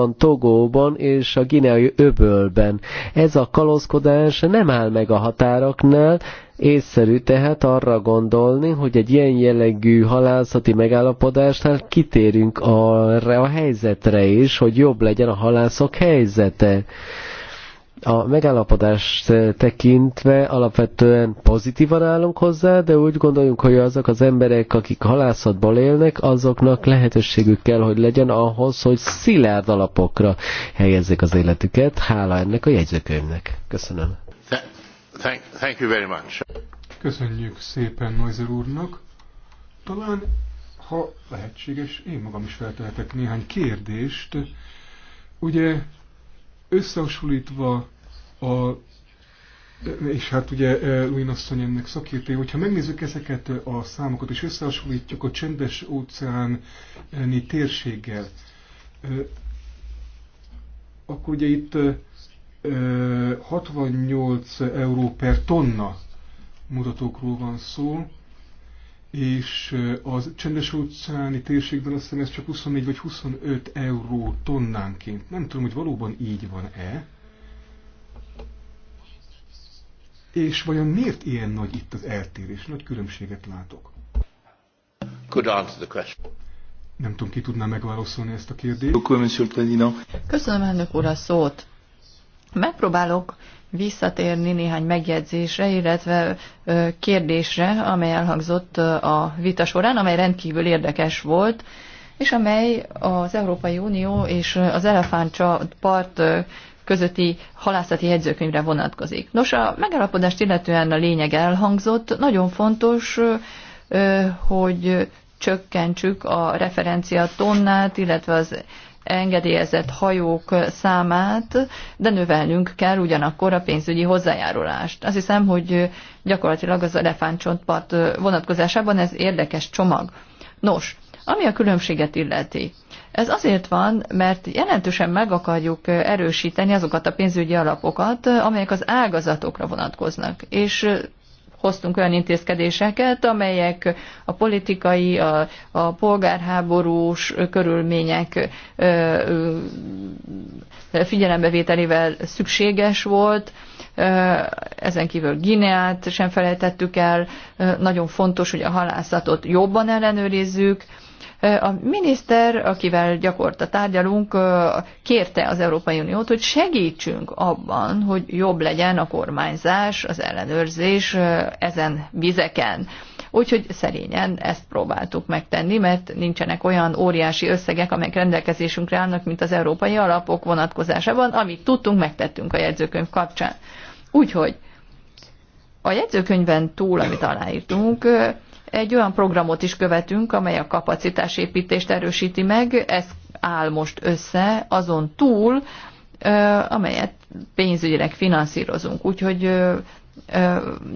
Ugandában, Togóban és a Gineai öbölben. Ez a kalózkodás nem áll meg a határoknál, Észszerű tehát arra gondolni, hogy egy ilyen jellegű halászati megállapodásnál kitérünk arra a helyzetre is, hogy jobb legyen a halászok helyzete a megállapodást eh, tekintve alapvetően pozitívan állunk hozzá, de úgy gondoljunk, hogy azok az emberek, akik halászatból élnek, azoknak lehetőségük kell, hogy legyen ahhoz, hogy szilárd alapokra helyezzék az életüket. Hála ennek a jegyzőkönyvnek. Köszönöm. Thank, thank you very much. Köszönjük szépen Noizer úrnak. Talán, ha lehetséges, én magam is feltehetek néhány kérdést. Ugye Összehasonlítva a és hát ugye Luin e, asszony ennek szakértő, hogyha megnézzük ezeket a számokat, és összehasonlítjuk a csendes óceáni térséggel, e, akkor ugye itt 68 e, euró per tonna mutatókról van szó, és az csendes óceáni térségben azt hiszem ez csak 24 vagy 25 euró tonnánként. Nem tudom, hogy valóban így van-e. És vajon miért ilyen nagy itt az eltérés? Nagy különbséget látok. Could answer the question. Nem tudom, ki tudná megválaszolni ezt a kérdést. Köszönöm, elnök úr, a szót. Megpróbálok visszatérni néhány megjegyzésre, illetve kérdésre, amely elhangzott a vita során, amely rendkívül érdekes volt, és amely az Európai Unió és az part közötti halászati jegyzőkönyvre vonatkozik. Nos, a megállapodást illetően a lényeg elhangzott. Nagyon fontos, hogy csökkentsük a referencia tonnát, illetve az engedélyezett hajók számát, de növelnünk kell ugyanakkor a pénzügyi hozzájárulást. Azt hiszem, hogy gyakorlatilag az elefántcsontpart vonatkozásában ez érdekes csomag. Nos, ami a különbséget illeti, ez azért van, mert jelentősen meg akarjuk erősíteni azokat a pénzügyi alapokat, amelyek az ágazatokra vonatkoznak, és hoztunk olyan intézkedéseket, amelyek a politikai, a, a polgárháborús körülmények figyelembevételével szükséges volt. Ezen kívül Gineát sem felejtettük el. Nagyon fontos, hogy a halászatot jobban ellenőrizzük a miniszter, akivel gyakorta tárgyalunk, kérte az Európai Uniót, hogy segítsünk abban, hogy jobb legyen a kormányzás, az ellenőrzés ezen vizeken. Úgyhogy szerényen ezt próbáltuk megtenni, mert nincsenek olyan óriási összegek, amelyek rendelkezésünkre állnak, mint az európai alapok vonatkozásában, amit tudtunk, megtettünk a jegyzőkönyv kapcsán. Úgyhogy a jegyzőkönyvben túl, amit aláírtunk, egy olyan programot is követünk, amely a kapacitásépítést erősíti meg, ez áll most össze azon túl, amelyet pénzügyileg finanszírozunk. Úgyhogy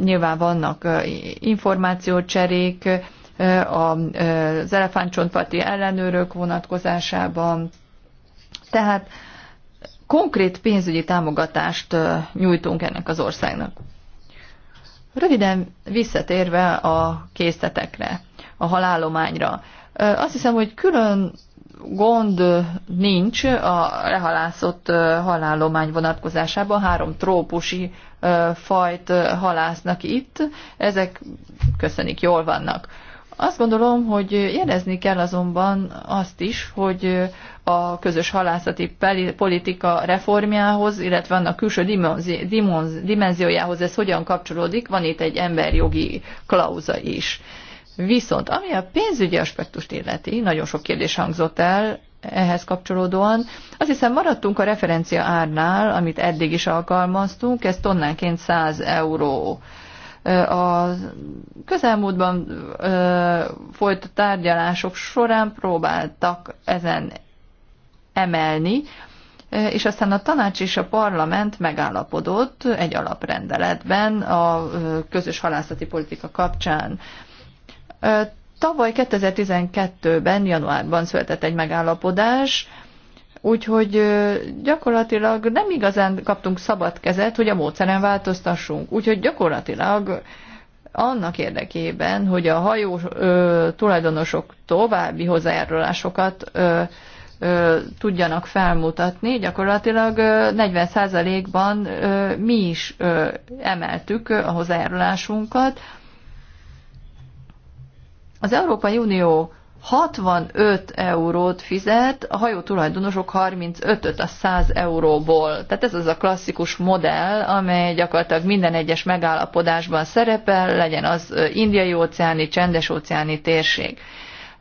nyilván vannak információcserék, az elefántcsontparti ellenőrök vonatkozásában. Tehát konkrét pénzügyi támogatást nyújtunk ennek az országnak. Röviden visszatérve a készletekre, a halálományra. Azt hiszem, hogy külön gond nincs a lehalászott halálomány vonatkozásában. Három trópusi fajt halásznak itt. Ezek köszönik, jól vannak. Azt gondolom, hogy jelezni kell azonban azt is, hogy a közös halászati politika reformjához, illetve annak külső dimenziójához ez hogyan kapcsolódik, van itt egy emberjogi klauza is. Viszont ami a pénzügyi aspektust illeti, nagyon sok kérdés hangzott el ehhez kapcsolódóan, azt hiszem maradtunk a referencia árnál, amit eddig is alkalmaztunk, ez tonnánként 100 euró. A közelmúltban folyt tárgyalások során próbáltak ezen emelni, és aztán a tanács és a parlament megállapodott egy alaprendeletben a közös halászati politika kapcsán. Tavaly 2012-ben, januárban született egy megállapodás, úgyhogy gyakorlatilag nem igazán kaptunk szabad kezet, hogy a módszeren változtassunk. Úgyhogy gyakorlatilag annak érdekében, hogy a hajó ö, tulajdonosok további hozzájárulásokat ö, tudjanak felmutatni. Gyakorlatilag 40%-ban mi is emeltük a hozzájárulásunkat. Az Európai Unió 65 eurót fizet, a hajó tulajdonosok 35-öt a 100 euróból. Tehát ez az a klasszikus modell, amely gyakorlatilag minden egyes megállapodásban szerepel, legyen az indiai óceáni, csendes óceáni térség.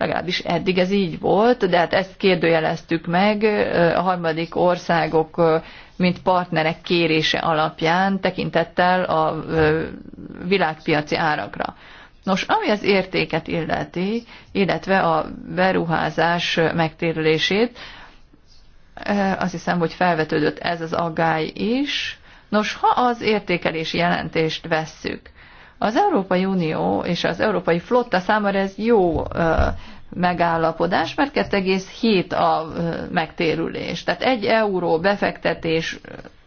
Legalábbis eddig ez így volt, de hát ezt kérdőjeleztük meg a harmadik országok, mint partnerek kérése alapján tekintettel a világpiaci árakra. Nos, ami az értéket illeti, illetve a beruházás megtérülését, azt hiszem, hogy felvetődött ez az aggály is. Nos, ha az értékelési jelentést vesszük, az Európai Unió és az Európai Flotta számára ez jó megállapodás, mert 2,7 a megtérülés. Tehát egy euró befektetés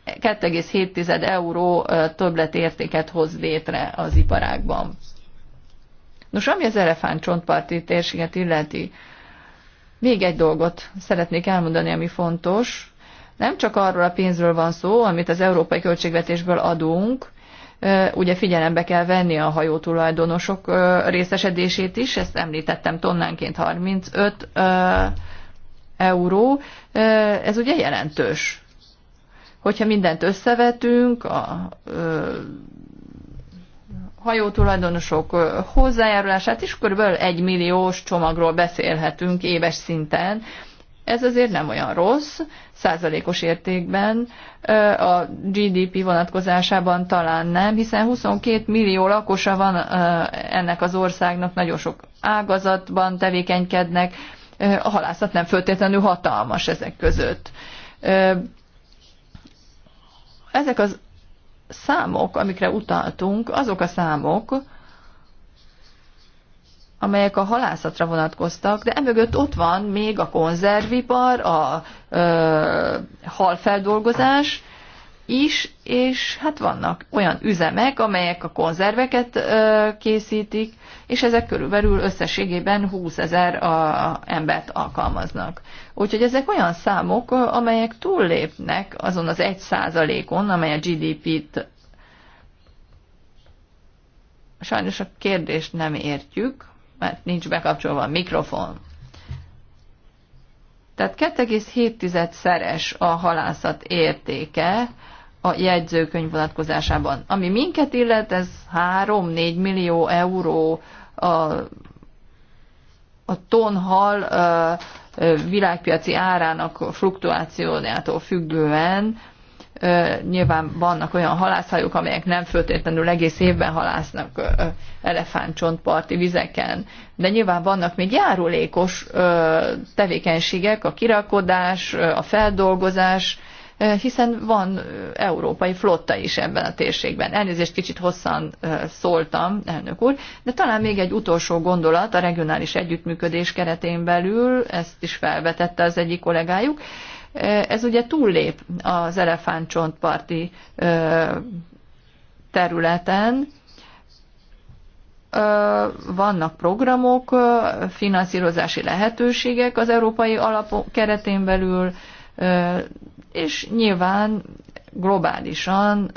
2,7 euró többletértéket hoz létre az iparágban. Nos, ami az csontparti térséget illeti, még egy dolgot szeretnék elmondani, ami fontos. Nem csak arról a pénzről van szó, amit az európai költségvetésből adunk, ugye figyelembe kell venni a hajó tulajdonosok részesedését is, ezt említettem tonnánként 35 euró, ez ugye jelentős. Hogyha mindent összevetünk, a hajótulajdonosok hozzájárulását is, körülbelül egy milliós csomagról beszélhetünk éves szinten, ez azért nem olyan rossz, százalékos értékben, a GDP vonatkozásában talán nem, hiszen 22 millió lakosa van ennek az országnak, nagyon sok ágazatban tevékenykednek, a halászat nem föltétlenül hatalmas ezek között. Ezek az számok, amikre utaltunk, azok a számok, amelyek a halászatra vonatkoztak, de emögött ott van még a konzervipar, a ö, halfeldolgozás is, és hát vannak olyan üzemek, amelyek a konzerveket ö, készítik, és ezek körülbelül összességében 20 ezer embert alkalmaznak. Úgyhogy ezek olyan számok, amelyek túllépnek azon az egy százalékon, amely a GDP-t sajnos a kérdést nem értjük, mert nincs bekapcsolva a mikrofon. Tehát 2,7-szeres a halászat értéke a jegyzőkönyv vonatkozásában. Ami minket illet, ez 3-4 millió euró a, a tonhal a, a világpiaci árának fluktuációjától függően, nyilván vannak olyan halászhajók, amelyek nem föltétlenül egész évben halásznak elefántcsontparti vizeken, de nyilván vannak még járulékos tevékenységek, a kirakodás, a feldolgozás, hiszen van európai flotta is ebben a térségben. Elnézést kicsit hosszan szóltam, elnök úr, de talán még egy utolsó gondolat a regionális együttműködés keretén belül, ezt is felvetette az egyik kollégájuk. Ez ugye túllép az elefántcsontparti területen. Vannak programok, finanszírozási lehetőségek az európai alapok keretén belül, és nyilván globálisan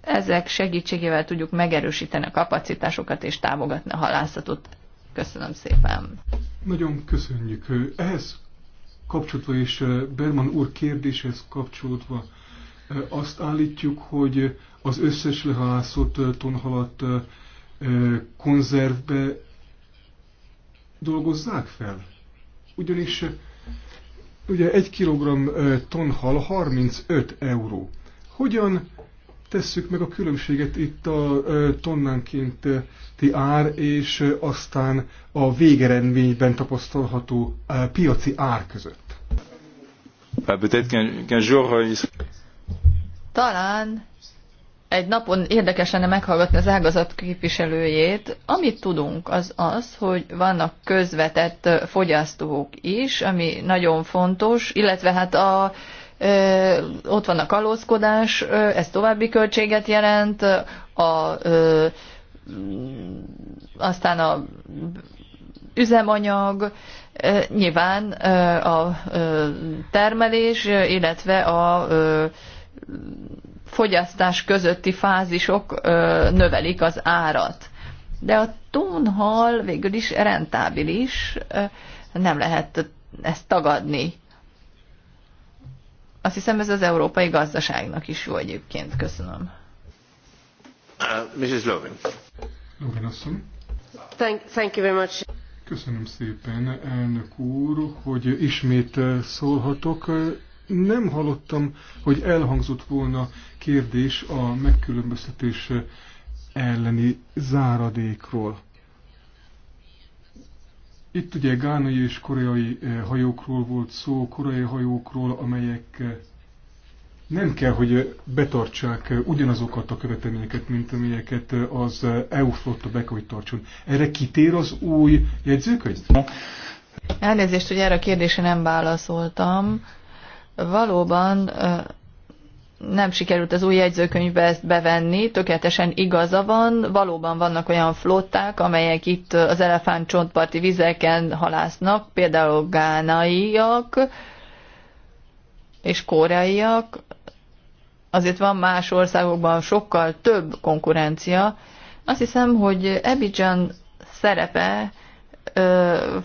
ezek segítségével tudjuk megerősíteni a kapacitásokat és támogatni a halászatot. Köszönöm szépen. Nagyon köszönjük. Ehhez kapcsolatva, és Berman úr kérdéshez kapcsolódva azt állítjuk, hogy az összes lehalászott tonhalat konzervbe dolgozzák fel. Ugyanis ugye egy kilogramm tonhal 35 euró. Hogyan tesszük meg a különbséget itt a tonnánként piaci ár, és aztán a végeredményben tapasztalható piaci ár között? Euh, Talán egy napon érdekes lenne meghallgatni az ágazat képviselőjét. Amit tudunk, az az, hogy vannak közvetett fogyasztók is, ami nagyon fontos, illetve hát a, ö, ott van a kalózkodás, ö, ez további költséget jelent, a ö, aztán a üzemanyag, nyilván a termelés, illetve a fogyasztás közötti fázisok növelik az árat. De a tónhal végül is rentábilis, nem lehet ezt tagadni. Azt hiszem ez az európai gazdaságnak is jó egyébként. Köszönöm. Uh, Mrs. asszony. Thank, thank you very much. Köszönöm szépen, elnök úr, hogy ismét uh, szólhatok. Uh, nem hallottam, hogy elhangzott volna kérdés a megkülönböztetés elleni záradékról. Itt ugye gánai és koreai hajókról volt szó, koreai hajókról, amelyek nem kell, hogy betartsák ugyanazokat a követelményeket, mint amelyeket az EU flotta be hogy tartson. Erre kitér az új jegyzőkönyv? Elnézést, hogy erre a kérdésre nem válaszoltam. Valóban nem sikerült az új jegyzőkönyvbe ezt bevenni, tökéletesen igaza van, valóban vannak olyan flották, amelyek itt az elefántcsontparti vizeken halásznak, például gánaiak és koreaiak, azért van más országokban sokkal több konkurencia. Azt hiszem, hogy Abidjan szerepe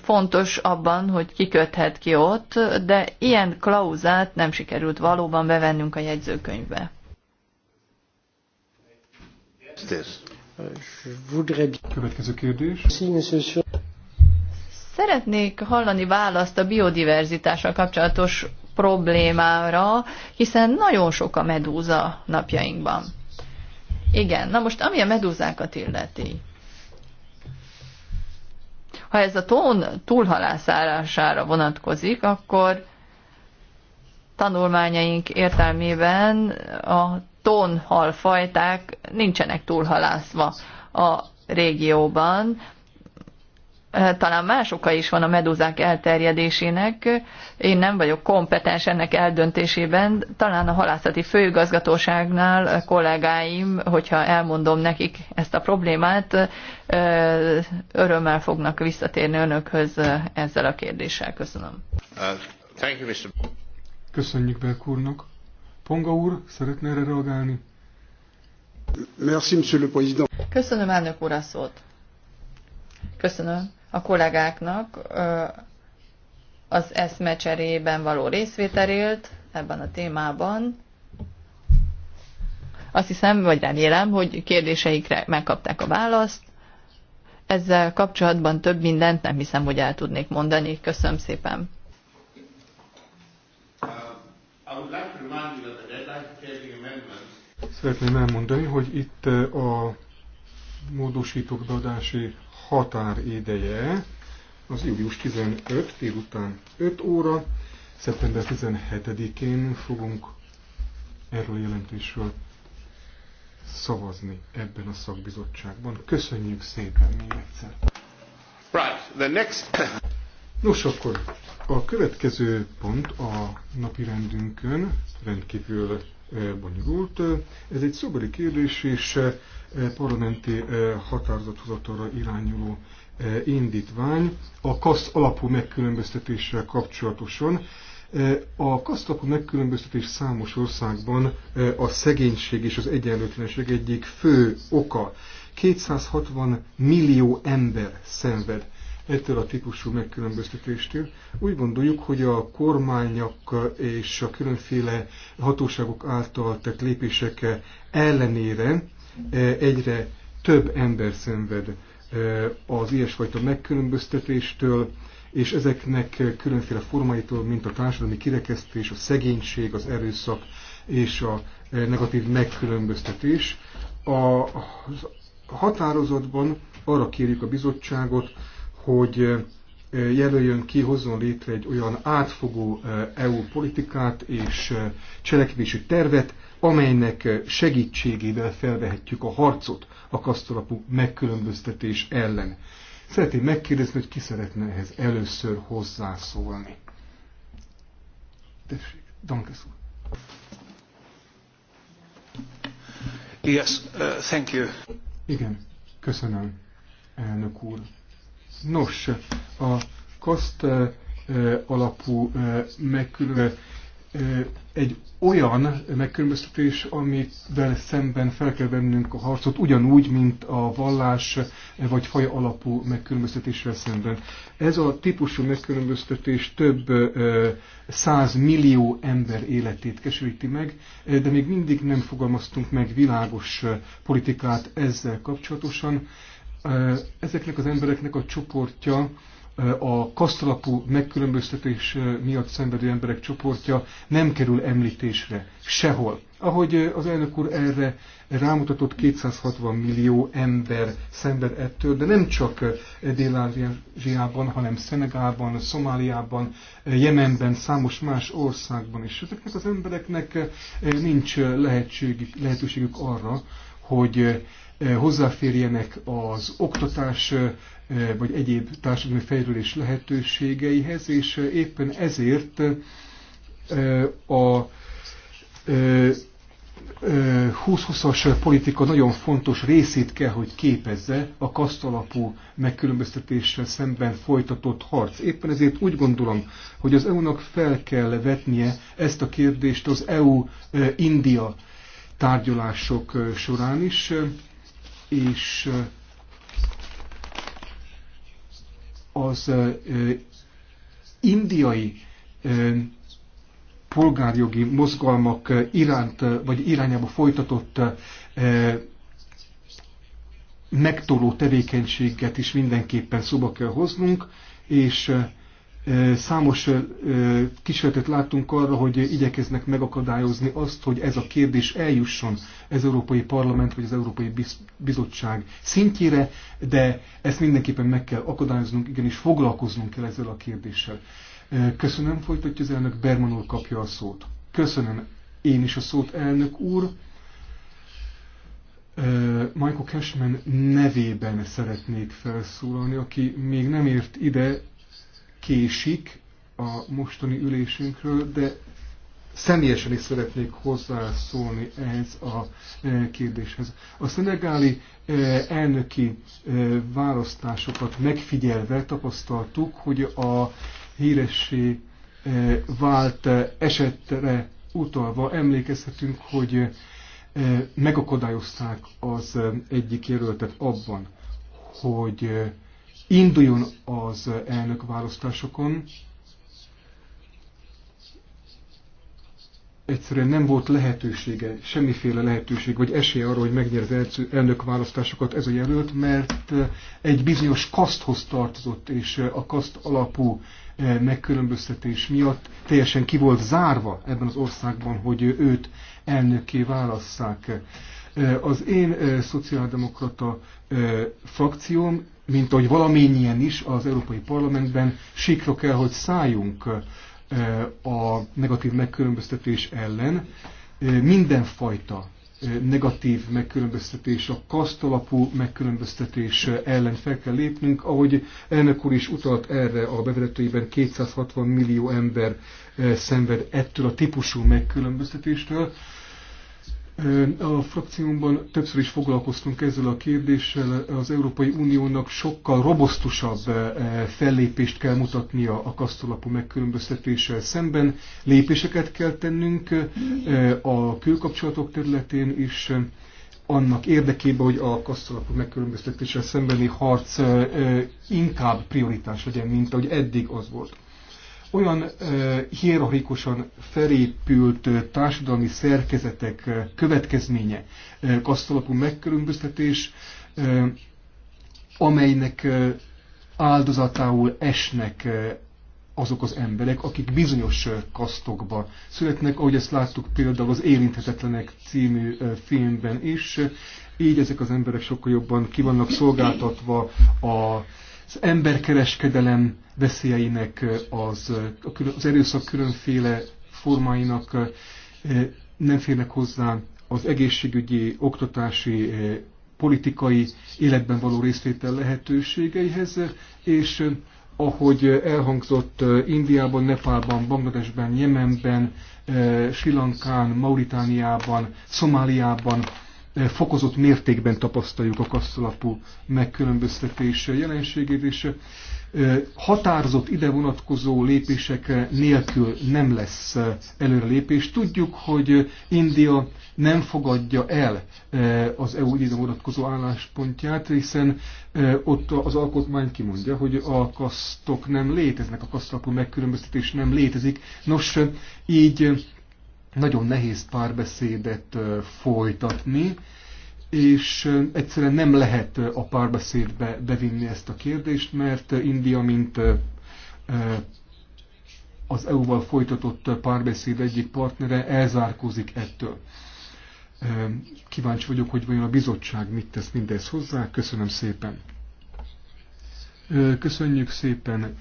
fontos abban, hogy kiköthet ki ott, de ilyen klauzát nem sikerült valóban bevennünk a jegyzőkönyvbe. Következő kérdés. Szeretnék hallani választ a biodiverzitással kapcsolatos problémára, hiszen nagyon sok a medúza napjainkban. Igen, na most ami a medúzákat illeti. Ha ez a tón túlhalászárására vonatkozik, akkor tanulmányaink értelmében a tónhalfajták nincsenek túlhalászva a régióban, Eh, talán más oka is van a medúzák elterjedésének. Én nem vagyok kompetens ennek eldöntésében. Talán a halászati főigazgatóságnál eh, kollégáim, hogyha elmondom nekik ezt a problémát, eh, örömmel fognak visszatérni önökhöz ezzel a kérdéssel. Köszönöm. Uh, Köszönjük Berk úrnak. Ponga úr, szeretne erre reagálni? Merci, monsieur le président. Köszönöm elnök úr a szót. Köszönöm a kollégáknak az eszmecserében való részvételért ebben a témában. Azt hiszem, vagy remélem, hogy kérdéseikre megkapták a választ. Ezzel kapcsolatban több mindent nem hiszem, hogy el tudnék mondani. Köszönöm szépen. Uh, Szeretném elmondani, hogy itt uh, a módosítók beadási határideje az július 15 délután 5 óra, szeptember 17-én fogunk erről a jelentésről szavazni ebben a szakbizottságban. Köszönjük szépen még egyszer! Right, the next... Nos, akkor a következő pont a napi rendünkön rendkívül eh, bonyolult. Ez egy szobori kérdés, és eh, E, parlamenti e, határozat irányuló e, indítvány a kaszt alapú megkülönböztetéssel kapcsolatosan. A alapú megkülönböztetés számos országban a szegénység és az egyenlőtlenség egyik fő oka. 260 millió ember szenved ettől a típusú megkülönböztetéstől. Úgy gondoljuk, hogy a kormányok és a különféle hatóságok által tett lépések ellenére egyre több ember szenved az ilyesfajta megkülönböztetéstől, és ezeknek különféle formáitól, mint a társadalmi kirekesztés, a szegénység, az erőszak és a negatív megkülönböztetés. A határozatban arra kérjük a bizottságot, hogy jelöljön ki, hozzon létre egy olyan átfogó EU politikát és cselekvési tervet, amelynek segítségével felvehetjük a harcot a kasztalapú megkülönböztetés ellen. Szeretném megkérdezni, hogy ki szeretne ehhez először hozzászólni. Tessék, Dankes úr. Yes, uh, thank you. Igen, köszönöm, elnök úr. Nos, a kaszt alapú megkülönböztetés egy olyan megkülönböztetés, amivel szemben fel kell vennünk a harcot, ugyanúgy, mint a vallás e, vagy faja alapú megkülönböztetésvel szemben. Ez a típusú megkülönböztetés több százmillió ember életét kesülíti meg, e, de még mindig nem fogalmaztunk meg világos politikát ezzel kapcsolatosan ezeknek az embereknek a csoportja a kasztalapú megkülönböztetés miatt szenvedő emberek csoportja nem kerül említésre sehol. Ahogy az elnök úr erre rámutatott, 260 millió ember szenved ettől, de nem csak Dél-Ázsiában, hanem Szenegálban, Szomáliában, Jemenben, számos más országban is. Ezeknek az embereknek nincs lehetőségük, lehetőségük arra, hogy Eh, hozzáférjenek az oktatás eh, vagy egyéb társadalmi fejlődés lehetőségeihez, és eh, éppen ezért a 20-20-as politika nagyon fontos részét kell, hogy képezze a kasztalapú megkülönböztetéssel szemben folytatott harc. Éppen ezért úgy gondolom, hogy az EU-nak fel kell vetnie ezt a kérdést az EU-India tárgyalások során is, és az indiai polgárjogi mozgalmak iránt, vagy irányába folytatott megtoló tevékenységet is mindenképpen szóba kell hoznunk, és Számos kísérletet láttunk arra, hogy igyekeznek megakadályozni azt, hogy ez a kérdés eljusson az Európai Parlament vagy az Európai Bizottság szintjére, de ezt mindenképpen meg kell akadályoznunk, igenis foglalkoznunk kell ezzel a kérdéssel. Köszönöm, folytatja az elnök, Berman úr kapja a szót. Köszönöm én is a szót, elnök úr. Michael Cashman nevében szeretnék felszólalni, aki még nem ért ide, késik a mostani ülésünkről, de személyesen is szeretnék hozzászólni ehhez a e, kérdéshez. A szenegáli e, elnöki e, választásokat megfigyelve tapasztaltuk, hogy a híressé vált esetre utalva emlékezhetünk, hogy megakadályozták az egyik jelöltet abban, hogy induljon az elnök választásokon. Egyszerűen nem volt lehetősége, semmiféle lehetőség vagy esély arra, hogy megnyer az választásokat ez a jelölt, mert eh, egy bizonyos kaszthoz tartozott, és eh, a kaszt alapú eh, megkülönböztetés miatt teljesen ki volt zárva ebben az országban, hogy őt elnökké válasszák. Eh, az én eh, szociáldemokrata eh, frakcióm, mint ahogy valamennyien is az Európai Parlamentben, síkra kell, hogy szálljunk a negatív megkülönböztetés ellen. Mindenfajta negatív megkülönböztetés, a kasztalapú megkülönböztetés ellen fel kell lépnünk, ahogy elnök úr is utalt erre a bevezetőiben 260 millió ember szenved ettől a típusú megkülönböztetéstől. A frakciómban többször is foglalkoztunk ezzel a kérdéssel, az Európai Uniónak sokkal robosztusabb fellépést kell mutatnia a kasztolapú megkülönböztetéssel szemben, lépéseket kell tennünk a külkapcsolatok területén is, annak érdekében, hogy a kasztolapú megkülönböztetéssel szembeni harc inkább prioritás legyen, mint ahogy eddig az volt olyan hierarchikusan felépült társadalmi szerkezetek következménye, kasztalapú megkülönböztetés, amelynek áldozatául esnek azok az emberek, akik bizonyos kasztokba születnek, ahogy ezt láttuk például az Érinthetetlenek című filmben is, így ezek az emberek sokkal jobban kivannak szolgáltatva a az emberkereskedelem veszélyeinek, az, az erőszak különféle formáinak nem férnek hozzá az egészségügyi, oktatási, politikai életben való részvétel lehetőségeihez, és ahogy elhangzott Indiában, Nepálban, Bangladesben, Jemenben, Sri Lankán, Mauritániában, Szomáliában Eh, fokozott mértékben tapasztaljuk a kasszalapú megkülönböztetés jelenségét, és eh, határozott ide vonatkozó lépések nélkül nem lesz eh, előrelépés. Tudjuk, hogy India nem fogadja el az EU ide vonatkozó álláspontját, hiszen ott az alkotmány kimondja, hogy a kasztok nem léteznek, a kasztalapú megkülönböztetés nem létezik. Nos, így nagyon nehéz párbeszédet folytatni, és egyszerűen nem lehet a párbeszédbe bevinni ezt a kérdést, mert India, mint az EU-val folytatott párbeszéd egyik partnere elzárkózik ettől. Kíváncsi vagyok, hogy vajon a bizottság mit tesz mindez hozzá. Köszönöm szépen. Köszönjük szépen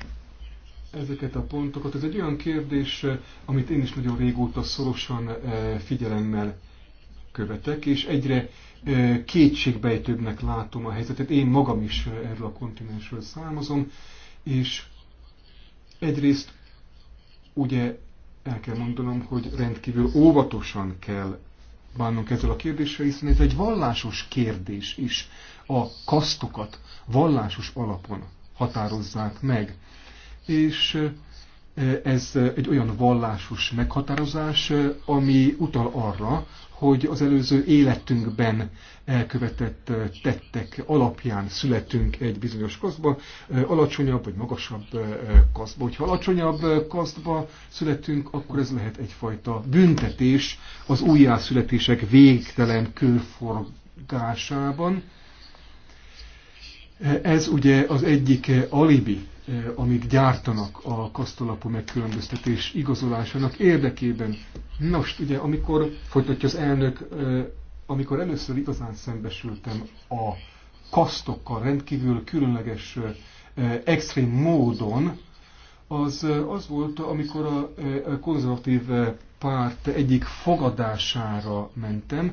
ezeket a pontokat. Ez egy olyan kérdés, eh, amit én is nagyon régóta szorosan eh, figyelemmel követek, és egyre eh, kétségbejtőbbnek látom a helyzetet. Én magam is erről a kontinensről származom, és egyrészt ugye el kell mondanom, hogy rendkívül óvatosan kell bánnunk ezzel a kérdéssel, hiszen ez egy vallásos kérdés is. A kasztokat vallásos alapon határozzák meg és ez egy olyan vallásos meghatározás, ami utal arra, hogy az előző életünkben elkövetett tettek alapján születünk egy bizonyos kasztba, alacsonyabb vagy magasabb kasztba. Hogyha alacsonyabb kasztba születünk, akkor ez lehet egyfajta büntetés az újjászületések végtelen körforgásában, ez ugye az egyik eh, alibi, eh, amit gyártanak a kasztolapú megkülönböztetés igazolásának érdekében. Nos, ugye, amikor, folytatja az elnök, eh, amikor először igazán szembesültem a kasztokkal rendkívül különleges, extrém módon, az, az volt, amikor a konzervatív párt egyik fogadására mentem,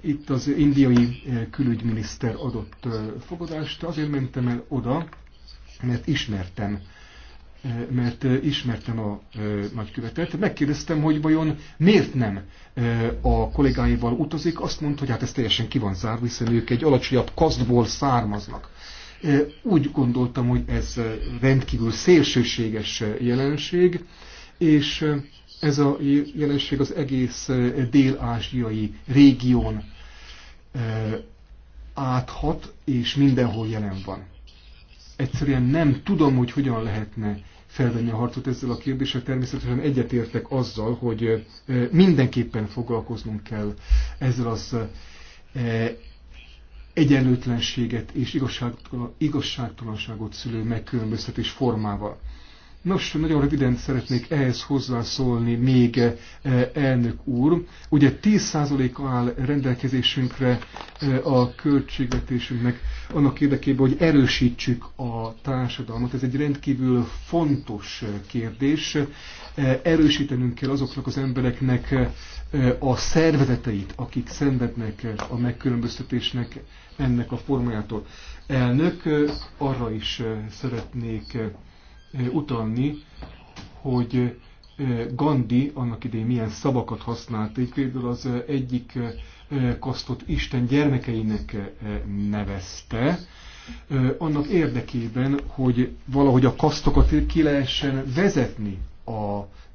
itt az indiai külügyminiszter adott fogadást, azért mentem el oda, mert ismertem mert ismertem a nagykövetet, megkérdeztem, hogy vajon miért nem a kollégáival utazik, azt mondta, hogy hát ez teljesen ki van zárva, hiszen ők egy alacsonyabb kasztból származnak. Úgy gondoltam, hogy ez rendkívül szélsőséges jelenség, és ez a jelenség az egész dél-ázsiai régión áthat, és mindenhol jelen van. Egyszerűen nem tudom, hogy hogyan lehetne felvenni a harcot ezzel a kérdéssel. Természetesen egyetértek azzal, hogy mindenképpen foglalkoznunk kell ezzel az egyenlőtlenséget és igazságtalanságot szülő megkülönböztetés formával. Nos, nagyon röviden szeretnék ehhez hozzászólni még eh, elnök úr. Ugye 10%-a áll rendelkezésünkre eh, a költségvetésünknek annak érdekében, hogy erősítsük a társadalmat. Ez egy rendkívül fontos eh, kérdés. Erősítenünk kell azoknak az embereknek a szervezeteit, akik szenvednek a megkülönböztetésnek ennek a formájától. Elnök, arra is szeretnék utalni, hogy Gandhi annak idején milyen szavakat használt. Így például az egyik kasztot Isten gyermekeinek nevezte, annak érdekében, hogy valahogy a kasztokat ki lehessen vezetni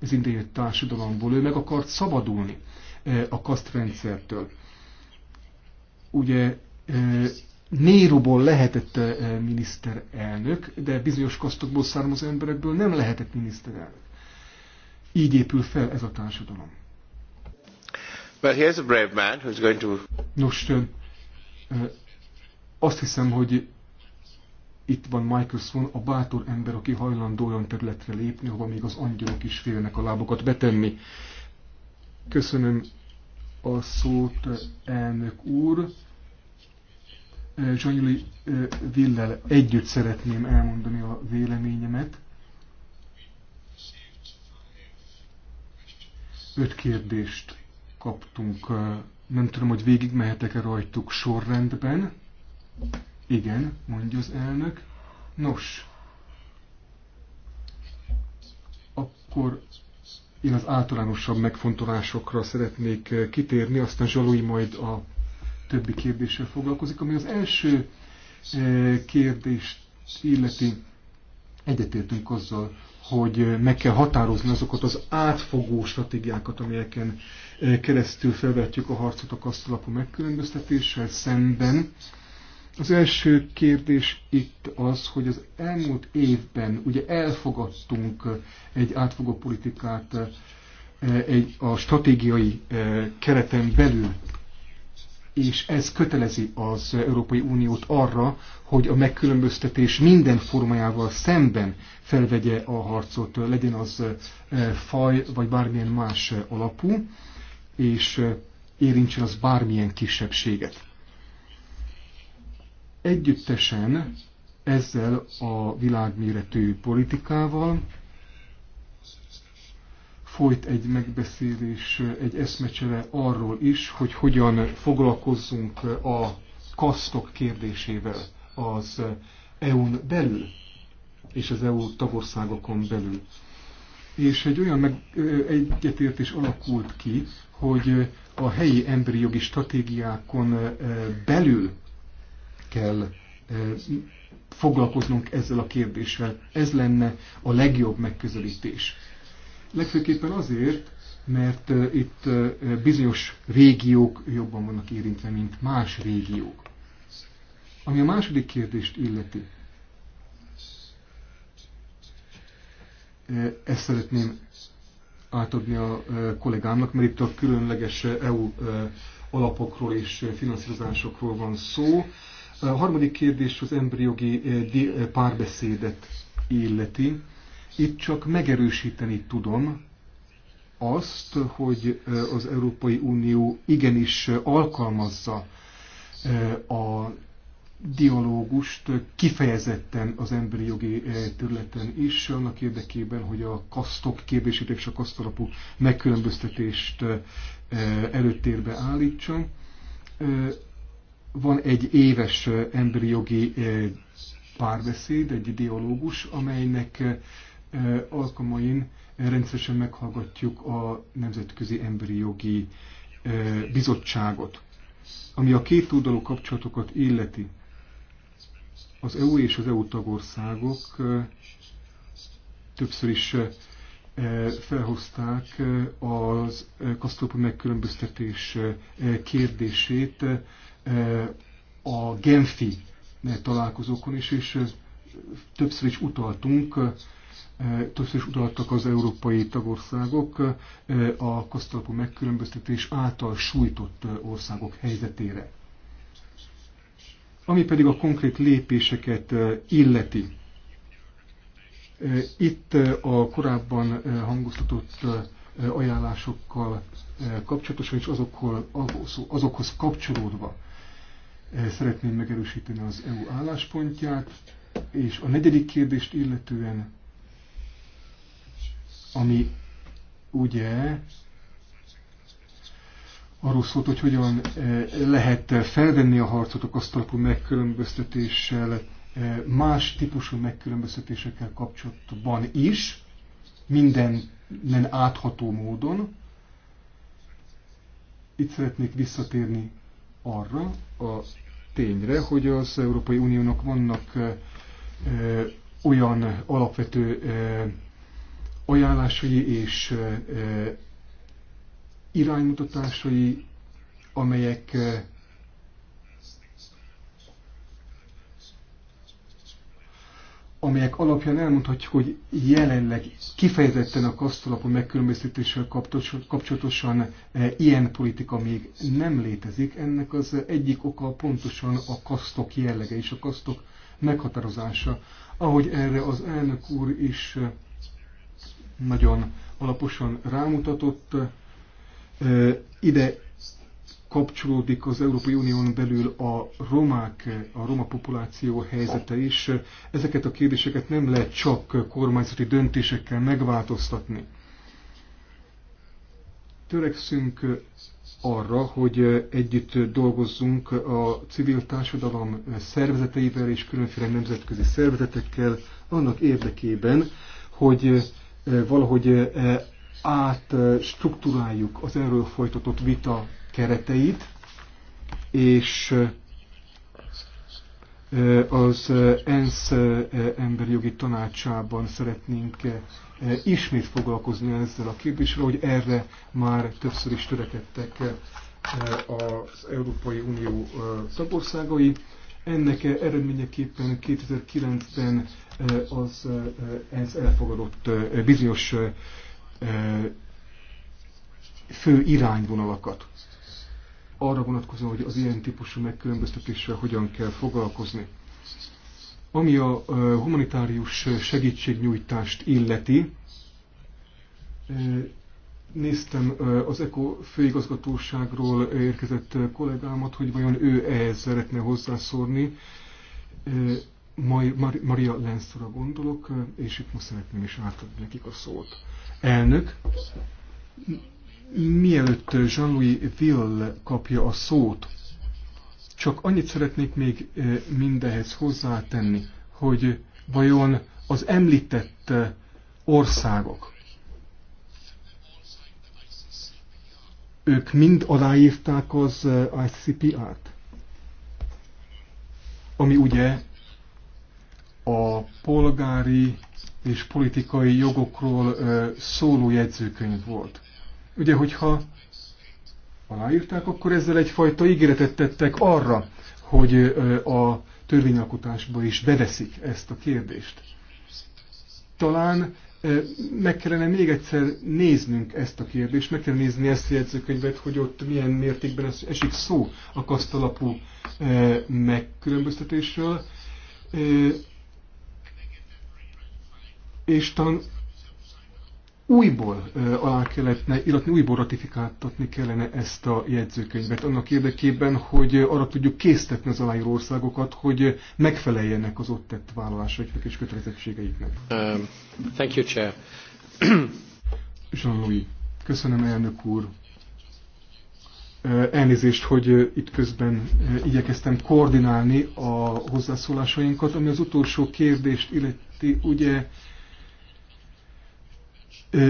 az indiai társadalomból. Ő meg akart szabadulni a kasztrendszertől. Ugye Néruból lehetett miniszterelnök, de bizonyos kasztokból származó emberekből nem lehetett miniszterelnök. Így épül fel ez a társadalom. Well, here's a brave man who's going to... Nos, azt hiszem, hogy itt van Michael Swan, a bátor ember, aki hajlandó olyan területre lépni, ahova még az angyalok is félnek a lábokat betenni. Köszönöm a szót, elnök úr. Zsanyuli Villel együtt szeretném elmondani a véleményemet. Öt kérdést kaptunk, nem tudom, hogy végig mehetek-e rajtuk sorrendben. Igen, mondja az elnök. Nos, akkor én az általánosabb megfontolásokra szeretnék kitérni, aztán Zsalúi majd a többi kérdéssel foglalkozik, ami az első eh, kérdést illeti egyetértünk azzal, hogy eh, meg kell határozni azokat az átfogó stratégiákat, amelyeken eh, keresztül felvetjük a harcot a kasztalapú megkülönböztetéssel szemben. Az első kérdés itt az, hogy az elmúlt évben ugye elfogadtunk egy átfogó politikát egy, a stratégiai kereten belül és ez kötelezi az Európai Uniót arra, hogy a megkülönböztetés minden formájával szemben felvegye a harcot, legyen az eh, faj vagy bármilyen más alapú, és eh, érintsen az bármilyen kisebbséget. Együttesen ezzel a világméretű politikával folyt egy megbeszélés, egy eszmecsere arról is, hogy hogyan foglalkozzunk a kasztok kérdésével az EU-n belül és az EU tagországokon belül. És egy olyan meg, egyetértés alakult ki, hogy a helyi emberi jogi stratégiákon e, belül kell e, foglalkoznunk ezzel a kérdéssel. Ez lenne a legjobb megközelítés. Legfőképpen azért, mert itt bizonyos régiók jobban vannak érintve, mint más régiók. Ami a második kérdést illeti, ezt szeretném átadni a kollégámnak, mert itt a különleges EU alapokról és finanszírozásokról van szó. A harmadik kérdés az emberi jogi párbeszédet illeti. Itt csak megerősíteni tudom azt, hogy az Európai Unió igenis alkalmazza a dialógust kifejezetten az emberi jogi területen is, annak érdekében, hogy a kasztok kérdését és a kasztalapú megkülönböztetést előtérbe állítsa. Van egy éves emberi jogi párbeszéd, egy dialógus, amelynek alkalmain rendszeresen meghallgatjuk a Nemzetközi Emberi Jogi Bizottságot, ami a két oldalú kapcsolatokat illeti. Az EU és az EU tagországok többször is felhozták az kasztópa megkülönböztetés kérdését a Genfi találkozókon is, és többször is utaltunk Többször is utaltak az európai tagországok a kosztalapú megkülönböztetés által sújtott országok helyzetére. Ami pedig a konkrét lépéseket illeti. Itt a korábban hangoztatott ajánlásokkal kapcsolatosan és azokhoz, azokhoz kapcsolódva szeretném megerősíteni az EU álláspontját, és a negyedik kérdést illetően ami ugye arról szólt, hogy hogyan eh, lehet felvenni a harcot a kasztalapú megkülönböztetéssel, eh, más típusú megkülönböztetésekkel kapcsolatban is, mindenen átható módon. Itt szeretnék visszatérni arra a tényre, hogy az Európai Uniónak vannak eh, olyan alapvető ajánlásai és iránymutatásai, amelyek amelyek alapján elmondhatjuk, hogy jelenleg kifejezetten a kasztalapú megkülönböztetéssel kapcsolatosan ilyen politika még nem létezik. Ennek az egyik oka pontosan a kasztok jellege és a kasztok meghatározása. Ahogy erre az elnök úr is nagyon alaposan rámutatott. Ide kapcsolódik az Európai Unión belül a romák, a roma populáció helyzete is. Ezeket a kérdéseket nem lehet csak kormányzati döntésekkel megváltoztatni. Törekszünk arra, hogy együtt dolgozzunk a civil társadalom szervezeteivel és különféle nemzetközi szervezetekkel annak érdekében, hogy valahogy átstruktúráljuk az erről folytatott vita kereteit, és az ENSZ emberi jogi tanácsában szeretnénk ismét foglalkozni ezzel a kérdéssel, hogy erre már többször is törekedtek az Európai Unió tagországai. Ennek eredményeképpen 2009-ben az ez elfogadott bizonyos fő irányvonalakat. Arra vonatkozóan, hogy az ilyen típusú megkülönböztetéssel hogyan kell foglalkozni. Ami a humanitárius segítségnyújtást illeti, néztem az ECO főigazgatóságról érkezett kollégámat, hogy vajon ő ehhez szeretne hozzászólni. Maria Lenszura gondolok, és itt most szeretném is átadni nekik a szót. Elnök, mielőtt Jean-Louis Ville kapja a szót, csak annyit szeretnék még eh, mindehez hozzátenni, hogy vajon az említett eh, országok, ők mind aláírták az eh, ICCPR-t, ami ugye a polgári és politikai jogokról szóló jegyzőkönyv volt. Ugye, hogyha aláírták, akkor ezzel egyfajta ígéretet tettek arra, hogy a törvényalkotásba is beveszik ezt a kérdést. Talán meg kellene még egyszer néznünk ezt a kérdést, meg kell nézni ezt a jegyzőkönyvet, hogy ott milyen mértékben esik szó a kasztalapú megkülönböztetésről és talán újból alá kellene, illetve újból ratifikáltatni kellene ezt a jegyzőkönyvet annak érdekében, hogy arra tudjuk késztetni az aláíró országokat, hogy megfeleljenek az ott tett vállalásaiknak és kötelezettségeiknek. Um, thank you, Chair. Jean-Louis, köszönöm elnök úr. Elnézést, hogy itt közben igyekeztem koordinálni a hozzászólásainkat, ami az utolsó kérdést illeti, ugye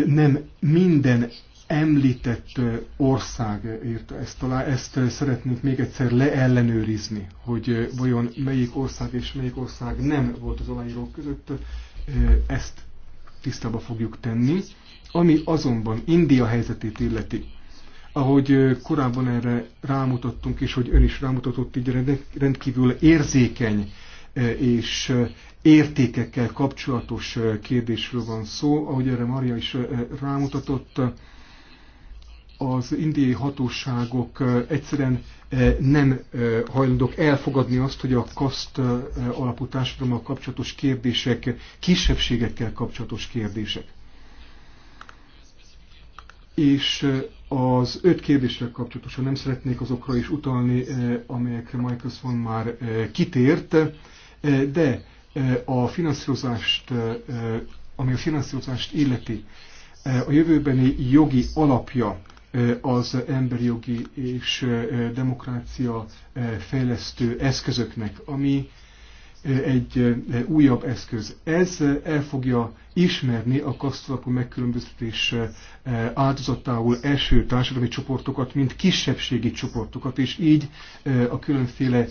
nem minden említett ország írta ezt alá. Ezt szeretnénk még egyszer leellenőrizni, hogy vajon melyik ország és melyik ország nem volt az aláírók között. Ezt tisztába fogjuk tenni. Ami azonban India helyzetét illeti, ahogy korábban erre rámutattunk, és hogy ön is rámutatott, így rendkívül érzékeny és értékekkel kapcsolatos kérdésről van szó, ahogy erre Maria is rámutatott, az indiai hatóságok egyszerűen nem hajlandók elfogadni azt, hogy a kaszt alapú társadalommal kapcsolatos kérdések kisebbségekkel kapcsolatos kérdések. És az öt kérdésre kapcsolatosan nem szeretnék azokra is utalni, amelyekre Michael Swan már kitért, de a finanszírozást, ami a finanszírozást illeti, a jövőbeni jogi alapja az emberi jogi és demokrácia fejlesztő eszközöknek, ami egy újabb eszköz. Ez el fogja ismerni a kasztalapú megkülönböztetés áldozatául eső társadalmi csoportokat, mint kisebbségi csoportokat, és így a különféle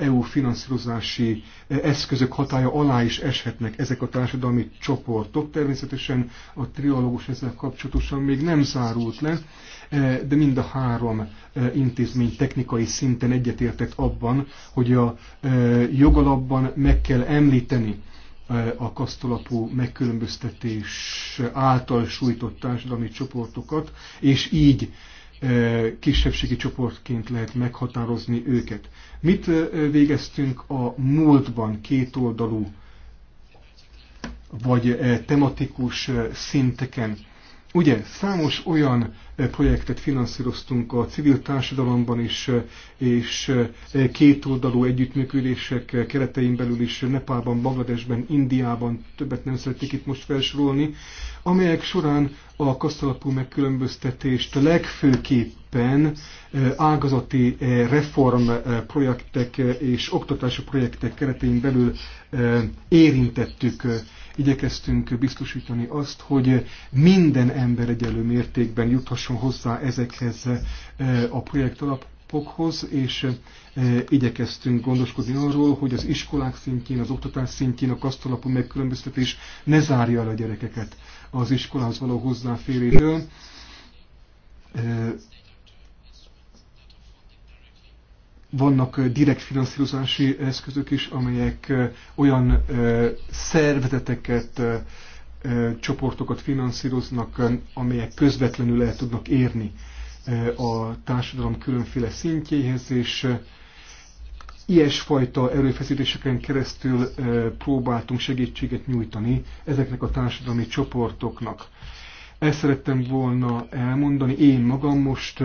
EU finanszírozási eszközök hatája alá is eshetnek ezek a társadalmi csoportok. Természetesen a trialógus ezzel kapcsolatosan még nem zárult le, de mind a három intézmény technikai szinten egyetértett abban, hogy a jogalapban meg kell említeni a kasztolapú megkülönböztetés által sújtott társadalmi csoportokat, és így kisebbségi csoportként lehet meghatározni őket. Mit végeztünk a múltban kétoldalú vagy tematikus szinteken? Ugye számos olyan eh, projektet finanszíroztunk a civil társadalomban is, eh, és eh, kétoldalú együttműködések keretein belül is Nepálban, Bangladesben, Indiában, többet nem szeretnék itt most felsorolni, amelyek során a kasztalapú megkülönböztetést legfőképpen ágazati reform projektek és oktatási projektek keretein belül érintettük Igyekeztünk biztosítani azt, hogy minden ember egyelő mértékben juthasson hozzá ezekhez eh, a projekt alapokhoz, és eh, igyekeztünk gondoskodni arról, hogy az iskolák szintjén, az oktatás szintjén a kasztalapú megkülönböztetés ne zárja el a gyerekeket az iskolához való hozzáféréről. Eh, vannak direkt finanszírozási eszközök is, amelyek olyan szervezeteket, csoportokat finanszíroznak, amelyek közvetlenül el tudnak érni a társadalom különféle szintjéhez, és ilyesfajta erőfeszítéseken keresztül próbáltunk segítséget nyújtani ezeknek a társadalmi csoportoknak. Ezt szerettem volna elmondani. Én magam most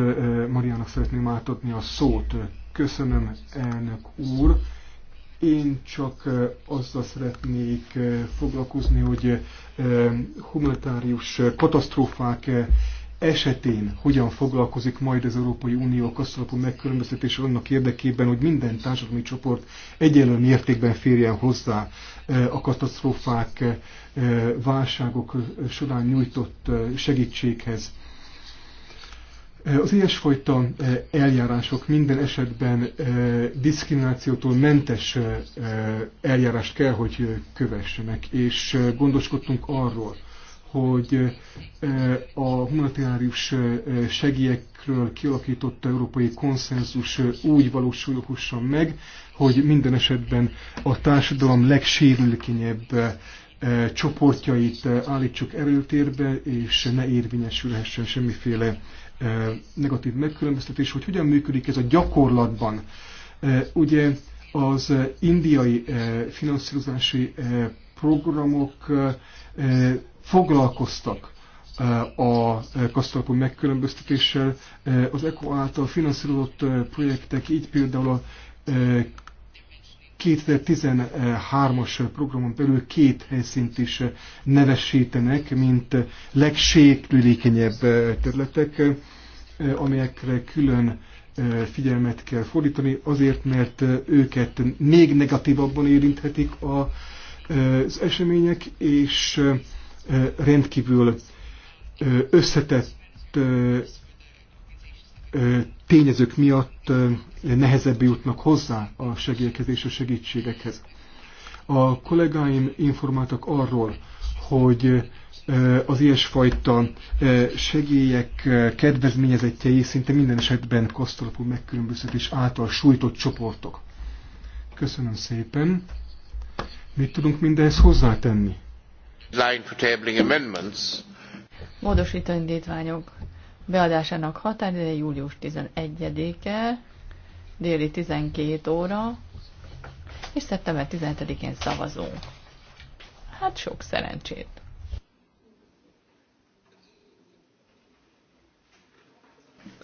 Mariának szeretném átadni a szót. Köszönöm, elnök úr. Én csak azzal szeretnék foglalkozni, hogy humanitárius katasztrófák esetén hogyan foglalkozik majd az Európai Unió kasztalapú megkülönböztetése annak érdekében, hogy minden társadalmi csoport egyenlő mértékben férjen hozzá a katasztrófák, válságok során nyújtott segítséghez. Az ilyesfajta e, eljárások minden esetben e, diszkriminációtól mentes e, eljárást kell, hogy kövessenek, és gondoskodtunk arról, hogy a humanitárius segélyekről kialakított európai konszenzus úgy valósulhusson meg, hogy minden esetben a társadalom legsérülékenyebb csoportjait állítsuk erőtérbe, és ne érvényesülhessen semmiféle negatív megkülönböztetés, hogy hogyan működik ez a gyakorlatban. Ugye az indiai finanszírozási programok foglalkoztak a kasztalapú megkülönböztetéssel. Az ECO által finanszírozott projektek, így például a 2013-as programon belül két helyszínt is nevesítenek, mint legsérülékenyebb területek, amelyekre külön figyelmet kell fordítani, azért, mert őket még negatívabban érinthetik az események, és rendkívül összetett tényezők miatt nehezebb jutnak hozzá a segélyekhez és a segítségekhez. A kollégáim informáltak arról, hogy az ilyesfajta segélyek kedvezményezettjei szinte minden esetben kosztalapú megkülönböztetés által sújtott csoportok. Köszönöm szépen. Mit tudunk mindehez hozzátenni? Line for tabling amendments. indítványok beadásának határideje július 11-e, déli 12 óra, és szeptember 17-én szavazunk. Hát sok szerencsét!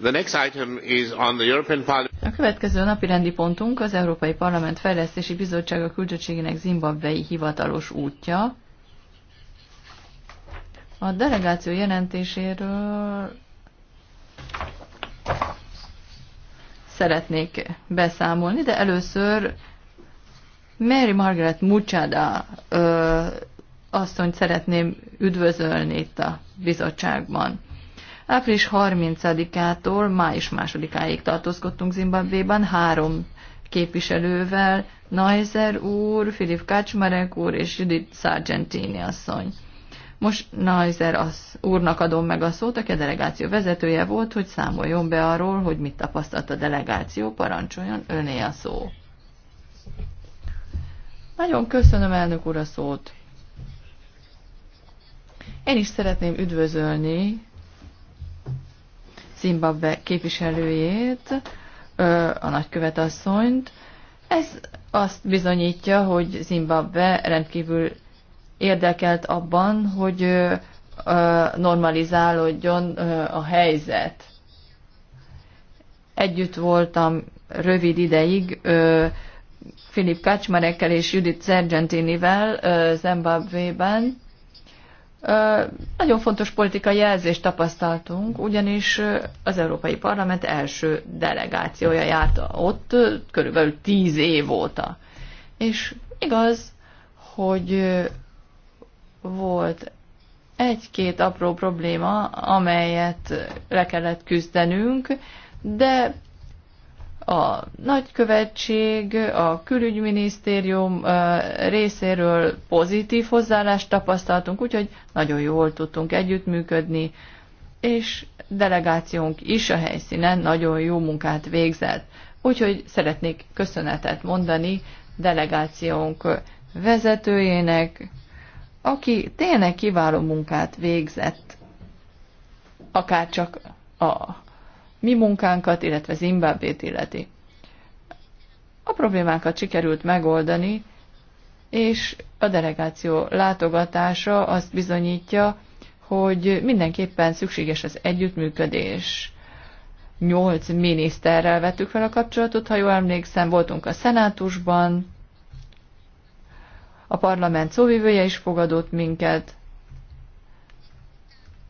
The next item is on the European Parliament. A következő napi rendi pontunk az Európai Parlament Fejlesztési Bizottsága küldöttségének zimbabvei hivatalos útja. A delegáció jelentéséről szeretnék beszámolni, de először Mary Margaret Muchada ö, asszonyt szeretném üdvözölni itt a bizottságban. Április 30-ától május 2-áig tartózkodtunk Zimbabvéban három képviselővel, Neiser úr, Filip Kacsmarek úr és Judith Sargentini asszony. Most Neiser az úrnak adom meg a szót, aki a delegáció vezetője volt, hogy számoljon be arról, hogy mit tapasztalt a delegáció, parancsoljon öné a szó. Nagyon köszönöm, elnök úr, a szót. Én is szeretném üdvözölni Zimbabwe képviselőjét, a nagykövetasszonyt. Ez azt bizonyítja, hogy Zimbabwe rendkívül érdekelt abban, hogy normalizálódjon a helyzet. Együtt voltam rövid ideig Filip Kacsmarekkel és Judith Sargentinivel Zimbabwe-ben. Nagyon fontos politikai jelzést tapasztaltunk, ugyanis az Európai Parlament első delegációja járt ott körülbelül tíz év óta. És igaz, hogy volt egy-két apró probléma, amelyet le kellett küzdenünk, de a nagykövetség, a külügyminisztérium részéről pozitív hozzáállást tapasztaltunk, úgyhogy nagyon jól tudtunk együttműködni, és delegációnk is a helyszínen nagyon jó munkát végzett. Úgyhogy szeretnék köszönetet mondani delegációnk vezetőjének, aki tényleg kiváló munkát végzett, akár csak a mi munkánkat, illetve Zimbabvét illeti. A problémákat sikerült megoldani, és a delegáció látogatása azt bizonyítja, hogy mindenképpen szükséges az együttműködés. Nyolc miniszterrel vettük fel a kapcsolatot, ha jól emlékszem, voltunk a szenátusban, a parlament szóvivője is fogadott minket.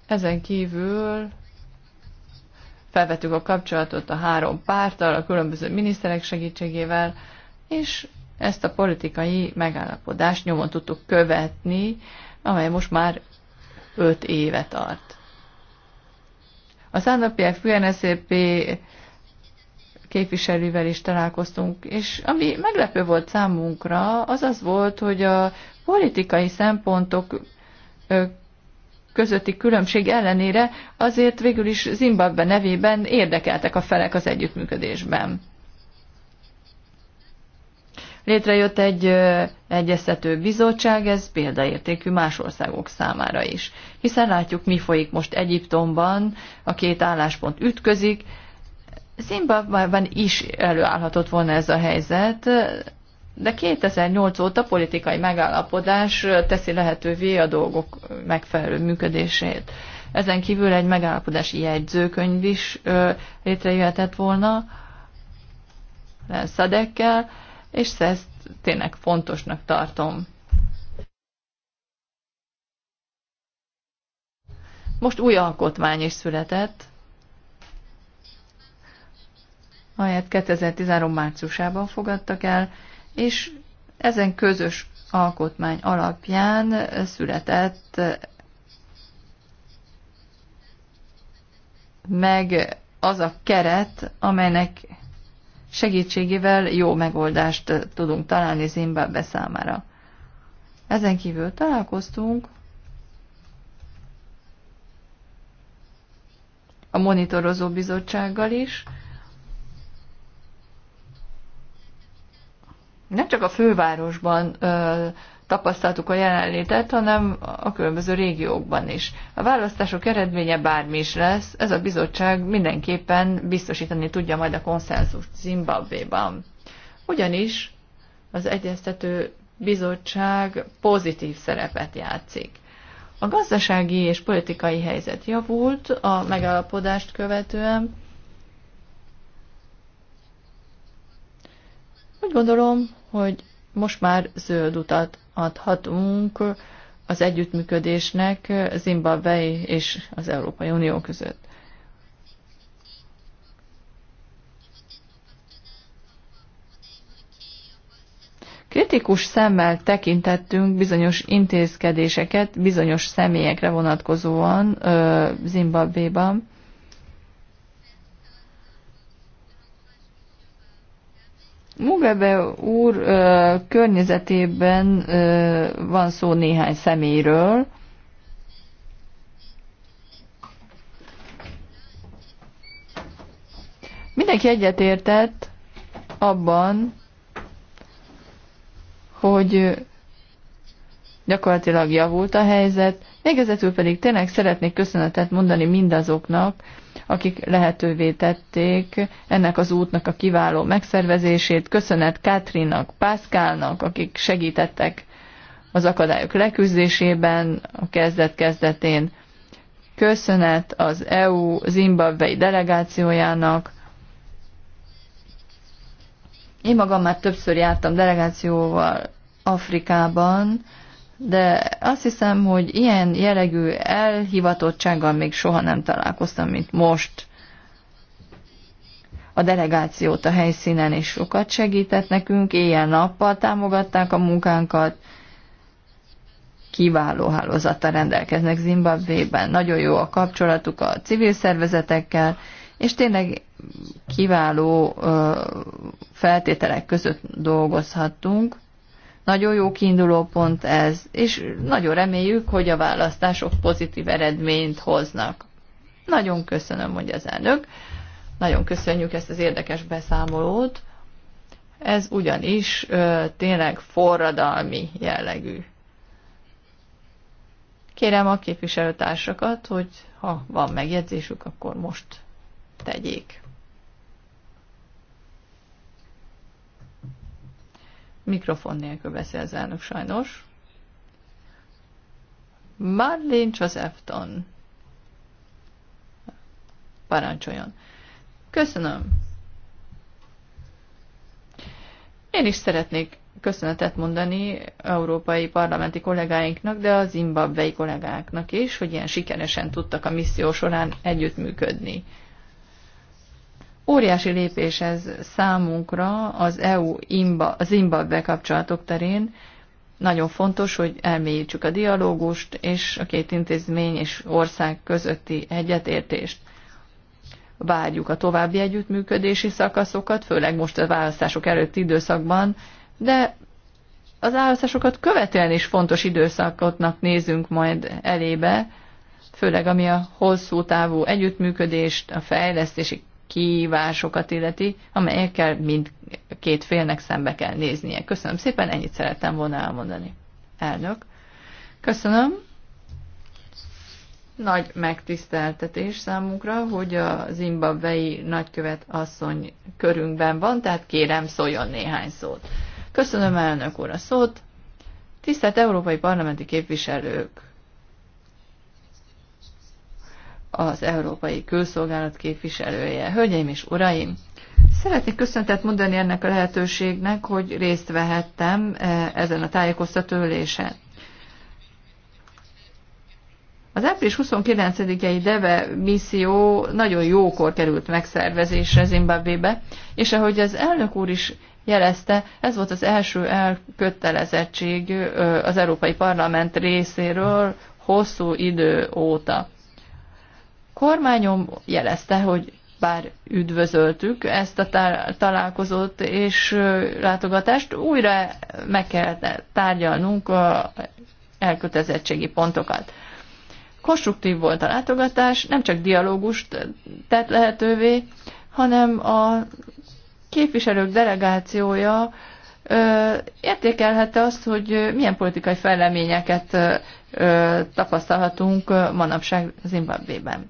Ezen kívül felvettük a kapcsolatot a három párttal, a különböző miniszterek segítségével, és ezt a politikai megállapodást nyomon tudtuk követni, amely most már öt éve tart. A szándapják FNSZP képviselővel is találkoztunk, és ami meglepő volt számunkra, az az volt, hogy a politikai szempontok közötti különbség ellenére azért végül is Zimbabwe nevében érdekeltek a felek az együttműködésben. Létrejött egy egyeztető bizottság, ez példaértékű más országok számára is. Hiszen látjuk, mi folyik most Egyiptomban, a két álláspont ütközik, Zimbabvában is előállhatott volna ez a helyzet, de 2008 óta politikai megállapodás teszi lehetővé a dolgok megfelelő működését. Ezen kívül egy megállapodási jegyzőkönyv is létrejöhetett volna szedekkel, és ezt tényleg fontosnak tartom. Most új alkotmány is született, amelyet 2013 márciusában fogadtak el, és ezen közös alkotmány alapján született meg az a keret, amelynek segítségével jó megoldást tudunk találni Zimbabwe számára. Ezen kívül találkoztunk a monitorozó bizottsággal is, nem csak a fővárosban ö, tapasztaltuk a jelenlétet, hanem a különböző régiókban is. A választások eredménye bármi is lesz, ez a bizottság mindenképpen biztosítani tudja majd a konszenzus Zimbabvéban. Ugyanis az egyeztető bizottság pozitív szerepet játszik. A gazdasági és politikai helyzet javult a megállapodást követően. Úgy gondolom, hogy most már zöld utat adhatunk az együttműködésnek Zimbabwe és az Európai Unió között. Kritikus szemmel tekintettünk bizonyos intézkedéseket bizonyos személyekre vonatkozóan Zimbabvéban. Mugabe úr ö, környezetében ö, van szó néhány személyről, Mindenki egyetértett abban, hogy gyakorlatilag javult a helyzet, végezetül pedig tényleg szeretnék köszönetet mondani mindazoknak, akik lehetővé tették ennek az útnak a kiváló megszervezését. Köszönet Katrinnak, Pászkálnak, akik segítettek az akadályok leküzdésében a kezdet-kezdetén. Köszönet az EU zimbabvei delegációjának. Én magam már többször jártam delegációval Afrikában, de azt hiszem, hogy ilyen jellegű elhivatottsággal még soha nem találkoztam, mint most. A delegációt a helyszínen is sokat segített nekünk, éjjel-nappal támogatták a munkánkat, kiváló hálózattal rendelkeznek Zimbabvében, nagyon jó a kapcsolatuk a civil szervezetekkel, és tényleg kiváló feltételek között dolgozhattunk. Nagyon jó kiinduló pont ez, és nagyon reméljük, hogy a választások pozitív eredményt hoznak. Nagyon köszönöm, hogy az elnök. Nagyon köszönjük ezt az érdekes beszámolót. Ez ugyanis ö, tényleg forradalmi jellegű. Kérem a képviselőtársakat, hogy ha van megjegyzésük, akkor most tegyék. Mikrofon nélkül beszél az elnök sajnos. Marlene Josephton. Parancsoljon. Köszönöm. Én is szeretnék köszönetet mondani európai parlamenti kollégáinknak, de a zimbabvei kollégáknak is, hogy ilyen sikeresen tudtak a misszió során együttműködni. Óriási lépés ez számunkra az EU-Zimbabwe -Imba, kapcsolatok terén. Nagyon fontos, hogy elmélyítsük a dialógust és a két intézmény és ország közötti egyetértést. Várjuk a további együttműködési szakaszokat, főleg most a választások előtti időszakban, de az választásokat követően is fontos időszakotnak nézünk majd elébe, főleg ami a hosszú távú együttműködést, a fejlesztési kihívásokat illeti, amelyekkel mind két félnek szembe kell néznie. Köszönöm szépen, ennyit szerettem volna elmondani. Elnök. Köszönöm. Nagy megtiszteltetés számunkra, hogy a zimbabvei nagykövet asszony körünkben van, tehát kérem szóljon néhány szót. Köszönöm elnök úr a szót. Tisztelt európai parlamenti képviselők, az Európai Külszolgálat képviselője. Hölgyeim és uraim! Szeretnék köszöntet mondani ennek a lehetőségnek, hogy részt vehettem e, ezen a tájékoztató ülésen. Az április 29-i DEVE misszió nagyon jókor került megszervezésre Zimbabvébe, és ahogy az elnök úr is jelezte, ez volt az első elkötelezettség az Európai Parlament részéről hosszú idő óta kormányom jelezte, hogy bár üdvözöltük ezt a találkozót és látogatást, újra meg kell tárgyalnunk a elkötelezettségi pontokat. Konstruktív volt a látogatás, nem csak dialógust tett lehetővé, hanem a képviselők delegációja értékelhette azt, hogy milyen politikai fejleményeket tapasztalhatunk manapság Zimbabvében.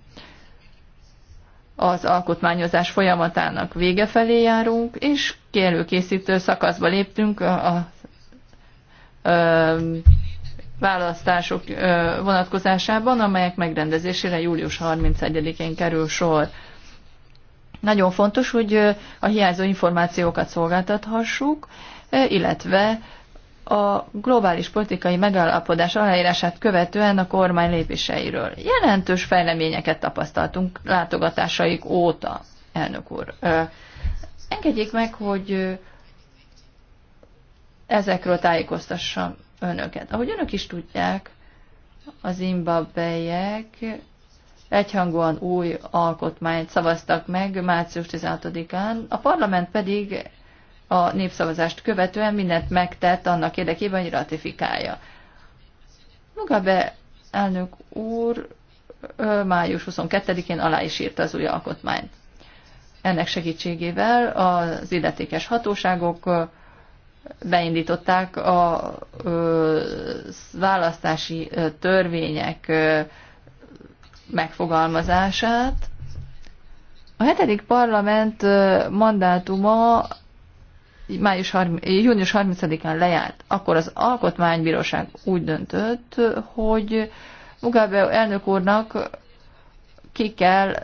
Az alkotmányozás folyamatának vége felé járunk, és kérőkészítő szakaszba léptünk a, választások vonatkozásában, amelyek megrendezésére július 31-én kerül sor. Nagyon fontos, hogy a hiányzó információkat szolgáltathassuk, E, illetve a globális politikai megállapodás aláírását követően a kormány lépéseiről. Jelentős fejleményeket tapasztaltunk látogatásaik óta, elnök úr. E, engedjék meg, hogy e, ezekről tájékoztassam önöket. Ahogy önök is tudják, az imbabbeiek egyhangúan új alkotmányt szavaztak meg március 16-án, a parlament pedig a népszavazást követően mindent megtett annak érdekében, hogy ratifikálja. Mugabe elnök úr május 22-én alá is írta az új alkotmányt. Ennek segítségével az illetékes hatóságok beindították a választási törvények megfogalmazását. A hetedik parlament mandátuma május 30, június 30-án lejárt, akkor az Alkotmánybíróság úgy döntött, hogy Mugabe elnök úrnak ki kell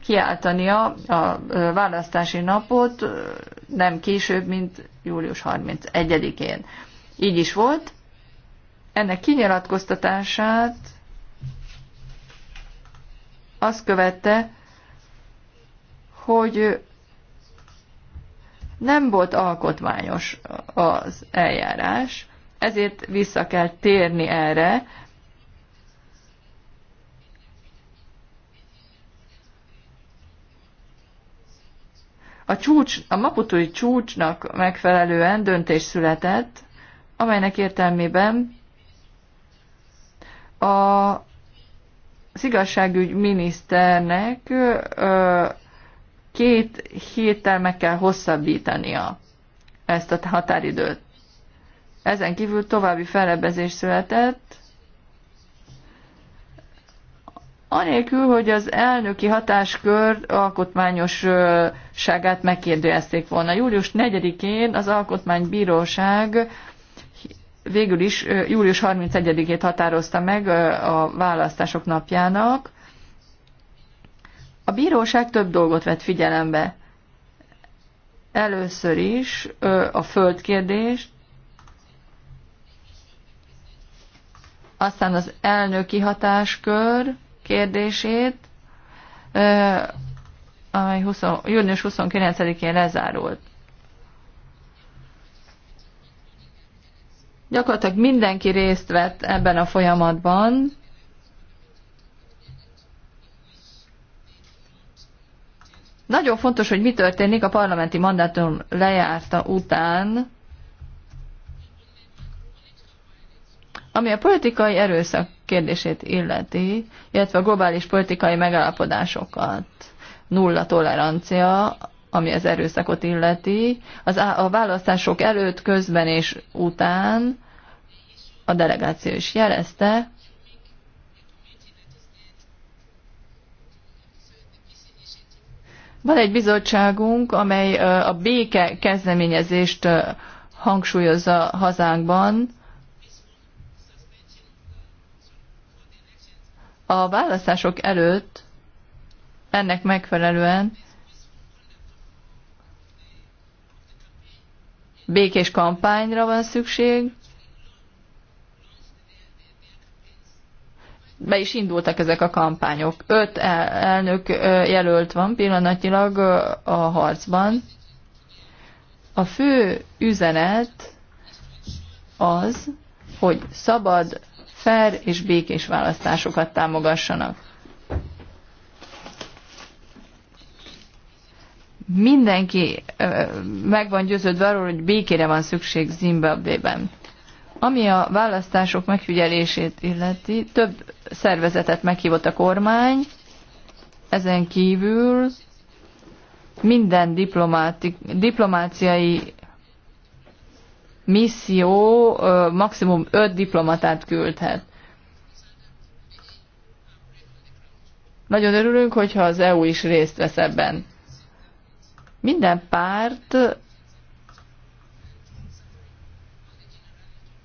kiáltania a választási napot nem később, mint július 31-én. Így is volt. Ennek kinyilatkoztatását azt követte, hogy nem volt alkotmányos az eljárás, ezért vissza kell térni erre, A, csúcs, a maputói csúcsnak megfelelően döntés született, amelynek értelmében a, igazságügy miniszternek ö, két héttel meg kell hosszabbítania ezt a határidőt. Ezen kívül további fellebbezés született, anélkül, hogy az elnöki hatáskör alkotmányosságát megkérdőjezték volna. Július 4-én az Alkotmánybíróság végül is július 31-ét határozta meg a választások napjának, a bíróság több dolgot vett figyelembe. Először is a földkérdést, aztán az elnöki hatáskör kérdését, amely 20, június 29-én lezárult. Gyakorlatilag mindenki részt vett ebben a folyamatban, Nagyon fontos, hogy mi történik a parlamenti mandátum lejárta után, ami a politikai erőszak kérdését illeti, illetve a globális politikai megállapodásokat. Nulla tolerancia, ami az erőszakot illeti, az a választások előtt, közben és után a delegáció is jelezte, Van egy bizottságunk, amely a béke kezdeményezést hangsúlyozza hazánkban. A választások előtt ennek megfelelően békés kampányra van szükség, be is indultak ezek a kampányok. Öt elnök jelölt van pillanatnyilag a harcban. A fő üzenet az, hogy szabad, fair és békés választásokat támogassanak. Mindenki meg van győződve arról, hogy békére van szükség Zimbabwe-ben. Ami a választások megfigyelését illeti, több szervezetet meghívott a kormány, ezen kívül minden diplomáciai misszió maximum öt diplomatát küldhet. Nagyon örülünk, hogyha az EU is részt vesz ebben. Minden párt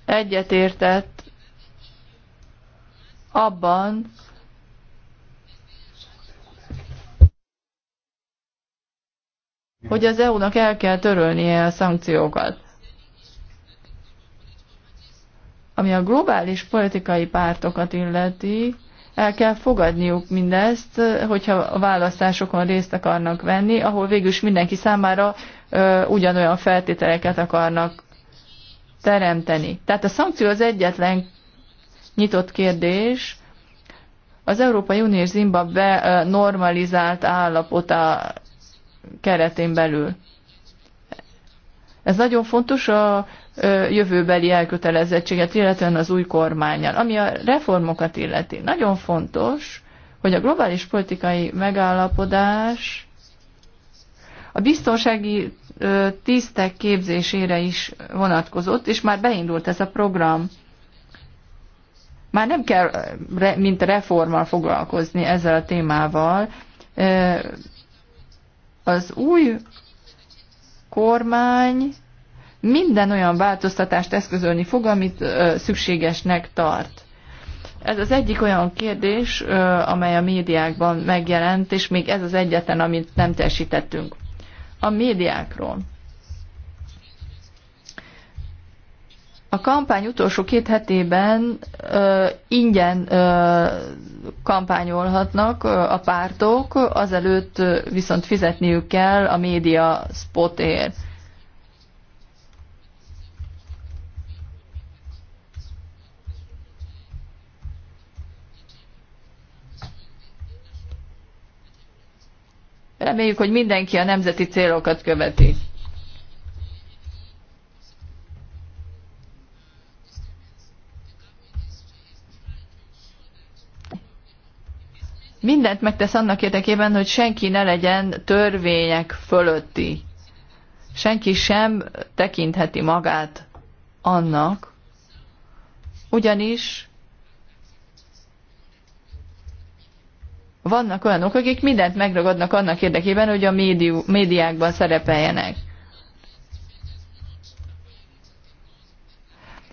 egyetértett abban, hogy az EU-nak el kell törölnie a szankciókat. Ami a globális politikai pártokat illeti, el kell fogadniuk mindezt, hogyha a választásokon részt akarnak venni, ahol végülis mindenki számára ö, ugyanolyan feltételeket akarnak teremteni. Tehát a szankció az egyetlen nyitott kérdés. Az Európai Unió és Zimbabwe normalizált állapota keretén belül. Ez nagyon fontos a jövőbeli elkötelezettséget, illetve az új kormányjal. Ami a reformokat illeti, nagyon fontos, hogy a globális politikai megállapodás a biztonsági tisztek képzésére is vonatkozott, és már beindult ez a program. Már nem kell, mint reformmal foglalkozni ezzel a témával. Az új kormány minden olyan változtatást eszközölni fog, amit szükségesnek tart. Ez az egyik olyan kérdés, amely a médiákban megjelent, és még ez az egyetlen, amit nem teljesítettünk a médiákról. A kampány utolsó két hetében ö, ingyen ö, kampányolhatnak a pártok, azelőtt viszont fizetniük kell a média spotért. Reméljük, hogy mindenki a nemzeti célokat követi. mindent megtesz annak érdekében, hogy senki ne legyen törvények fölötti. Senki sem tekintheti magát annak, ugyanis vannak olyanok, akik mindent megragadnak annak érdekében, hogy a médi- médiákban szerepeljenek.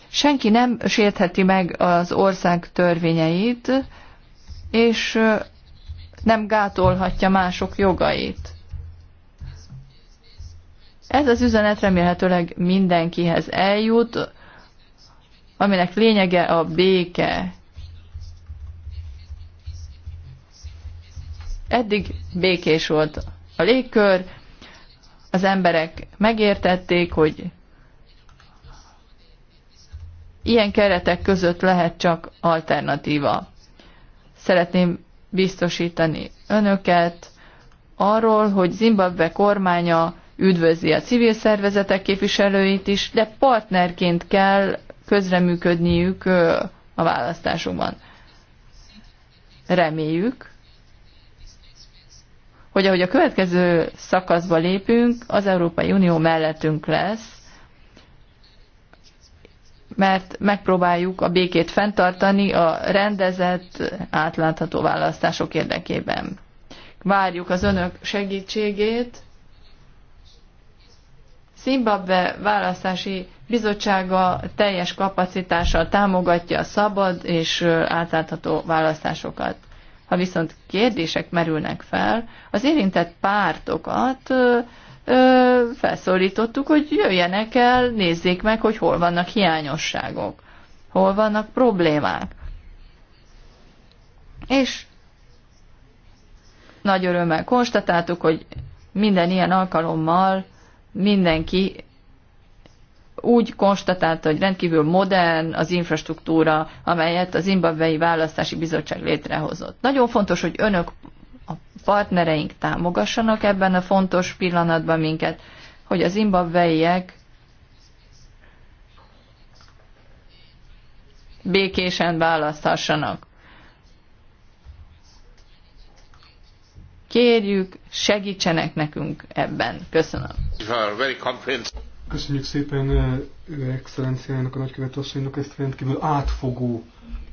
Senki nem sértheti meg az ország törvényeit, és nem gátolhatja mások jogait. Ez az üzenet remélhetőleg mindenkihez eljut, aminek lényege a béke. Eddig békés volt a légkör, az emberek megértették, hogy ilyen keretek között lehet csak alternatíva. Szeretném biztosítani önöket arról, hogy Zimbabwe kormánya üdvözli a civil szervezetek képviselőit is, de partnerként kell közreműködniük a választásokban. Reméljük, hogy ahogy a következő szakaszba lépünk, az Európai Unió mellettünk lesz, mert megpróbáljuk a békét fenntartani a rendezett, átlátható választások érdekében. Várjuk az önök segítségét. Zimbabwe választási bizottsága teljes kapacitással támogatja a szabad és átlátható választásokat. Ha viszont kérdések merülnek fel, az érintett pártokat ö, ö, felszólítottuk, hogy jöjjenek el, nézzék meg, hogy hol vannak hiányosságok, hol vannak problémák. És nagy örömmel konstatáltuk, hogy minden ilyen alkalommal mindenki úgy konstatálta, hogy rendkívül modern az infrastruktúra, amelyet az Zimbabwei Választási Bizottság létrehozott. Nagyon fontos, hogy önök a partnereink támogassanak ebben a fontos pillanatban minket, hogy a zimbabweiek békésen választhassanak. Kérjük, segítsenek nekünk ebben. Köszönöm. Köszönjük szépen Excellenciának, a nagykövet asszonynak ezt rendkívül átfogó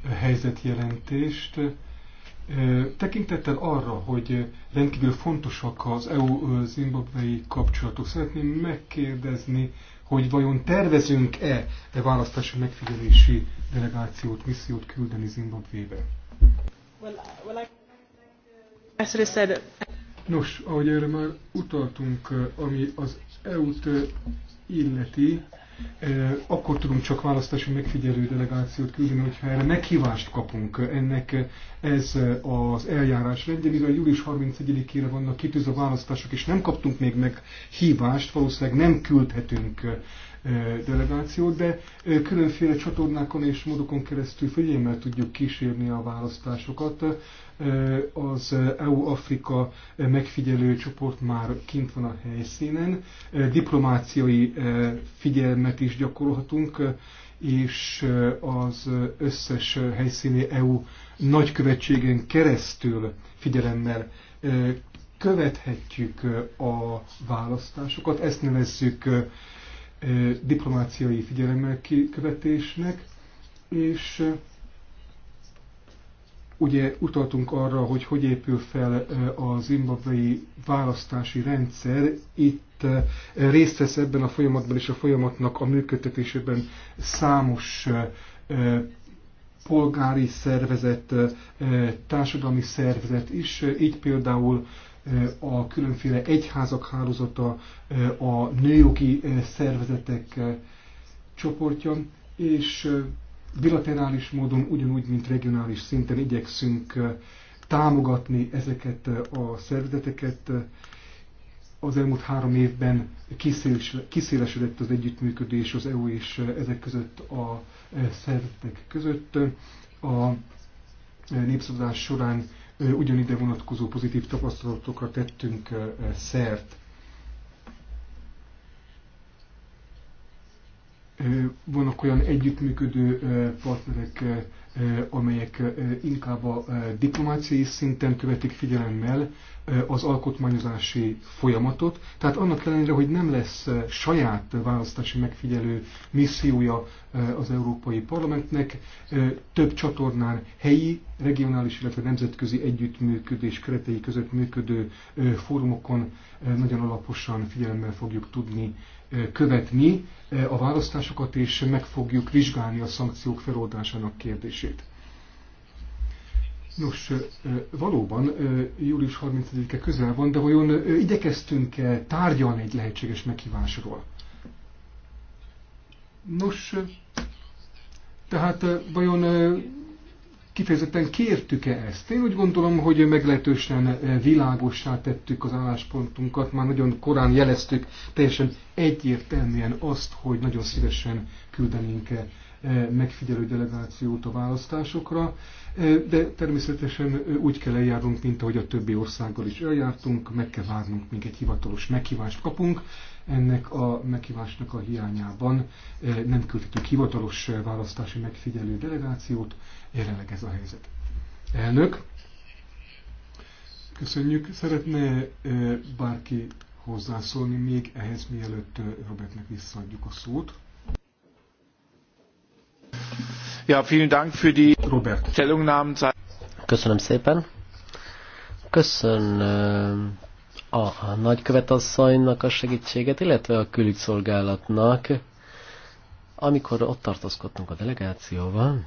helyzetjelentést. Tekintettel arra, hogy rendkívül fontosak az eu Zimbabwei kapcsolatok, szeretném megkérdezni, hogy vajon tervezünk-e e választási megfigyelési delegációt, missziót küldeni Zimbabvébe? Nos, ahogy erre már utaltunk, ami az EU-t illeti, akkor tudunk csak választási megfigyelő delegációt küldeni, hogyha erre meghívást kapunk. Ennek ez az eljárás rendje, mivel július 31-ére vannak kitűző választások, és nem kaptunk még meg hívást, valószínűleg nem küldhetünk delegációt, de különféle csatornákon és módokon keresztül figyelemmel tudjuk kísérni a választásokat. Az EU-Afrika megfigyelő csoport már kint van a helyszínen, diplomáciai figyelmet is gyakorolhatunk, és az összes helyszíni EU nagykövetségen keresztül figyelemmel követhetjük a választásokat, ezt nevezzük diplomáciai figyelemmel követésnek, és ugye utaltunk arra, hogy hogy épül fel a zimbabvei választási rendszer, itt részt vesz ebben a folyamatban és a folyamatnak a működtetésében számos polgári szervezet, társadalmi szervezet is, így például a különféle egyházak hálózata, a nőjogi szervezetek csoportja, és bilaterális módon, ugyanúgy, mint regionális szinten igyekszünk támogatni ezeket a szervezeteket. Az elmúlt három évben kiszélesedett az együttműködés az EU és ezek között a szervezetek között. A népszavazás során ugyanide vonatkozó pozitív tapasztalatokra tettünk szert. Vannak olyan együttműködő partnerek, amelyek inkább a diplomáciai szinten követik figyelemmel az alkotmányozási folyamatot. Tehát annak ellenére, hogy nem lesz saját választási megfigyelő missziója az Európai Parlamentnek, több csatornán helyi, regionális, illetve nemzetközi együttműködés keretei között működő fórumokon nagyon alaposan figyelemmel fogjuk tudni követni a választásokat, és meg fogjuk vizsgálni a szankciók feloldásának kérdését. Nos, valóban július 31-e közel van, de vajon igyekeztünk-e tárgyalni egy lehetséges meghívásról? Nos, tehát vajon kifejezetten kértük-e ezt? Én úgy gondolom, hogy meglehetősen eh, világossá tettük az álláspontunkat, már nagyon korán jeleztük teljesen egyértelműen azt, hogy nagyon szívesen küldenénk -e megfigyelő delegációt a választásokra, eh, de természetesen úgy kell eljárnunk, mint ahogy a többi országgal is eljártunk, meg kell várnunk, még egy hivatalos meghívást kapunk, ennek a meghívásnak a hiányában eh, nem küldhetünk hivatalos eh, választási megfigyelő delegációt, jelenleg ez a helyzet. Elnök, köszönjük. Szeretne eh, bárki hozzászólni még ehhez, mielőtt Robertnek visszaadjuk a szót? Ja, vielen Dank für die Robert. Köszönöm szépen. Köszönöm a nagykövetasszonynak a segítséget, illetve a külügyszolgálatnak, amikor ott tartózkodtunk a delegációval,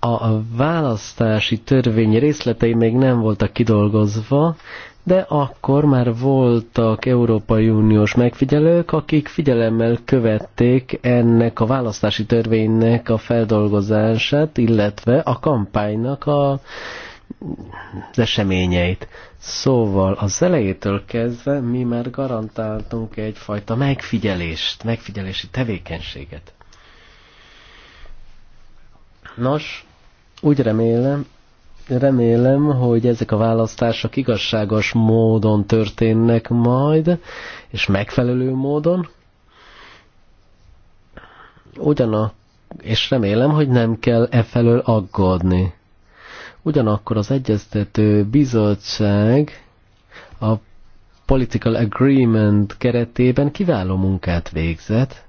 a választási törvény részletei még nem voltak kidolgozva, de akkor már voltak Európai Uniós megfigyelők, akik figyelemmel követték ennek a választási törvénynek a feldolgozását, illetve a kampánynak a az eseményeit. Szóval az elejétől kezdve mi már garantáltunk egyfajta megfigyelést, megfigyelési tevékenységet. Nos, úgy remélem, remélem, hogy ezek a választások igazságos módon történnek majd, és megfelelő módon. Ugyanak, és remélem, hogy nem kell e felől aggódni. Ugyanakkor az egyeztető bizottság a Political Agreement keretében kiváló munkát végzett.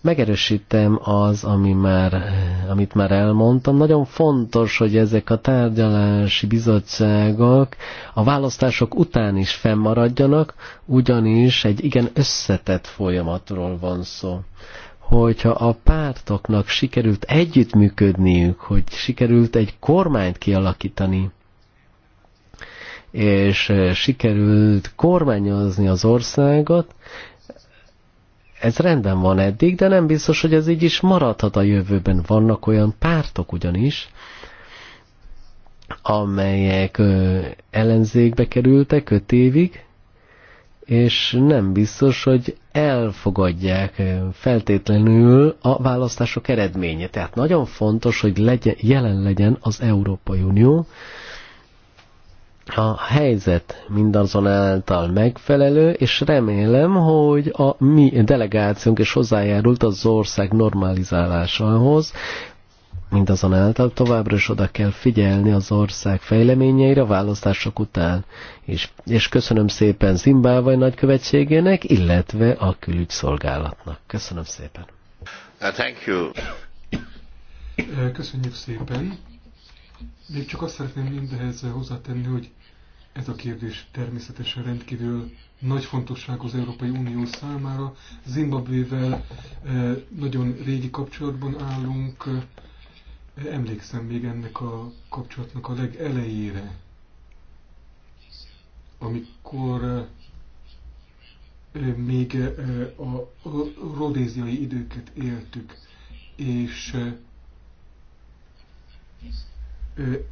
Megerősítem az, ami már, amit már elmondtam. Nagyon fontos, hogy ezek a tárgyalási bizottságok a választások után is fennmaradjanak, ugyanis egy igen összetett folyamatról van szó hogyha a pártoknak sikerült együttműködniük, hogy sikerült egy kormányt kialakítani, és eh, sikerült kormányozni az országot, ez rendben van eddig, de nem biztos, hogy ez így is maradhat a jövőben. Vannak olyan pártok ugyanis, amelyek eh, ellenzékbe kerültek öt évig, és nem biztos, hogy elfogadják feltétlenül a választások eredménye. Tehát nagyon fontos, hogy legyen, jelen legyen az Európai Unió, a helyzet mindazonáltal megfelelő, és remélem, hogy a mi delegációnk is hozzájárult az ország normalizálásához, Mindazonáltal továbbra is oda kell figyelni az ország fejleményeire a választások után. És, és köszönöm szépen Zimbávaj nagykövetségének, illetve a külügyszolgálatnak. Köszönöm szépen. Uh, thank you. Uh, köszönjük szépen. Még csak azt szeretném mindehez hozzátenni, hogy ez a kérdés természetesen rendkívül nagy fontosság az Európai Unió számára. Zimbabvével uh, nagyon régi kapcsolatban állunk, emlékszem még ennek a kapcsolatnak a legelejére, amikor eh, még eh, a rodéziai időket éltük, és eh,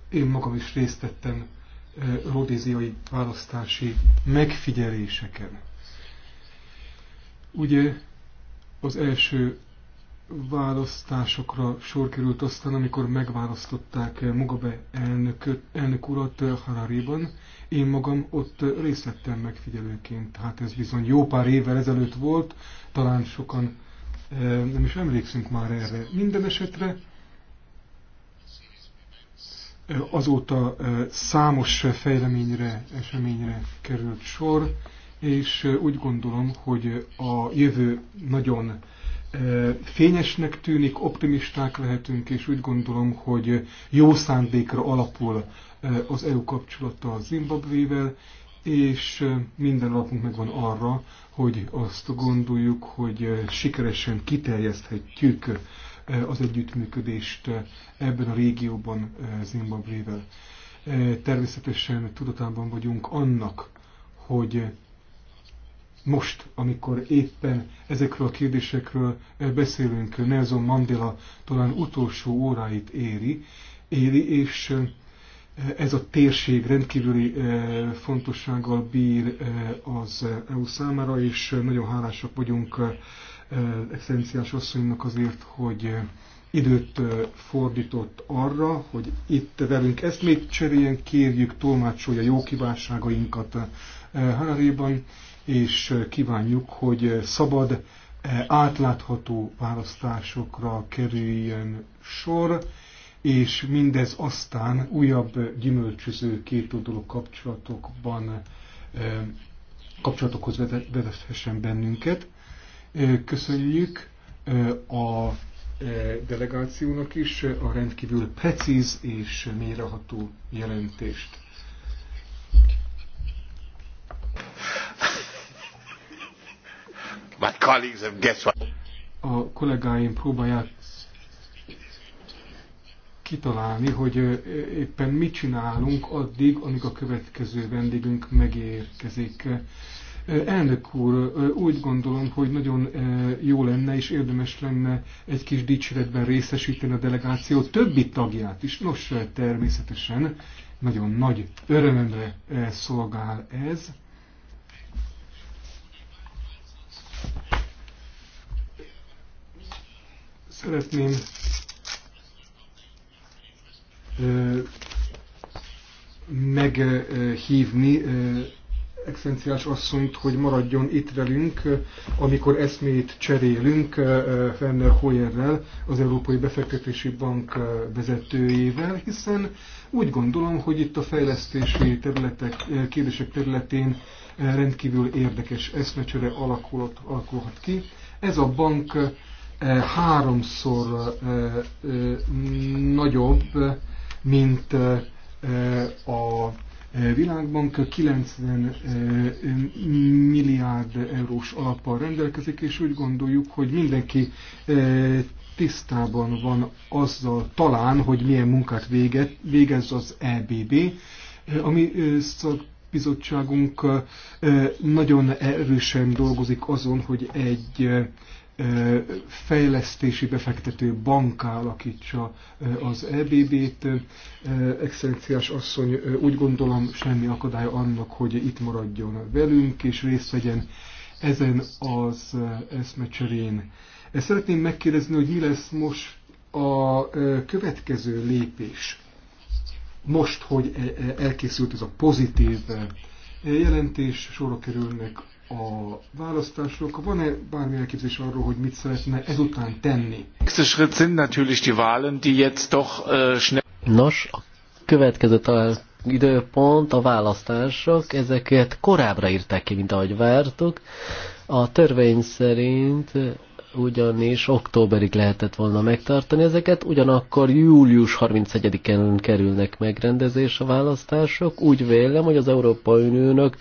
én magam is részt vettem rodéziai választási megfigyeléseken. Ugye az első választásokra sor került aztán, amikor megválasztották Mugabe elnököt, elnök urat Harariban. Én magam ott részt vettem megfigyelőként. Hát ez bizony jó pár évvel ezelőtt volt, talán sokan eh, nem is emlékszünk már erre. Minden esetre eh, azóta eh, számos fejleményre, eseményre került sor, és úgy gondolom, hogy a jövő nagyon fényesnek tűnik, optimisták lehetünk, és úgy gondolom, hogy jó szándékra alapul az EU kapcsolata a Zimbabvével, és minden alapunk megvan arra, hogy azt gondoljuk, hogy sikeresen kiterjeszthetjük az együttműködést ebben a régióban Zimbabvével. Természetesen tudatában vagyunk annak, hogy most, amikor éppen ezekről a kérdésekről beszélünk, Nelson Mandela talán utolsó óráit éri, éri és ez a térség rendkívüli fontossággal bír az EU számára, és nagyon hálásak vagyunk excellenciás asszonynak azért, hogy időt fordított arra, hogy itt velünk ezt még cseréljen, kérjük, tolmácsolja jó kívánságainkat Hanaréban és kívánjuk, hogy szabad, eh, átlátható választásokra kerüljön sor, és mindez aztán újabb gyümölcsöző kétoldalú kapcsolatokban eh, kapcsolatokhoz vezethessen bennünket. Eh, köszönjük a delegációnak is a rendkívül precíz és méreható jelentést. My colleagues have guessed what... A kollégáim próbálják kitalálni, hogy éppen mit csinálunk addig, amíg a következő vendégünk megérkezik. Elnök úr, úgy gondolom, hogy nagyon jó lenne és érdemes lenne egy kis dicséretben részesíteni a delegáció többi tagját is. Nos, természetesen nagyon nagy örömömre szolgál ez. Szeretném meghívni excellenciás asszonyt, hogy maradjon itt velünk, amikor eszmét cserélünk eh, eh, Werner Hoyerrel, az Európai Befektetési Bank eh, vezetőjével, hiszen úgy gondolom, hogy itt a fejlesztési területek, kérdések területén rendkívül érdekes eszmecsere alakulhat, alakulhat ki. Ez a bank háromszor nagyobb, mint a Világbank 90 milliárd eurós alappal rendelkezik, és úgy gondoljuk, hogy mindenki tisztában van azzal talán, hogy milyen munkát véget, végez az EBB. ami szakbizottságunk nagyon erősen dolgozik azon, hogy egy fejlesztési befektető banká alakítsa az EBB-t. Excellenciás asszony, úgy gondolom semmi akadály annak, hogy itt maradjon velünk, és részt vegyen ezen az eszmecserén. Szeretném megkérdezni, hogy mi lesz most a következő lépés. Most, hogy e, e, elkészült ez a pozitív jelentés, sorra kerülnek a választások. Van-e bármi elképzés arról, hogy mit szeretne ezután tenni? Äh, Nos, a következő talán időpont a választások, ezeket korábbra írták ki, mint ahogy vártuk. A törvény szerint ugyanis októberig lehetett volna megtartani ezeket, ugyanakkor július 31-en kerülnek megrendezés a választások. Úgy vélem, hogy az Európai Uniónak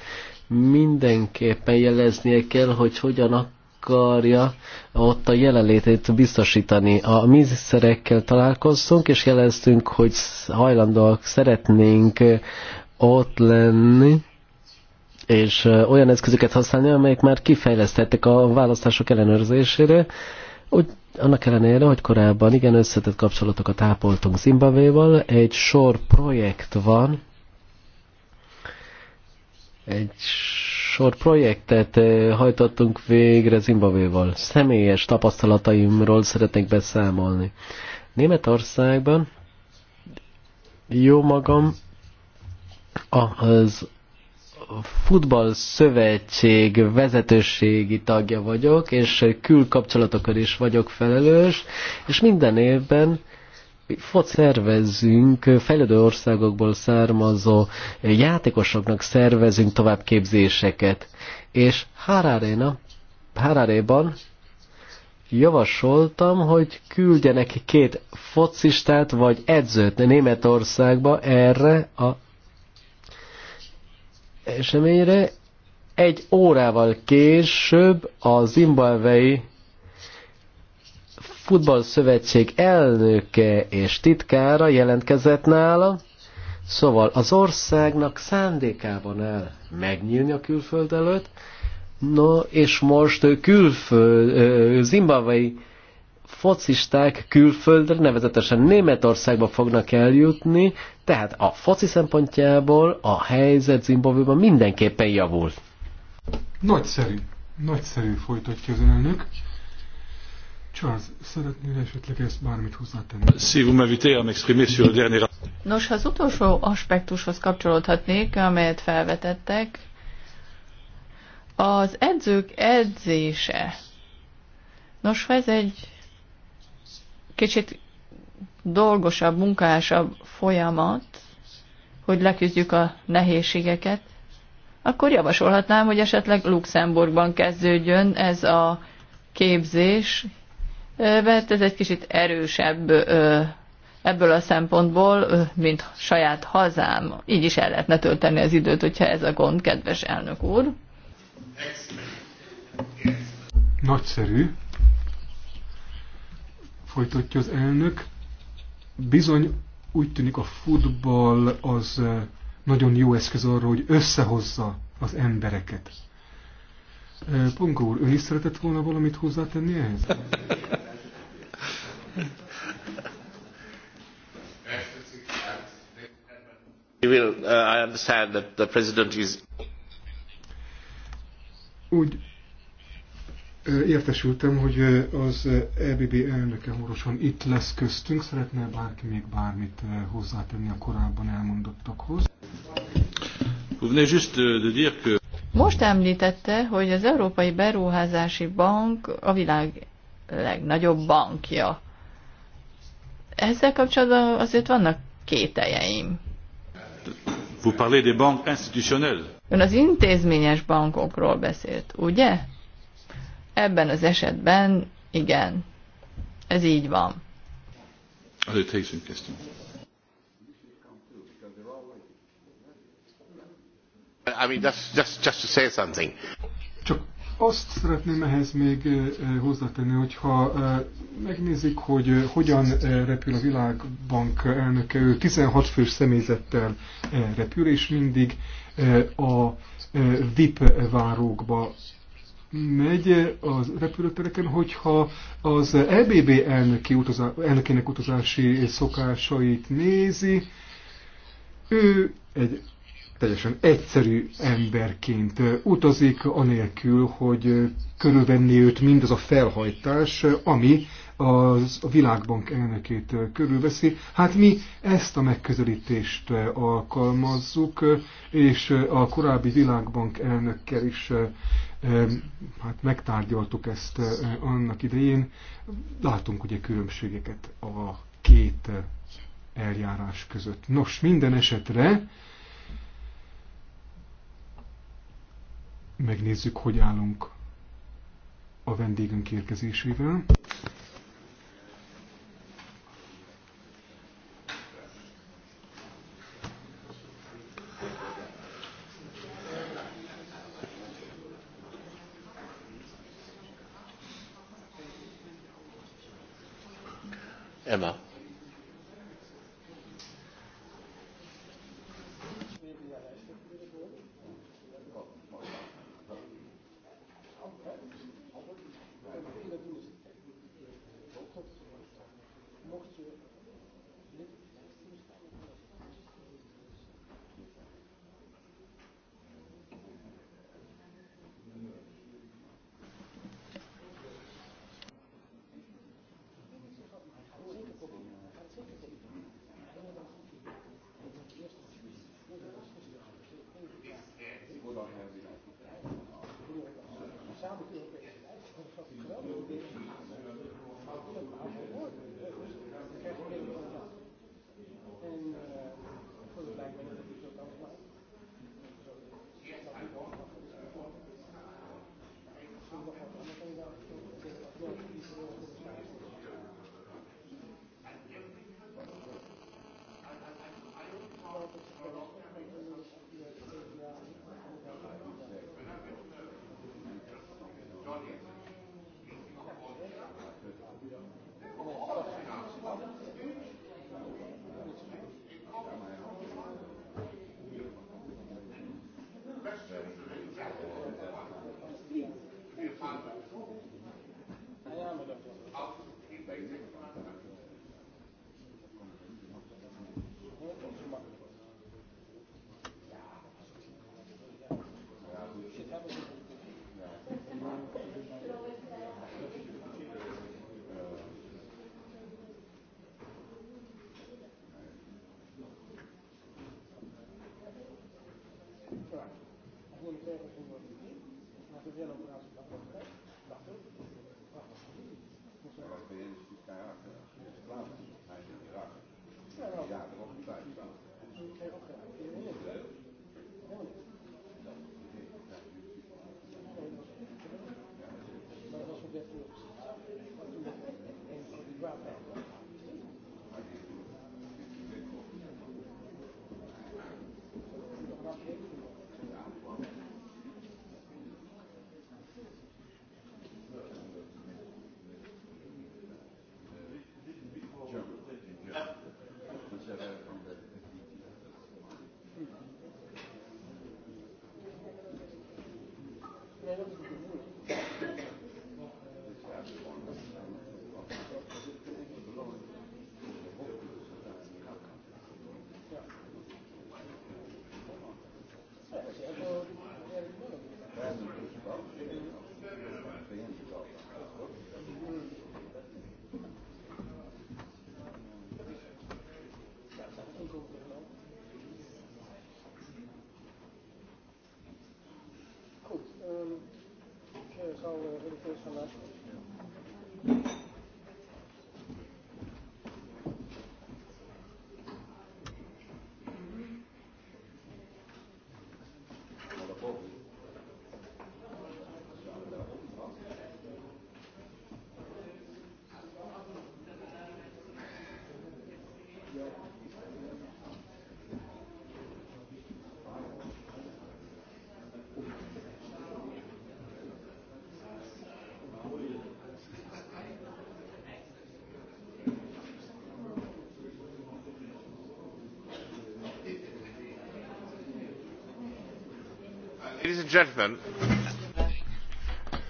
mindenképpen jeleznie kell, hogy hogyan akarja ott a jelenlétét biztosítani. A műszerekkel találkoztunk, és jeleztünk, hogy hajlandóak szeretnénk ott lenni, és olyan eszközöket használni, amelyek már kifejlesztettek a választások ellenőrzésére, úgy, annak ellenére, hogy korábban igen összetett kapcsolatokat ápoltunk Zimbabvéval, egy sor projekt van, egy sor projektet eh, hajtottunk végre Zimbabéval. Személyes tapasztalataimról szeretnék beszámolni. Németországban jó magam az futball szövetség vezetőségi tagja vagyok, és külkapcsolatokon is vagyok felelős, és minden évben fot szervezünk, fejlődő országokból származó játékosoknak szervezünk továbbképzéseket. És Harare-na, Harare-ban javasoltam, hogy küldjenek két focistát vagy edzőt Németországba erre a eseményre. Egy órával később a zimbabvei futballszövetség elnöke és titkára jelentkezett nála, szóval az országnak szándékában áll megnyílni a külföld előtt, no, és most külföld, zimbabai focisták külföldre, nevezetesen Németországba fognak eljutni, tehát a foci szempontjából a helyzet Zimbabvéban mindenképpen javul. Nagyszerű, nagyszerű folytatja az elnök. Charles, szeretnél esetleg ezt bármit hozzátenni? Si vous m'invitez à m'exprimer sur le dernier... Nos, az utolsó aspektushoz kapcsolódhatnék, amelyet felvetettek, az edzők edzése. Nos, ha ez egy kicsit dolgosabb, munkásabb folyamat, hogy leküzdjük a nehézségeket, akkor javasolhatnám, hogy esetleg Luxemburgban kezdődjön ez a képzés, mert ez egy kicsit erősebb ebből a szempontból, mint saját hazám. Így is el lehetne tölteni az időt, hogyha ez a gond, kedves elnök úr. Nagyszerű. Folytatja az elnök. Bizony úgy tűnik a futball az nagyon jó eszköz arra, hogy összehozza az embereket. Pongó úr, ön is szeretett volna valamit hozzátenni ehhez? Úgy értesültem, hogy az EBB elnöke horosan itt lesz köztünk. Szeretne bárki még bármit hozzátenni a korábban elmondottakhoz? Most említette, hogy az Európai Beruházási Bank a világ legnagyobb bankja. Ezzel kapcsolatban azért vannak kételjeim. Vous parlez des banques institutionnelles. Ön az intézményes bankokról beszélt, ugye? Ebben az esetben igen. Ez így van. Előtt I mean, that's just, just to say something. Azt szeretném ehhez még hozzátenni, hogyha megnézik, hogy hogyan repül a világbank elnöke, ő 16 fős személyzettel repül, és mindig a VIP várókba megy az repülőtereken, hogyha az EBB elnöki utazá, elnökének utazási szokásait nézi, ő egy teljesen egyszerű emberként utazik, anélkül, hogy körülvenni őt mindaz a felhajtás, ami az, a világbank elnökét körülveszi. Hát mi ezt a megközelítést alkalmazzuk, és a korábbi világbank elnökkel is hát megtárgyaltuk ezt annak idején. Látunk ugye különbségeket a két eljárás között. Nos, minden esetre megnézzük, hogy állunk a vendégünk érkezésével.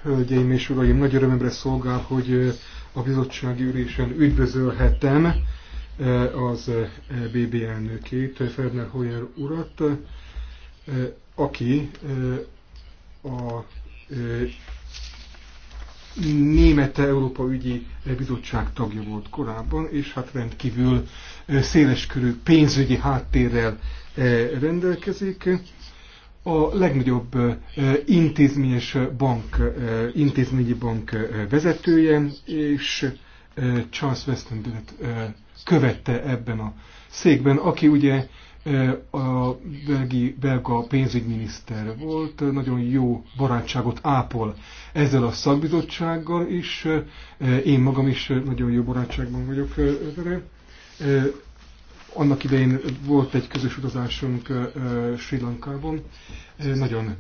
Hölgyeim és uraim, nagy örömömre szolgál, hogy a bizottsági ülésen üdvözölhetem az BB elnökét, Ferner Hoyer urat, aki a Német Európa Ügyi Bizottság tagja volt korábban, és hát rendkívül széleskörű pénzügyi háttérrel rendelkezik a legnagyobb intézményes bank, intézményi bank vezetője, és Charles Westenbelt követte ebben a székben, aki ugye a belgi, belga pénzügyminiszter volt, nagyon jó barátságot ápol ezzel a szakbizottsággal is, én magam is nagyon jó barátságban vagyok vele. Annak idején volt egy közös utazásunk Sri Lankában, nagyon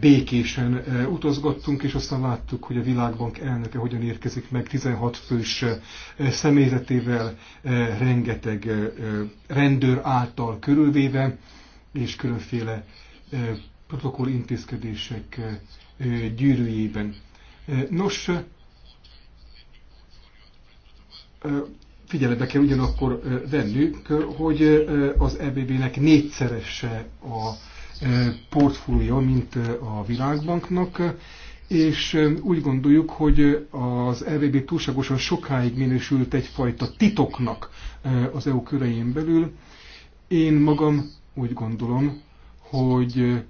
békésen utazgattunk, és aztán láttuk, hogy a Világbank elnöke hogyan érkezik meg 16 fős személyzetével, rengeteg rendőr által körülvéve, és különféle protokoll intézkedések gyűrűjében. Nos, figyelembe kell ugyanakkor vennünk, hogy az EBB-nek négyszerese a portfólia, mint a világbanknak, és úgy gondoljuk, hogy az EBB túlságosan sokáig minősült egyfajta titoknak az EU körein belül. Én magam úgy gondolom, hogy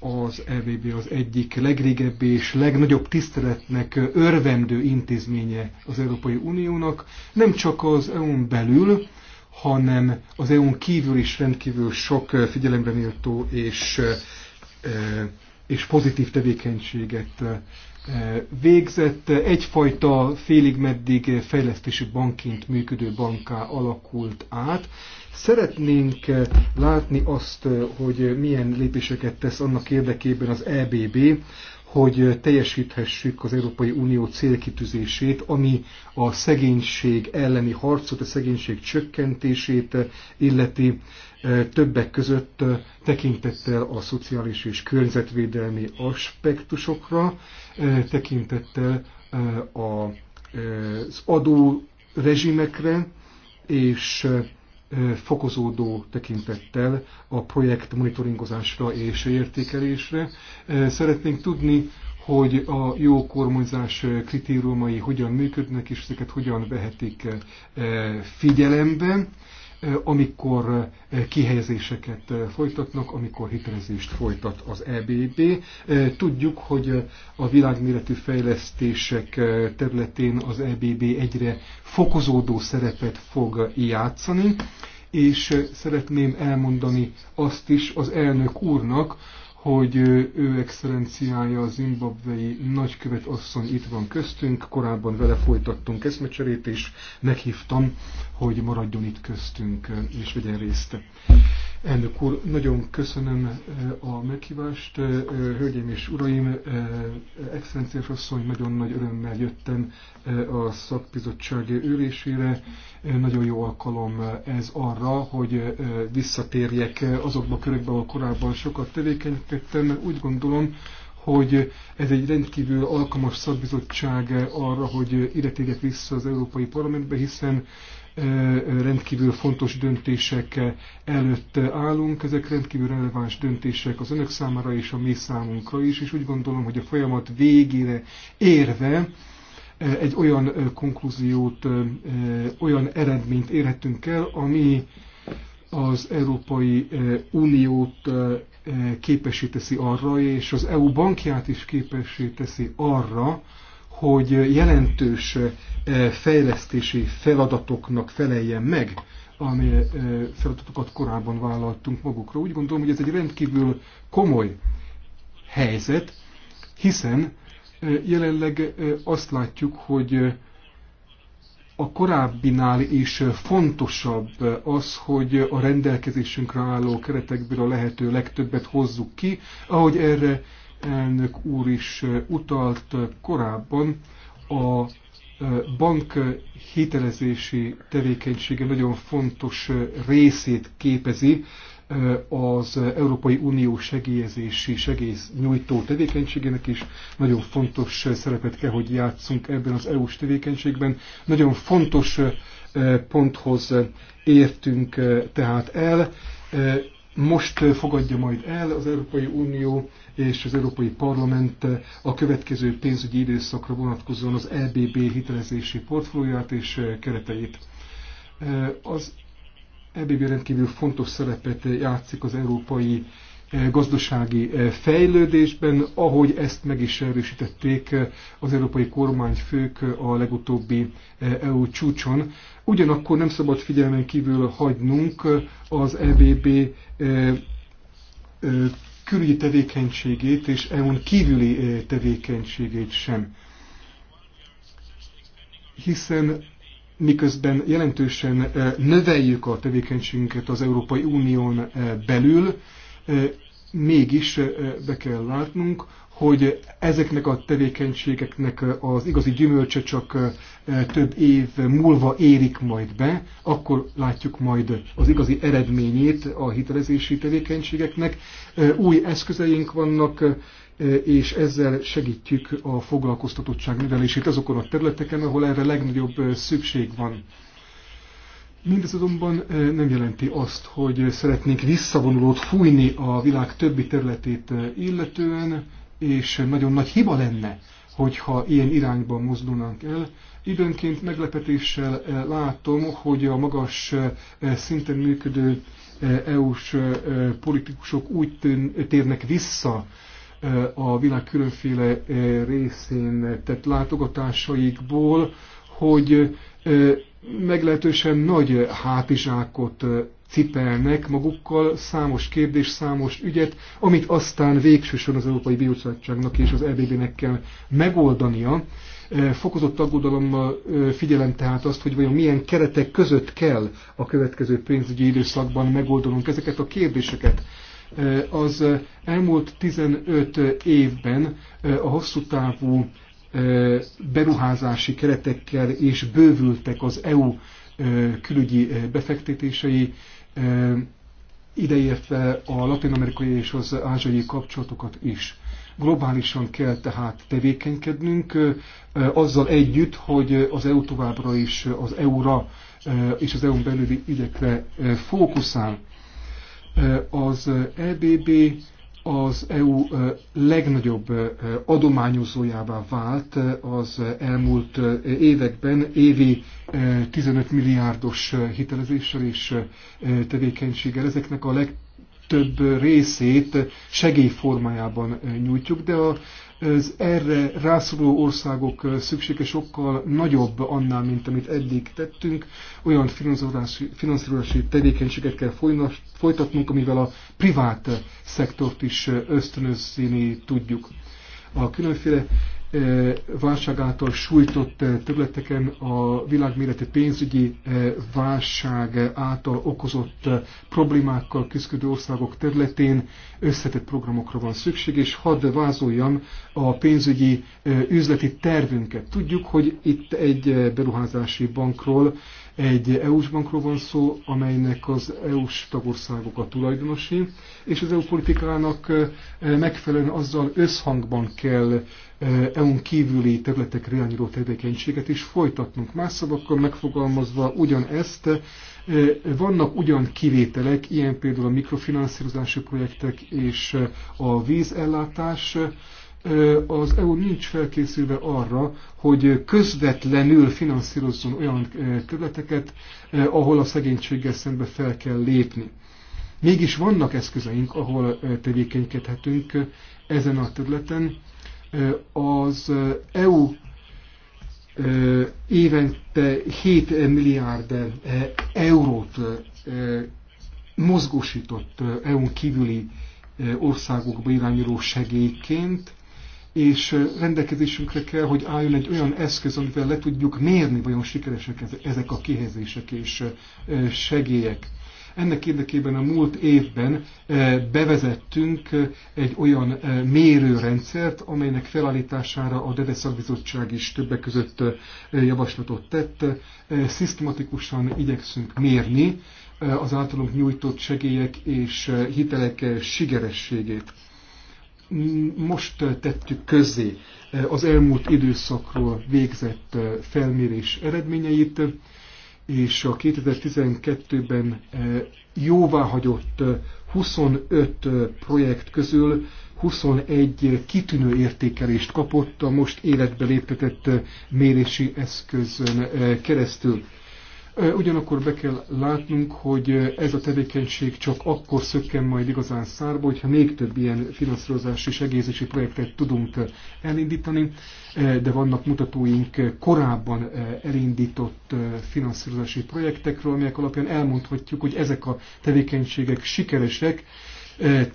az EVB az egyik legrégebbi és legnagyobb tiszteletnek örvendő intézménye az Európai Uniónak, nem csak az EU-n belül, hanem az EU-n kívül is rendkívül sok figyelemre méltó és, és pozitív tevékenységet végzett. Egyfajta félig meddig fejlesztési bankként működő banká alakult át, Szeretnénk eh, látni azt, eh, hogy milyen lépéseket tesz annak érdekében az EBB, hogy eh, teljesíthessük az Európai Unió célkitűzését, ami a szegénység elleni harcot, a szegénység csökkentését illeti többek között tekintettel a szociális és környezetvédelmi aspektusokra, tekintettel az adó rezsimekre, és fokozódó tekintettel a projekt monitoringozásra és értékelésre. Szeretnénk tudni, hogy a jó kormányzás kritériumai hogyan működnek, és ezeket hogyan vehetik figyelembe amikor kihelyezéseket folytatnak, amikor hitelezést folytat az EBB. Tudjuk, hogy a világméretű fejlesztések területén az EBB egyre fokozódó szerepet fog játszani, és szeretném elmondani azt is az elnök úrnak, hogy ő excellenciája a zimbabvei nagykövet asszony itt van köztünk. Korábban vele folytattunk eszmecserét, és meghívtam, hogy maradjon itt köztünk, és vegyen részt. Elnök úr, nagyon köszönöm eh, a meghívást. Eh, eh, hölgyeim és uraim, excellenciás asszony, nagyon nagy örömmel jöttem a szakbizottság ülésére. Nagyon jó alkalom ez arra, hogy visszatérjek azokba a körökbe, ahol korábban sokat tevékenykedtem, mert úgy gondolom, hogy ez egy rendkívül alkalmas szakbizottság arra, hogy ide vissza az Európai Parlamentbe, hiszen rendkívül fontos döntések előtt állunk. Ezek rendkívül releváns döntések az önök számára és a mi számunkra is, és úgy gondolom, hogy a folyamat végére érve egy olyan konklúziót, olyan eredményt érhetünk el, ami az Európai Uniót képesíteszi arra, és az EU bankját is képesíteszi arra, hogy jelentős eh, fejlesztési feladatoknak feleljen meg, amely eh, feladatokat korábban vállaltunk magukra. Úgy gondolom, hogy ez egy rendkívül komoly helyzet, hiszen eh, jelenleg azt látjuk, hogy a korábbinál is fontosabb az, hogy a rendelkezésünkre álló keretekből a lehető legtöbbet hozzuk ki, ahogy erre elnök úr is utalt korábban, a bank hitelezési tevékenysége nagyon fontos részét képezi az Európai Unió segélyezési, segélynyújtó tevékenységének is nagyon fontos szerepet kell, hogy játszunk ebben az EU-s tevékenységben. Nagyon fontos ponthoz értünk tehát el most fogadja majd el az Európai Unió és az Európai Parlament a következő pénzügyi időszakra vonatkozóan az EBB hitelezési portfólióját és kereteit. Az EBB rendkívül fontos szerepet játszik az európai Eh, gazdasági eh, fejlődésben, ahogy ezt meg is erősítették eh, az európai kormányfők a legutóbbi EU e csúcson. Ugyanakkor nem szabad figyelmen kívül hagynunk az EBB külügyi tevékenységét és EU-n kívüli tevékenységét sem. Hiszen miközben jelentősen növeljük a tevékenységünket az Európai Unión belül, mégis be kell látnunk, hogy ezeknek a tevékenységeknek az igazi gyümölcse csak több év múlva érik majd be, akkor látjuk majd az igazi eredményét a hitelezési tevékenységeknek. Új eszközeink vannak, és ezzel segítjük a foglalkoztatottság növelését azokon a területeken, ahol erre legnagyobb szükség van. Mindez azonban nem jelenti azt, hogy szeretnénk visszavonulót fújni a világ többi területét illetően, és nagyon nagy hiba lenne, hogyha ilyen irányban mozdulnánk el. Időnként meglepetéssel látom, hogy a magas szinten működő EU-s politikusok úgy térnek vissza a világ különféle részén tett látogatásaikból, hogy meglehetősen nagy hátizsákot cipelnek magukkal számos kérdés, számos ügyet, amit aztán végsősorban az Európai Bizottságnak és az EBB-nek kell megoldania. Fokozott aggodalommal figyelem tehát azt, hogy vajon milyen keretek között kell a következő pénzügyi időszakban megoldanunk ezeket a kérdéseket. Az elmúlt 15 évben a hosszú távú beruházási keretekkel és bővültek az EU külügyi befektetései, ideértve a latin-amerikai és az ázsiai kapcsolatokat is. Globálisan kell tehát tevékenykednünk, azzal együtt, hogy az EU továbbra is az EU-ra és az EU-n belüli ügyekre fókuszál. Az EBB az EU legnagyobb adományozójává vált az elmúlt években, évi 15 milliárdos hitelezéssel és tevékenységgel. Ezeknek a legtöbb részét segélyformájában nyújtjuk, de a az erre rászoruló országok szüksége sokkal nagyobb annál, mint amit eddig tettünk. Olyan finanszírozási, finanszírozási tevékenységet kell folytatnunk, amivel a privát szektort is ösztönözni tudjuk. A különféle által sújtott területeken a világméretű pénzügyi válság által okozott problémákkal küzdő országok területén összetett programokra van szükség, és hadd vázoljam a pénzügyi üzleti tervünket. Tudjuk, hogy itt egy beruházási bankról egy EU-s bankról van szó, amelynek az EU-s tagországok a tulajdonosi, és az EU politikának eh, megfelelően azzal összhangban kell eh, EU-n kívüli területekre irányuló tevékenységet is folytatnunk. Más szavakkal megfogalmazva ugyanezt, eh, vannak ugyan kivételek, ilyen például a mikrofinanszírozási projektek és a vízellátás, az EU nincs felkészülve arra, hogy közvetlenül finanszírozzon olyan területeket, ahol a szegénységgel szembe fel kell lépni. Mégis vannak eszközeink, ahol tevékenykedhetünk ezen a területen. Az EU évente 7 milliárd eurót mozgósított EU-n kívüli országokba irányuló segélyként, és rendelkezésünkre kell, hogy álljon egy olyan eszköz, amivel le tudjuk mérni, vajon sikeresek ezek a kihelyezések és segélyek. Ennek érdekében a múlt évben bevezettünk egy olyan mérőrendszert, amelynek felállítására a Deveszak Bizottság is többek között javaslatot tett. Szisztematikusan igyekszünk mérni az általunk nyújtott segélyek és hitelek sikerességét most tettük közzé az elmúlt időszakról végzett felmérés eredményeit, és a 2012-ben jóváhagyott 25 projekt közül 21 kitűnő értékelést kapott a most életbe léptetett mérési eszközön keresztül. Ugyanakkor be kell látnunk, hogy ez a tevékenység csak akkor szökken majd igazán szárba, hogyha még több ilyen finanszírozási segélyezési projektet tudunk elindítani, de vannak mutatóink korábban elindított finanszírozási projektekről, amelyek alapján elmondhatjuk, hogy ezek a tevékenységek sikeresek,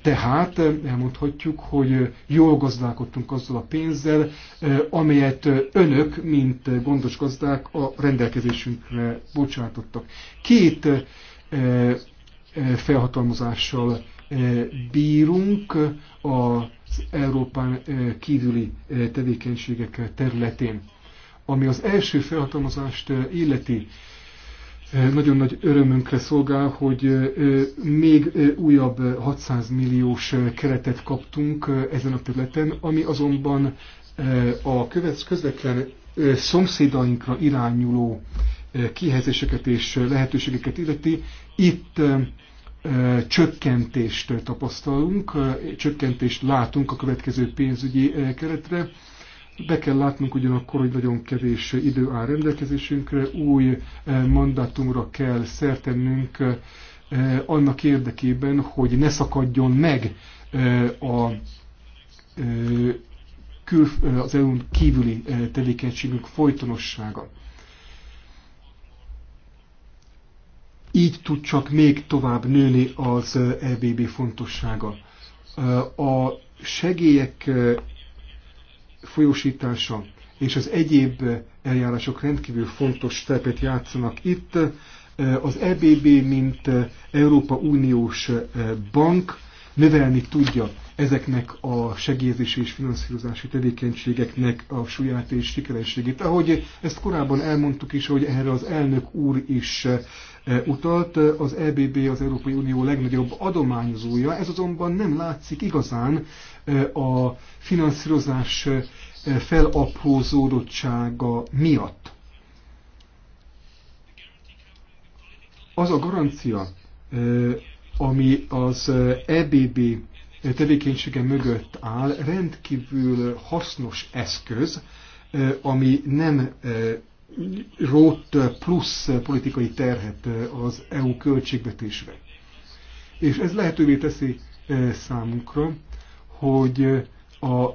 tehát elmondhatjuk, hogy jól gazdálkodtunk azzal a pénzzel, amelyet önök, mint gondos gazdák a rendelkezésünkre bocsátottak. Két felhatalmazással bírunk az Európán kívüli tevékenységek területén. Ami az első felhatalmazást illeti, nagyon nagy örömünkre szolgál, hogy még újabb 600 milliós keretet kaptunk ezen a területen, ami azonban a közvetlen szomszédainkra irányuló kihelyezéseket és lehetőségeket illeti. Itt csökkentést tapasztalunk, csökkentést látunk a következő pénzügyi keretre. Be kell látnunk ugyanakkor, hogy nagyon kevés idő áll rendelkezésünkre, új eh, mandátumra kell szertennünk eh, annak érdekében, hogy ne szakadjon meg eh, a kül, az EU-n kívüli tevékenységünk folytonossága. Így tud csak még tovább nőni az EBB e fontossága. A segélyek folyósítása és az egyéb eljárások rendkívül fontos szerepet játszanak itt. Az EBB, mint Európa Uniós Bank növelni tudja ezeknek a segélyezési és finanszírozási tevékenységeknek a súlyát és sikerességét. Ahogy ezt korábban elmondtuk is, hogy erre az elnök úr is eh, utalt, az EBB az Európai Unió legnagyobb adományozója, ez azonban nem látszik igazán eh, a finanszírozás eh, felaprózódottsága miatt. Az a garancia, ami az EBB tevékenysége mögött áll, rendkívül hasznos eszköz, ami nem rót plusz politikai terhet az EU költségvetésre. És ez lehetővé teszi számunkra, hogy a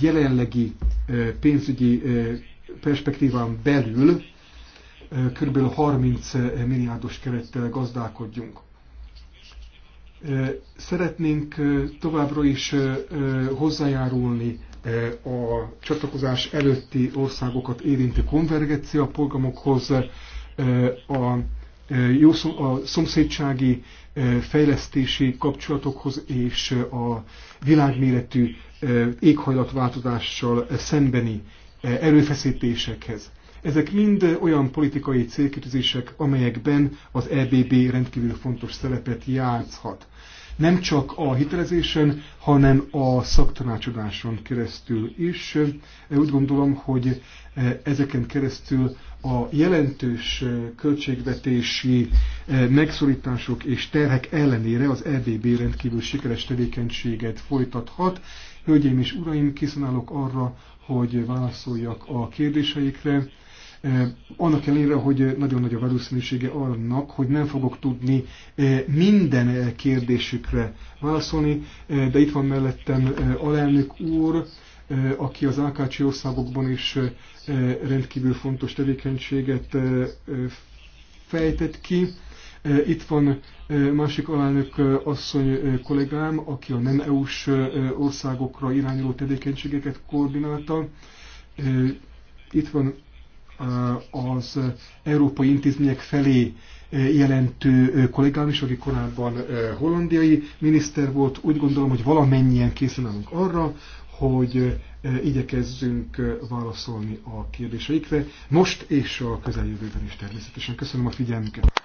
jelenlegi pénzügyi perspektíván belül kb. 30 milliárdos kerettel gazdálkodjunk. Szeretnénk továbbra is hozzájárulni a csatlakozás előtti országokat érintő konvergencia programokhoz, a, jó, a szomszédsági fejlesztési kapcsolatokhoz és a világméretű éghajlatváltozással szembeni erőfeszítésekhez. Ezek mind olyan politikai célkitűzések, amelyekben az EBB rendkívül fontos szerepet játszhat. Nem csak a hitelezésen, hanem a szaktanácsadáson keresztül is. Úgy gondolom, hogy eh, ezeken keresztül a jelentős eh, költségvetési eh, megszorítások és terhek ellenére az EBB rendkívül sikeres tevékenységet folytathat. Hölgyeim és uraim, készen állok arra, hogy válaszoljak a kérdéseikre, annak ellenére, hogy nagyon nagy a valószínűsége annak, hogy nem fogok tudni minden kérdésükre válaszolni, de itt van mellettem alelnök úr, aki az Ákácsi országokban is rendkívül fontos tevékenységet fejtett ki. Itt van másik alelnök asszony kollégám, aki a nem EU-s országokra irányuló tevékenységeket koordinálta. Itt van az európai intézmények felé e, jelentő e, kollégám is, aki korábban e, hollandiai miniszter volt. Úgy gondolom, hogy valamennyien készen állunk arra, hogy igyekezzünk válaszolni a kérdéseikre, most és a közeljövőben is természetesen. Köszönöm a figyelmüket!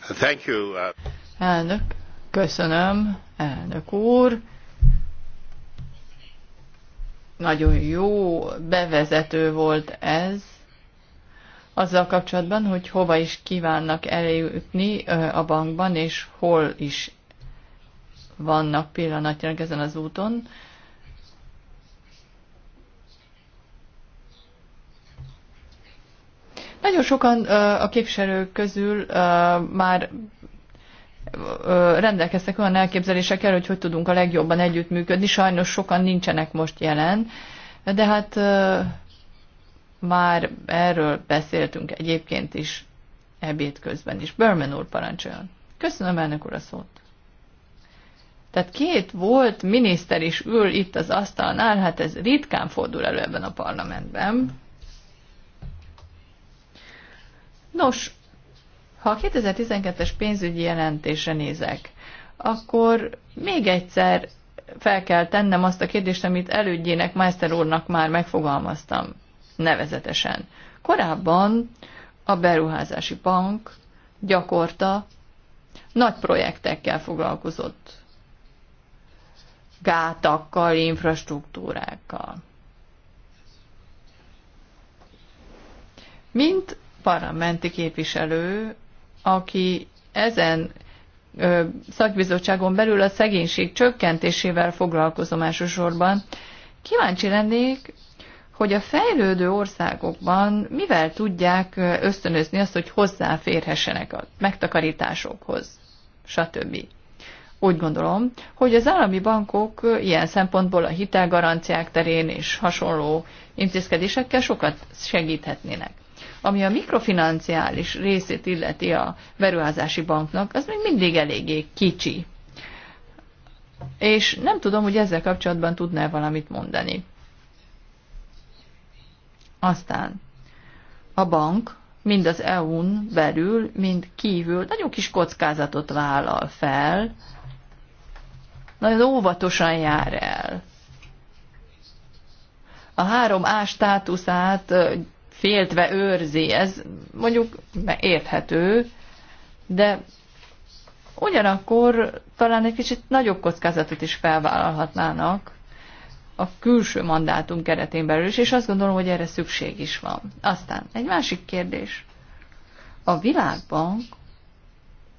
Thank you. Uh, elnök, köszönöm, elnök úr. Nagyon jó bevezető volt ez azzal kapcsolatban, hogy hova is kívánnak eljutni a bankban, és hol is vannak pillanatnyilag ezen az úton. Nagyon sokan a képviselők közül már rendelkeztek olyan elképzelésekkel, hogy hogy tudunk a legjobban együttműködni. Sajnos sokan nincsenek most jelen, de hát már erről beszéltünk egyébként is ebéd közben is. Berman úr parancsoljon. Köszönöm elnök úr a szót. Tehát két volt miniszter is ül itt az asztalnál, hát ez ritkán fordul elő ebben a parlamentben. Nos, ha a 2012-es pénzügyi jelentésre nézek, akkor még egyszer fel kell tennem azt a kérdést, amit elődjének, Meister úrnak már megfogalmaztam, nevezetesen. Korábban a beruházási bank gyakorta nagy projektekkel foglalkozott. Gátakkal, infrastruktúrákkal. Mint parlamenti képviselő aki ezen szakbizottságon belül a szegénység csökkentésével foglalkozom elsősorban, kíváncsi lennék, hogy a fejlődő országokban mivel tudják ösztönözni azt, hogy hozzáférhessenek a megtakarításokhoz, stb. Úgy gondolom, hogy az állami bankok ilyen szempontból a hitelgaranciák terén és hasonló intézkedésekkel sokat segíthetnének. Ami a mikrofinanciális részét illeti a beruházási banknak, az még mindig eléggé kicsi. És nem tudom, hogy ezzel kapcsolatban tudná valamit mondani. Aztán a bank mind az EU-n belül, mind kívül nagyon kis kockázatot vállal fel, nagyon óvatosan jár el. A három A státuszát féltve őrzi. Ez mondjuk érthető, de ugyanakkor talán egy kicsit nagyobb kockázatot is felvállalhatnának a külső mandátum keretén belül is, és azt gondolom, hogy erre szükség is van. Aztán egy másik kérdés. A világbank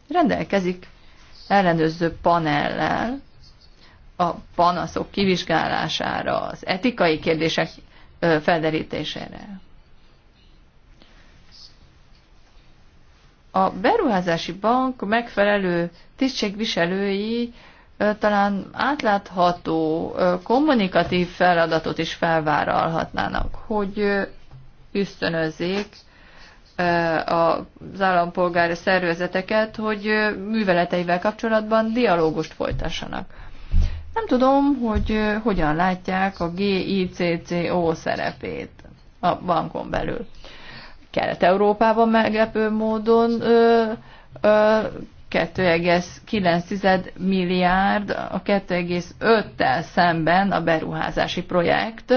rendelkezik ellenőrző panellel a panaszok kivizsgálására, az etikai kérdések felderítésére. a beruházási bank megfelelő tisztségviselői talán átlátható, kommunikatív feladatot is felvállalhatnának, hogy üsztönözzék az állampolgári szervezeteket, hogy műveleteivel kapcsolatban dialógust folytassanak. Nem tudom, hogy hogyan látják a GICCO szerepét a bankon belül. Kelet-Európában meglepő módon 2,9 milliárd a 2,5-tel szemben a beruházási projekt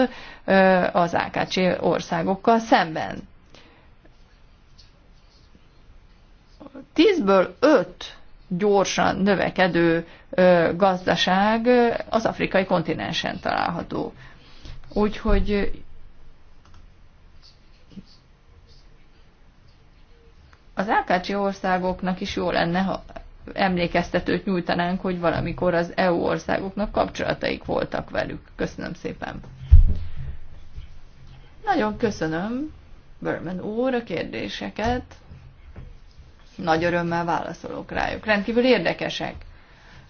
az AKC országokkal szemben. tízből öt gyorsan növekedő gazdaság az afrikai kontinensen található. Úgyhogy az AKC országoknak is jó lenne, ha emlékeztetőt nyújtanánk, hogy valamikor az EU országoknak kapcsolataik voltak velük. Köszönöm szépen. Nagyon köszönöm, Berman úr, a kérdéseket. Nagy örömmel válaszolok rájuk. Rendkívül érdekesek.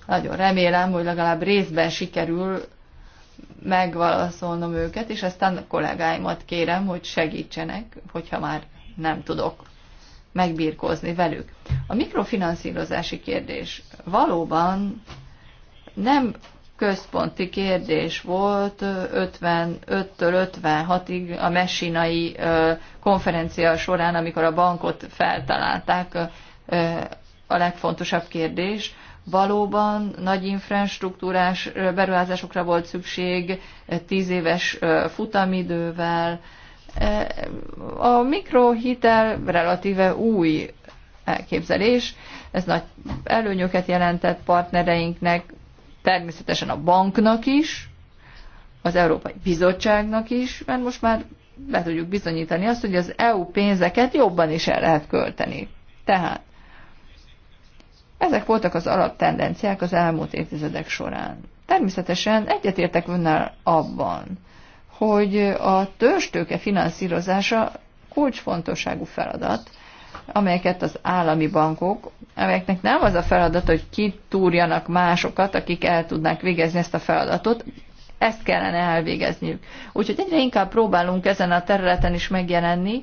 Nagyon remélem, hogy legalább részben sikerül megválaszolnom őket, és aztán a kollégáimat kérem, hogy segítsenek, hogyha már nem tudok megbírkozni velük. A mikrofinanszírozási kérdés valóban nem központi kérdés volt 55-től 56-ig a messinai konferencia során, amikor a bankot feltalálták a legfontosabb kérdés. Valóban nagy infrastruktúrás beruházásokra volt szükség, tíz éves futamidővel, a mikrohitel relatíve új elképzelés, ez nagy előnyöket jelentett partnereinknek, természetesen a banknak is, az Európai Bizottságnak is, mert most már be tudjuk bizonyítani azt, hogy az EU pénzeket jobban is el lehet költeni. Tehát ezek voltak az alaptendenciák az elmúlt évtizedek során. Természetesen egyetértek önnel abban, hogy a törstőke finanszírozása kulcsfontosságú feladat, amelyeket az állami bankok, amelyeknek nem az a feladat, hogy kitúrjanak másokat, akik el tudnák végezni ezt a feladatot, ezt kellene elvégezniük. Úgyhogy egyre inkább próbálunk ezen a területen is megjelenni,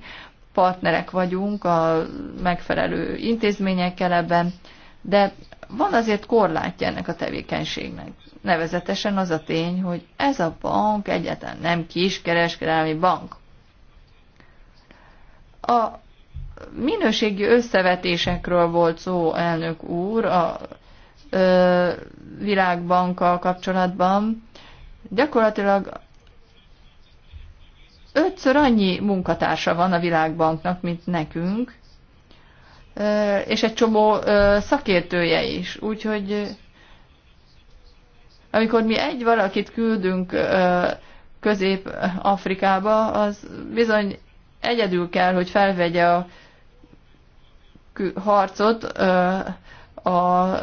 partnerek vagyunk a megfelelő intézményekkel ebben, de van azért korlátja ennek a tevékenységnek. Nevezetesen az a tény, hogy ez a bank egyáltalán nem kereskedelmi bank. A minőségi összevetésekről volt szó, elnök úr, a ö, világbankkal kapcsolatban. Gyakorlatilag ötször annyi munkatársa van a világbanknak, mint nekünk, és egy csomó szakértője is. Úgyhogy amikor mi egy valakit küldünk Közép-Afrikába, az bizony egyedül kell, hogy felvegye a harcot a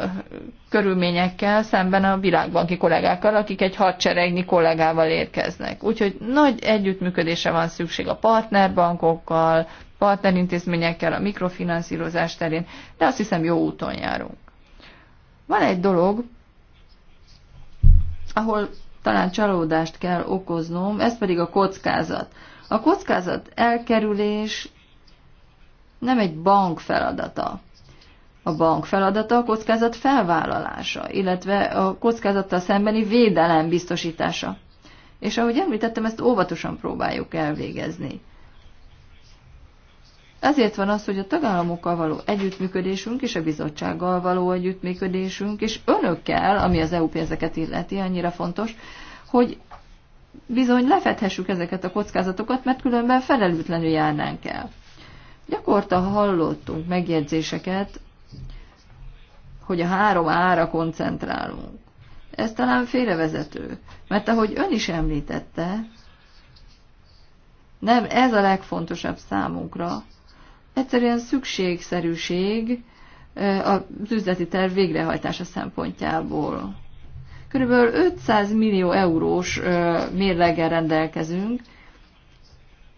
körülményekkel szemben a világbanki kollégákkal, akik egy hadseregnyi kollégával érkeznek. Úgyhogy nagy együttműködésre van szükség a partnerbankokkal, partnerintézményekkel, a mikrofinanszírozás terén, de azt hiszem jó úton járunk. Van egy dolog, ahol talán csalódást kell okoznom, ez pedig a kockázat. A kockázat elkerülés nem egy bank feladata. A bank feladata a kockázat felvállalása, illetve a kockázattal szembeni védelem biztosítása. És ahogy említettem, ezt óvatosan próbáljuk elvégezni. Ezért van az, hogy a tagállamokkal való együttműködésünk és a bizottsággal való együttműködésünk, és önökkel, ami az EU pénzeket illeti, annyira fontos, hogy bizony lefedhessük ezeket a kockázatokat, mert különben felelőtlenül járnánk el. Gyakorta hallottunk megjegyzéseket, hogy a három ára koncentrálunk. Ez talán félrevezető, mert ahogy ön is említette, nem ez a legfontosabb számunkra, egyszerűen szükségszerűség az üzleti terv végrehajtása szempontjából. Körülbelül 500 millió eurós mérleggel rendelkezünk,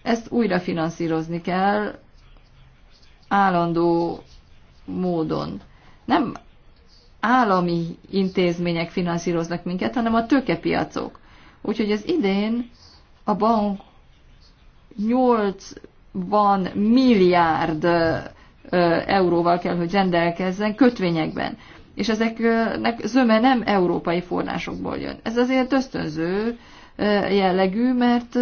ezt újra finanszírozni kell állandó módon. Nem állami intézmények finanszíroznak minket, hanem a tőkepiacok. Úgyhogy az idén a bank 8 van milliárd euróval kell, hogy rendelkezzen kötvényekben. És ezeknek zöme nem európai forrásokból jön. Ez azért ösztönző jellegű, mert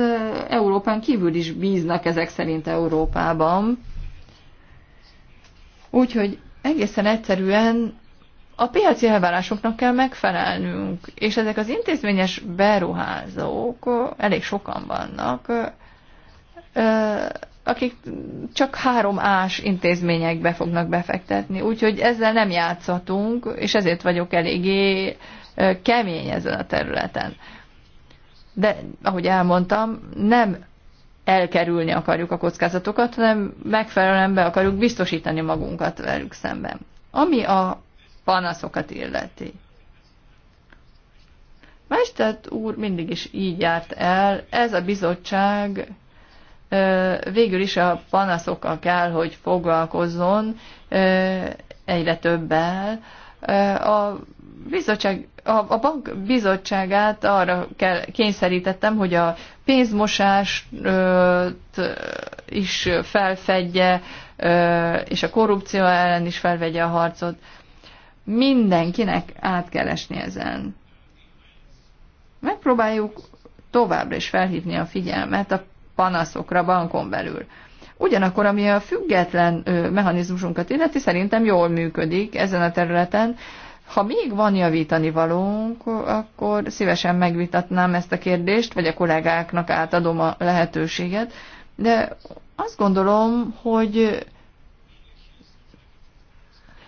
Európán kívül is bíznak ezek szerint Európában. Úgyhogy egészen egyszerűen a piaci elvárásoknak kell megfelelnünk, és ezek az intézményes beruházók, elég sokan vannak, akik csak három ás intézményekbe fognak befektetni. Úgyhogy ezzel nem játszhatunk, és ezért vagyok eléggé kemény ezen a területen. De, ahogy elmondtam, nem elkerülni akarjuk a kockázatokat, hanem megfelelően be akarjuk biztosítani magunkat velük szemben. Ami a panaszokat illeti. Mestert úr mindig is így járt el, ez a bizottság végül is a panaszokkal kell, hogy foglalkozzon egyre többel. A, bizottság, a, bank bizottságát arra kell, kényszerítettem, hogy a pénzmosást is felfedje, és a korrupció ellen is felvegye a harcot. Mindenkinek át kell esni ezen. Megpróbáljuk továbbra is felhívni a figyelmet a panaszokra bankon belül. Ugyanakkor, ami a független mechanizmusunkat illeti, szerintem jól működik ezen a területen. Ha még van javítani valónk, akkor szívesen megvitatnám ezt a kérdést, vagy a kollégáknak átadom a lehetőséget, de azt gondolom, hogy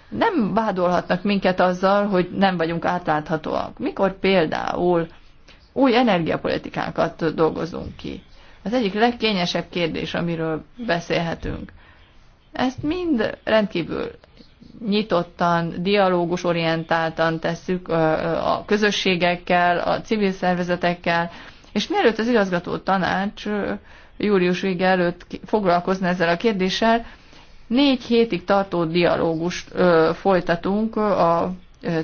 nem vádolhatnak minket azzal, hogy nem vagyunk átláthatóak. Mikor például új energiapolitikákat dolgozunk ki, az egyik legkényesebb kérdés, amiről beszélhetünk. Ezt mind rendkívül nyitottan, dialógusorientáltan tesszük a közösségekkel, a civil szervezetekkel, és mielőtt az igazgató tanács július vége előtt foglalkozna ezzel a kérdéssel, négy hétig tartó dialógust folytatunk a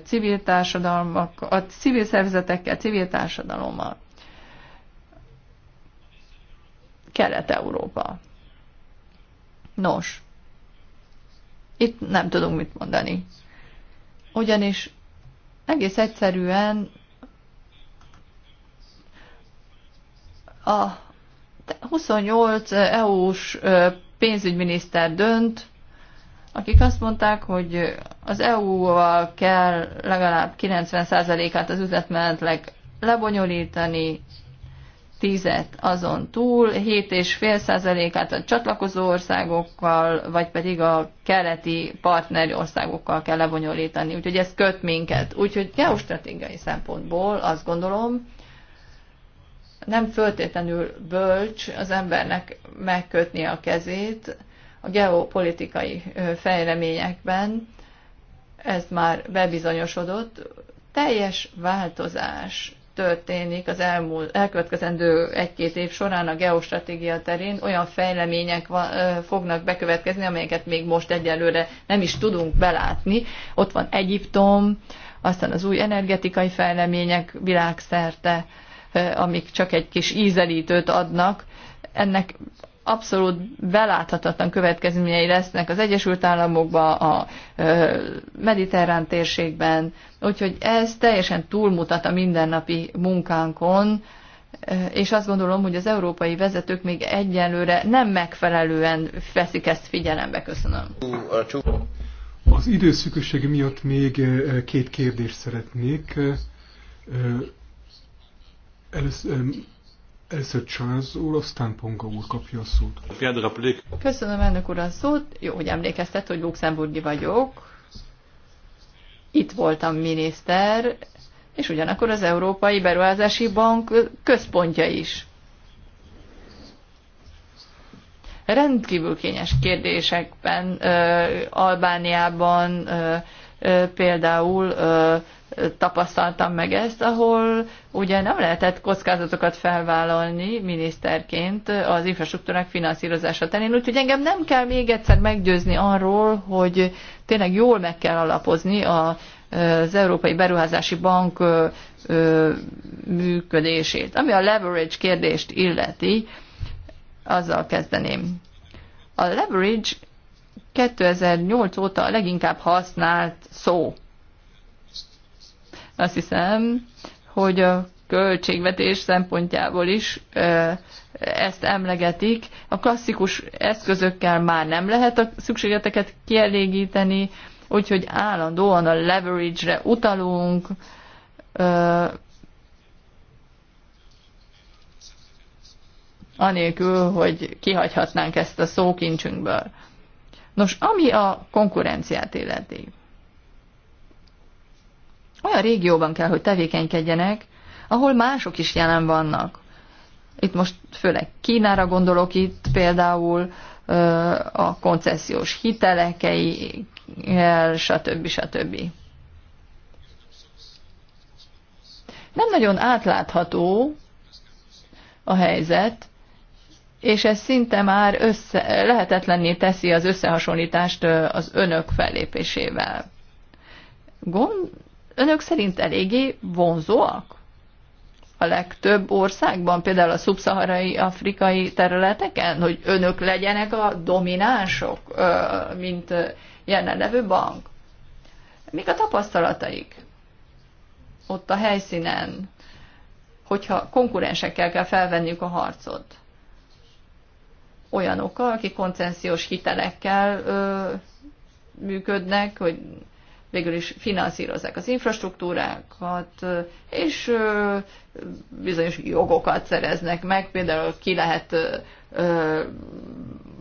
civil társadalmak, a civil szervezetekkel, civil társadalommal. Kelet-Európa. Nos, itt nem tudunk mit mondani. Ugyanis egész egyszerűen a 28 EU-s pénzügyminiszter dönt, akik azt mondták, hogy az EU-val kell legalább 90%-át az üzletmenetleg lebonyolítani, tízet azon túl, 7,5%-át a csatlakozó országokkal, vagy pedig a keleti partneri országokkal kell lebonyolítani. Úgyhogy ez köt minket. Úgyhogy geostratégiai szempontból azt gondolom, nem föltétlenül bölcs az embernek megkötni a kezét a geopolitikai fejleményekben, ez már bebizonyosodott, teljes változás történik az elmúlt, elkövetkezendő egy-két év során a geostratégia terén, olyan fejlemények van, fognak bekövetkezni, amelyeket még most egyelőre nem is tudunk belátni. Ott van Egyiptom, aztán az új energetikai fejlemények világszerte, amik csak egy kis ízelítőt adnak. Ennek abszolút beláthatatlan következményei lesznek az Egyesült Államokban, a mediterrán térségben, úgyhogy ez teljesen túlmutat a mindennapi munkánkon, és azt gondolom, hogy az európai vezetők még egyenlőre nem megfelelően veszik ezt figyelembe. Köszönöm. Az időszűkösség miatt még két kérdést szeretnék. Először Először Charles úr, aztán Ponga úr kapja a szót. Köszönöm ennek úr a szót. Jó, hogy emlékeztet, hogy luxemburgi vagyok. Itt voltam miniszter, és ugyanakkor az Európai Beruházási Bank központja is. Rendkívül kényes kérdésekben, ö, Albániában ö, ö, például ö, tapasztaltam meg ezt, ahol ugye nem lehetett kockázatokat felvállalni miniszterként az infrastruktúrák finanszírozása terén, úgyhogy engem nem kell még egyszer meggyőzni arról, hogy tényleg jól meg kell alapozni a, az Európai Beruházási Bank működését. Ami a leverage kérdést illeti, azzal kezdeném. A leverage 2008 óta a leginkább használt szó azt hiszem, hogy a költségvetés szempontjából is ezt emlegetik. A klasszikus eszközökkel már nem lehet a szükségeteket kielégíteni, úgyhogy állandóan a leverage-re utalunk, anélkül, hogy kihagyhatnánk ezt a szókincsünkből. Nos, ami a konkurenciát illeti olyan régióban kell, hogy tevékenykedjenek, ahol mások is jelen vannak. Itt most főleg Kínára gondolok itt például a koncesziós hitelekei, stb. stb. Nem nagyon átlátható a helyzet, és ez szinte már össze, lehetetlenné teszi az összehasonlítást az önök fellépésével. Gond, önök szerint eléggé vonzóak? A legtöbb országban, például a szubszaharai afrikai területeken, hogy önök legyenek a dominánsok, mint jelenlevő bank? Mik a tapasztalataik ott a helyszínen, hogyha konkurensekkel kell felvenniük a harcot? Olyanokkal, akik koncesziós hitelekkel ö, működnek, hogy végül is finanszírozzák az infrastruktúrákat, és bizonyos jogokat szereznek meg, például ki lehet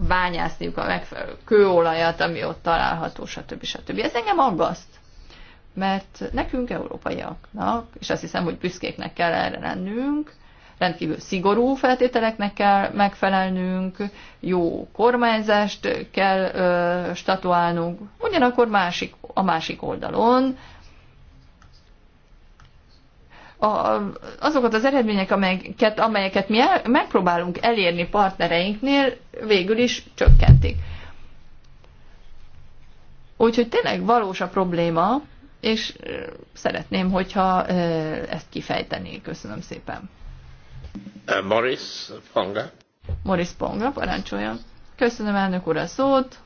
bányászniuk a megfelelő kőolajat, ami ott található, stb. stb. Ez engem aggaszt, mert nekünk, európaiaknak, és azt hiszem, hogy büszkéknek kell erre lennünk, rendkívül szigorú feltételeknek kell megfelelnünk, jó kormányzást kell ö, statuálnunk, ugyanakkor másik a másik oldalon, a, azokat az eredmények, amelyeket, amelyeket mi el, megpróbálunk elérni partnereinknél, végül is csökkentik. Úgyhogy tényleg valós a probléma, és szeretném, hogyha ezt kifejteni. Köszönöm szépen. Morris Ponga. Morris Ponga, parancsoljon. Köszönöm elnök úr a szót.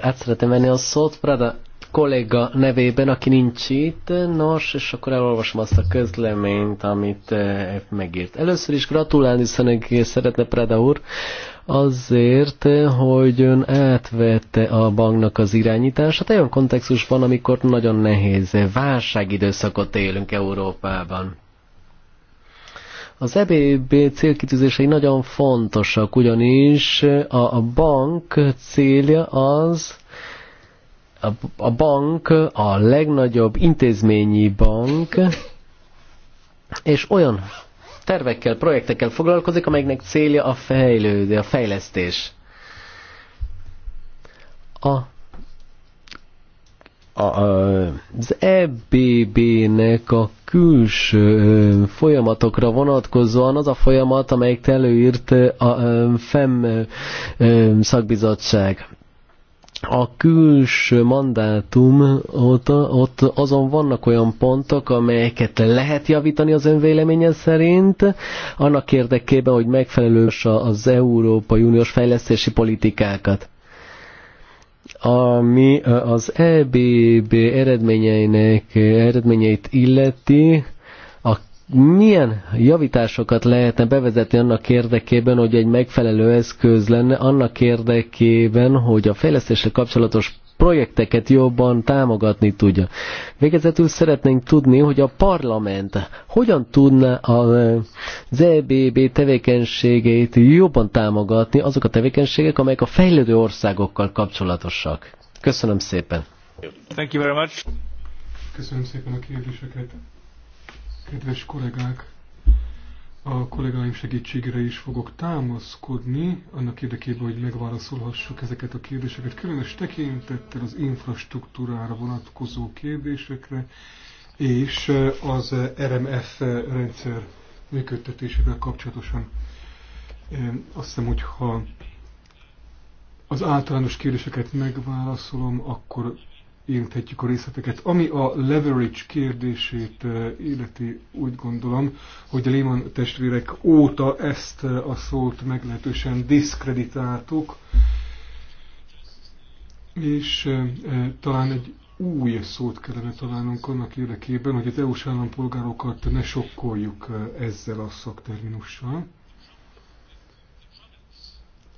át szeretném venni a szót Prada kolléga nevében, aki nincs itt. Nos, és akkor elolvasom azt a közleményt, amit megírt. Először is gratulálni szeretne Prada úr azért, hogy ön átvette a banknak az irányítását olyan van, amikor nagyon nehéz válságidőszakot élünk Európában. Az EBB célkitűzései nagyon fontosak, ugyanis a, a bank célja az, a, a bank a legnagyobb intézményi bank, és olyan tervekkel, projektekkel foglalkozik, amelynek célja a fejlődés, a fejlesztés. A az EBB-nek a külső folyamatokra vonatkozóan az a folyamat, amelyik előírt a FEM szakbizottság. A külső mandátum ott, ott azon vannak olyan pontok, amelyeket lehet javítani az önvéleménye szerint, annak érdekében, hogy megfelelős az Európai Uniós fejlesztési politikákat ami az EBB eredményeinek eredményeit illeti, a milyen javításokat lehetne bevezetni annak érdekében, hogy egy megfelelő eszköz lenne, annak érdekében, hogy a fejlesztésre kapcsolatos projekteket jobban támogatni tudja. Végezetül szeretnénk tudni, hogy a parlament hogyan tudna az EBB tevékenységét jobban támogatni, azok a tevékenységek, amelyek a fejlődő országokkal kapcsolatosak. Köszönöm szépen! Thank you very much. Köszönöm szépen a kérdéseket, kedves kollégák! a kollégáim segítségére is fogok támaszkodni, annak érdekében, hogy megválaszolhassuk ezeket a kérdéseket, különös tekintettel az infrastruktúrára vonatkozó kérdésekre, és az RMF rendszer működtetésével kapcsolatosan. Azt hiszem, hogyha az általános kérdéseket megválaszolom, akkor érinthetjük a részleteket. Ami a leverage kérdését eh, illeti, úgy gondolom, hogy a Lehman testvérek óta ezt eh, a szót meglehetősen diszkreditáltuk, és eh, talán egy új szót kellene találnunk annak érdekében, hogy az EU-s állampolgárokat ne sokkoljuk ezzel a szakterminussal.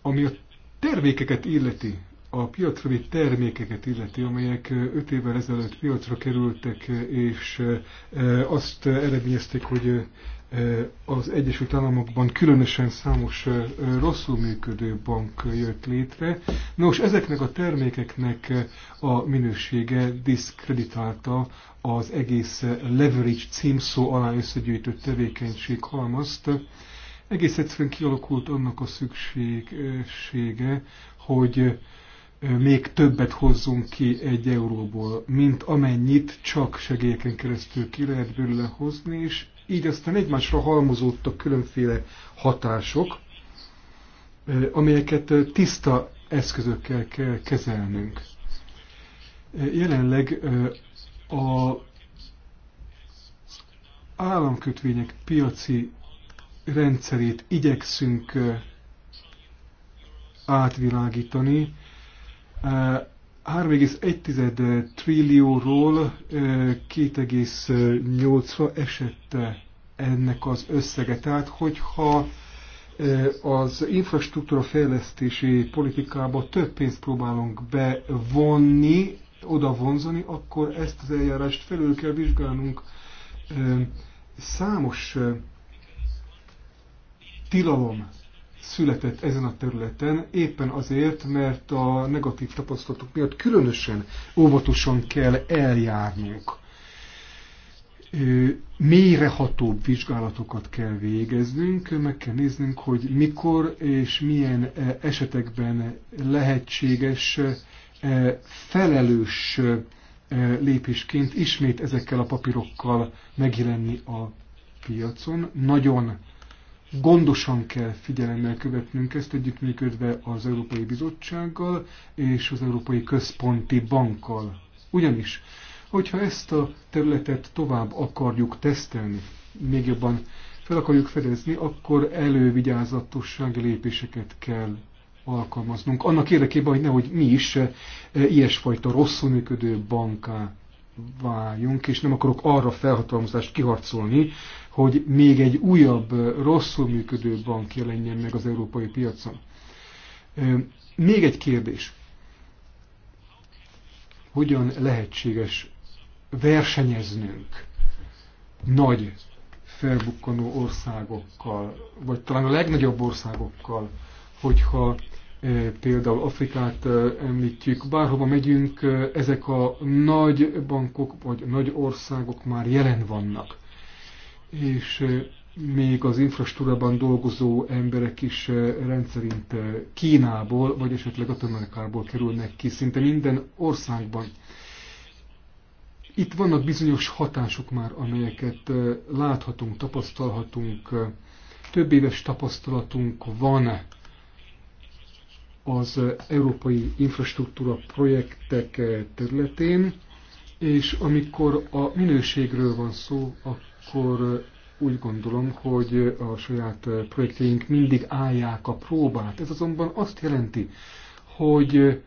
Ami a termékeket illeti, a piacra vitt termékeket illeti, amelyek 5 évvel ezelőtt piacra kerültek, és azt eredményezték, hogy az Egyesült Államokban különösen számos rosszul működő bank jött létre. Nos, ezeknek a termékeknek a minősége diszkreditálta az egész leverage címszó alá összegyűjtött tevékenység halmazt. Egész egyszerűen kialakult annak a szükségsége, hogy még többet hozzunk ki egy euróból, mint amennyit csak segélyeken keresztül ki lehet belőle hozni, és így aztán egymásra halmozódtak különféle hatások, amelyeket tiszta eszközökkel kell kezelnünk. Jelenleg a államkötvények piaci rendszerét igyekszünk átvilágítani, 3,1 trillióról 2,8-ra esett ennek az összege. Tehát, hogyha az infrastruktúra fejlesztési politikába több pénzt próbálunk bevonni, oda vonzani, akkor ezt az eljárást felül kell vizsgálnunk. Számos tilalom született ezen a területen, éppen azért, mert a negatív tapasztalatok miatt különösen óvatosan kell eljárnunk. Mélyrehatóbb vizsgálatokat kell végeznünk, meg kell néznünk, hogy mikor és milyen esetekben lehetséges felelős lépésként ismét ezekkel a papírokkal megjelenni a piacon. Nagyon Gondosan kell figyelemmel követnünk ezt, együttműködve az Európai Bizottsággal és az Európai Központi Bankkal. Ugyanis, hogyha ezt a területet tovább akarjuk tesztelni, még jobban fel akarjuk fedezni, akkor elővigyázatossági lépéseket kell alkalmaznunk. Annak érdekében, hogy nehogy mi is eh, ilyesfajta rosszul működő banká váljunk, és nem akarok arra felhatalmazást kiharcolni, hogy még egy újabb, rosszul működő bank jelenjen meg az európai piacon. Még egy kérdés. Hogyan lehetséges versenyeznünk nagy felbukkanó országokkal, vagy talán a legnagyobb országokkal, hogyha például Afrikát említjük, bárhova megyünk, ezek a nagy bankok vagy nagy országok már jelen vannak és még az infrastruktúrában dolgozó emberek is rendszerint Kínából, vagy esetleg a Amerikából kerülnek ki, szinte minden országban. Itt vannak bizonyos hatások már, amelyeket láthatunk, tapasztalhatunk. Több éves tapasztalatunk van az európai infrastruktúra projektek területén, és amikor a minőségről van szó, akkor akkor úgy gondolom, hogy a saját projektjeink mindig állják a próbát. Ez azonban azt jelenti, hogy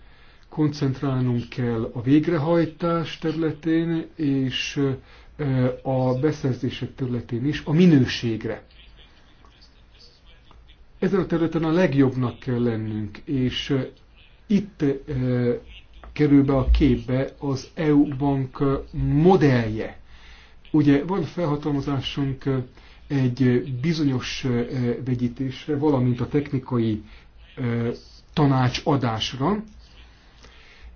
koncentrálnunk kell a végrehajtás területén és a beszerzések területén is a minőségre. Ezen a területen a legjobbnak kell lennünk, és itt kerül be a képbe az EU bank modellje Ugye van felhatalmazásunk egy bizonyos vegyítésre, valamint a technikai tanácsadásra,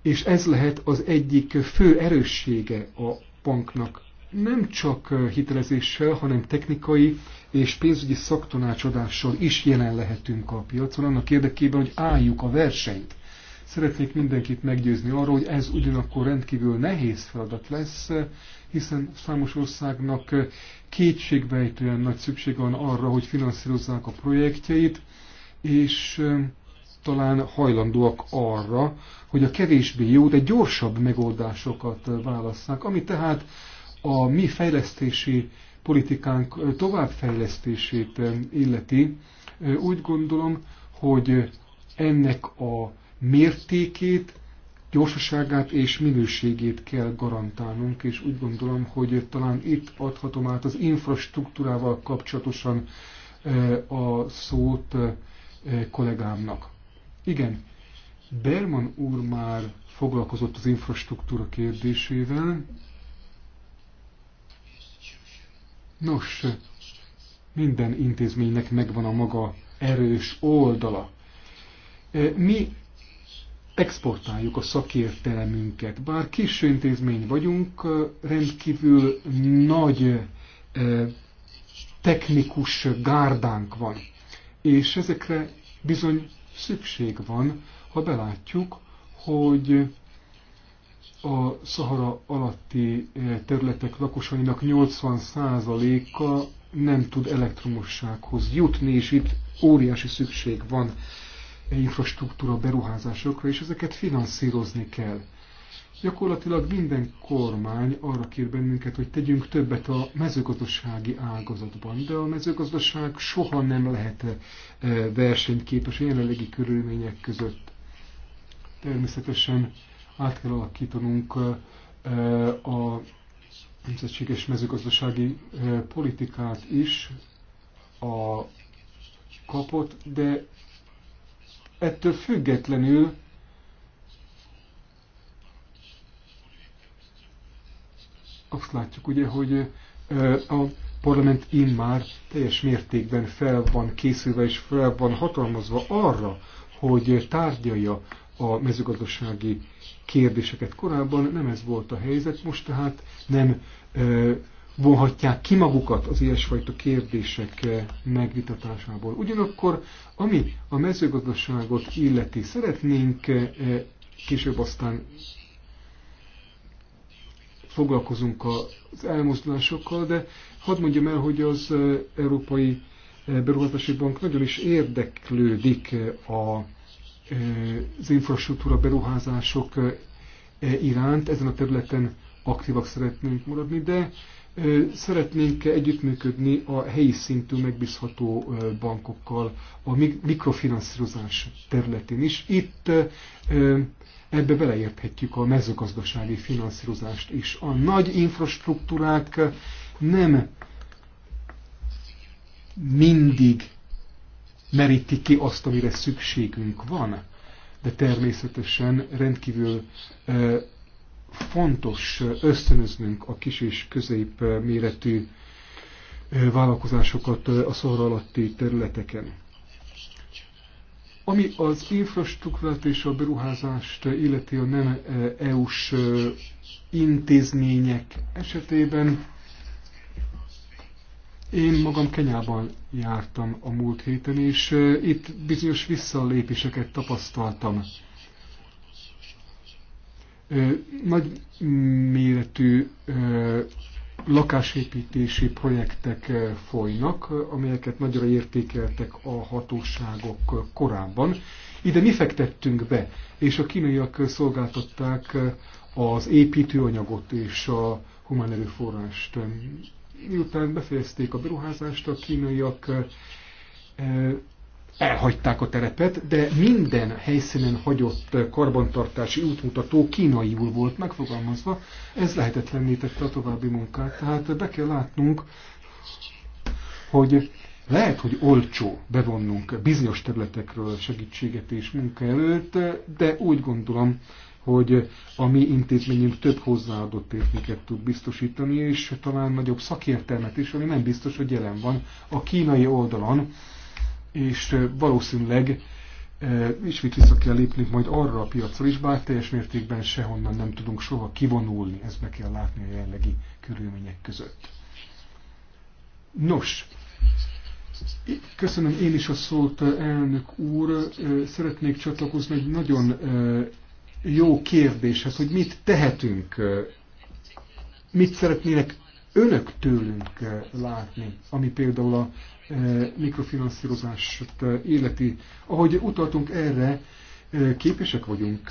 és ez lehet az egyik fő erőssége a banknak. Nem csak hitelezéssel, hanem technikai és pénzügyi szaktanácsadással is jelen lehetünk a piacon, annak érdekében, hogy álljuk a versenyt. Szeretnék mindenkit meggyőzni arról, hogy ez ugyanakkor rendkívül nehéz feladat lesz, hiszen számos országnak kétségbejtően nagy szükség van arra, hogy finanszírozzák a projektjeit, és talán hajlandóak arra, hogy a kevésbé jó, de gyorsabb megoldásokat válasszák, ami tehát a mi fejlesztési politikánk továbbfejlesztését illeti. Úgy gondolom, hogy ennek a mértékét gyorsaságát és minőségét kell garantálnunk, és úgy gondolom, hogy talán itt adhatom át az infrastruktúrával kapcsolatosan e, a szót e, kollégámnak. Igen, Berman úr már foglalkozott az infrastruktúra kérdésével. Nos, minden intézménynek megvan a maga erős oldala. E, mi exportáljuk a szakértelemünket. Bár kis intézmény vagyunk, rendkívül nagy technikus gárdánk van. És ezekre bizony szükség van, ha belátjuk, hogy a Szahara alatti területek lakosainak 80%-a nem tud elektromossághoz jutni, és itt óriási szükség van infrastruktúra beruházásokra, és ezeket finanszírozni kell. Gyakorlatilag minden kormány arra kér bennünket, hogy tegyünk többet a mezőgazdasági ágazatban, de a mezőgazdaság soha nem lehet e, versenyképes a jelenlegi körülmények között. Természetesen át kell alakítanunk e, e, a nemzetséges mezőgazdasági politikát is, a kapott, de ettől függetlenül azt látjuk ugye, hogy a parlament immár teljes mértékben fel van készülve és fel van hatalmazva arra, hogy tárgyalja a mezőgazdasági kérdéseket. Korábban nem ez volt a helyzet, most tehát nem vonhatják ki magukat az ilyesfajta kérdések eh, megvitatásából. Ugyanakkor, ami a mezőgazdaságot illeti, szeretnénk eh, később aztán foglalkozunk az elmozdulásokkal, de hadd mondjam el, hogy az eh, Európai Beruházási Bank nagyon is érdeklődik a, az infrastruktúra beruházások iránt, ezen a területen aktívak szeretnénk maradni, de Szeretnénk együttműködni a helyi szintű megbízható bankokkal a mikrofinanszírozás területén is. Itt ebbe beleérthetjük a mezőgazdasági finanszírozást is. A nagy infrastruktúrák nem mindig merítik ki azt, amire szükségünk van, de természetesen rendkívül fontos ösztönöznünk a kis és közép méretű vállalkozásokat a szóra alatti területeken. Ami az infrastruktúrát és a beruházást illeti a nem EU-s intézmények esetében, én magam Kenyában jártam a múlt héten, és itt bizonyos visszalépéseket tapasztaltam nagy méretű lakásépítési projektek folynak, amelyeket nagyra értékeltek a hatóságok korábban. Ide mi fektettünk be, és a kínaiak szolgáltatták az építőanyagot és a humán erőforrást. Miután befejezték a beruházást, a kínaiak elhagyták a terepet, de minden helyszínen hagyott karbantartási útmutató kínaiul volt megfogalmazva, ez lehetetlenné tette a további munkát. Tehát be kell látnunk, hogy lehet, hogy olcsó bevonnunk bizonyos területekről segítséget és munkaerőt, de úgy gondolom, hogy a mi intézményünk több hozzáadott értéket tud biztosítani, és talán nagyobb szakértelmet is, ami nem biztos, hogy jelen van a kínai oldalon, és valószínűleg ismét vissza kell lépni, majd arra a piacra is, bár teljes mértékben sehonnan nem tudunk soha kivonulni, ezt be kell látni a jelenlegi körülmények között. Nos, köszönöm én is a szót, elnök úr. Szeretnék csatlakozni egy nagyon jó kérdéshez, hogy mit tehetünk, mit szeretnének önök tőlünk látni, ami például a Eh, mikrofinanszírozást eh, életi. Ahogy utaltunk erre, eh, képesek vagyunk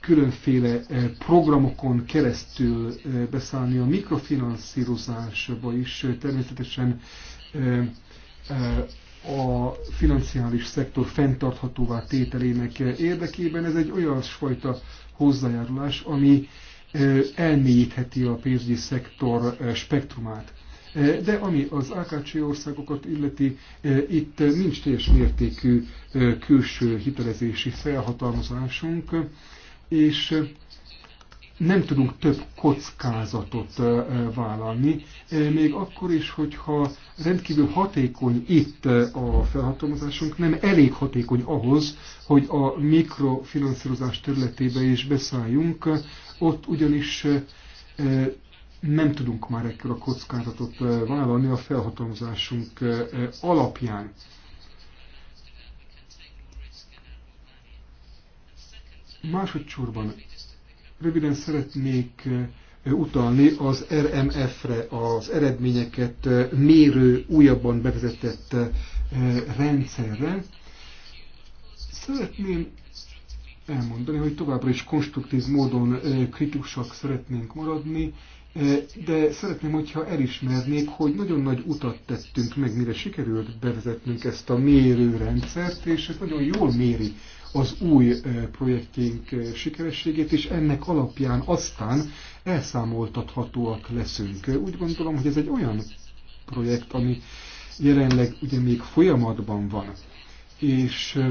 különféle programokon keresztül beszállni a mikrofinanszírozásba is. Természetesen a financiális szektor fenntarthatóvá tételének érdekében ez egy olyan fajta hozzájárulás, ami elmélyítheti a pénzügyi szektor spektrumát. E, de ami az AKC országokat illeti, e, itt nincs teljes mértékű e, külső hitelezési felhatalmazásunk, és nem tudunk több kockázatot vállalni, még akkor is, hogyha rendkívül hatékony itt a felhatalmazásunk, nem elég hatékony ahhoz, hogy a mikrofinanszírozás területébe is beszálljunk, ott ugyanis nem tudunk már ekkor a kockázatot eh, vállalni a felhatalmazásunk eh, eh, alapján. Másodszorban röviden szeretnék utalni az RMF-re, az eredményeket mérő, újabban bevezetett rendszerre. Szeretném elmondani, hogy továbbra is konstruktív módon kritikusak szeretnénk maradni, de szeretném, hogyha elismernék, hogy nagyon nagy utat tettünk meg, mire sikerült bevezetnünk ezt a mérőrendszert, és ez nagyon jól méri az új projektjénk sikerességét, és ennek alapján aztán elszámoltathatóak leszünk. Úgy gondolom, hogy ez egy olyan projekt, ami jelenleg ugye még folyamatban van, és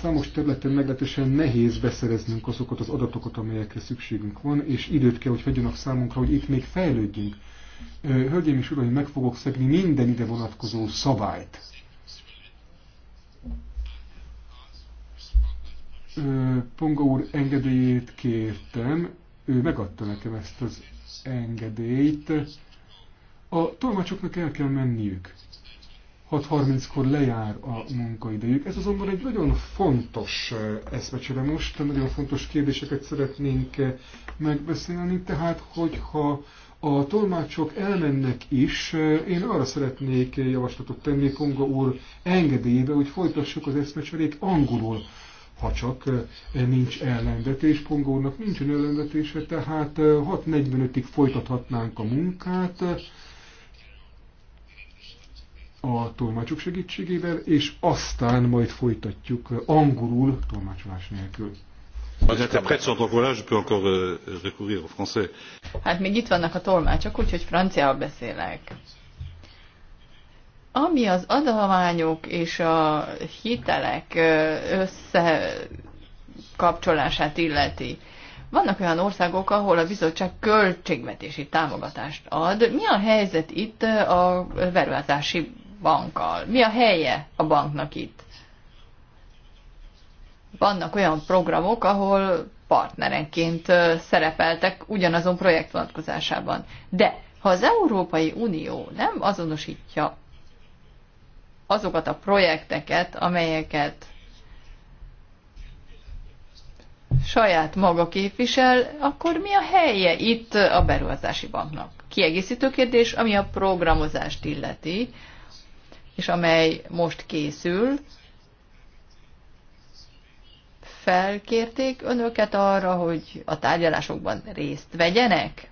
Számos területen meglehetősen nehéz beszereznünk azokat az adatokat, amelyekre szükségünk van, és időt kell, hogy hagyjanak számunkra, hogy itt még fejlődjünk. Hölgyeim és uraim, meg fogok szegni minden ide vonatkozó szabályt. Ponga úr engedélyét kértem, ő megadta nekem ezt az engedélyt. A tolmácsoknak el kell menniük. 6.30-kor lejár a munkaidejük. Ez azonban egy nagyon fontos eh, eszmecsere most, nagyon fontos kérdéseket szeretnénk eh, megbeszélni, tehát hogyha a tolmácsok elmennek is, eh, én arra szeretnék javaslatot tenni Konga úr engedélyébe, hogy folytassuk az eszmecserét angolul, ha csak nincs ellenvetés. Konga úrnak nincsen ellenvetése, tehát 6.45-ig folytathatnánk a munkát, a tolmácsok segítségével, és aztán majd folytatjuk angolul tolmácsolás nélkül. Euh, hát még itt vannak a tolmácsok, úgyhogy franciául beszélek. Ami az adományok és a hitelek összekapcsolását illeti, vannak olyan országok, ahol a bizottság költségvetési támogatást ad. Mi a helyzet itt a beruházási bankkal? Mi a helye a banknak itt? Vannak olyan programok, ahol partnerenként szerepeltek ugyanazon projekt vonatkozásában. De ha az Európai Unió nem azonosítja azokat a projekteket, amelyeket saját maga képvisel, akkor mi a helye itt a beruházási banknak? Kiegészítő kérdés, ami a programozást illeti, és amely most készül, felkérték önöket arra, hogy a tárgyalásokban részt vegyenek?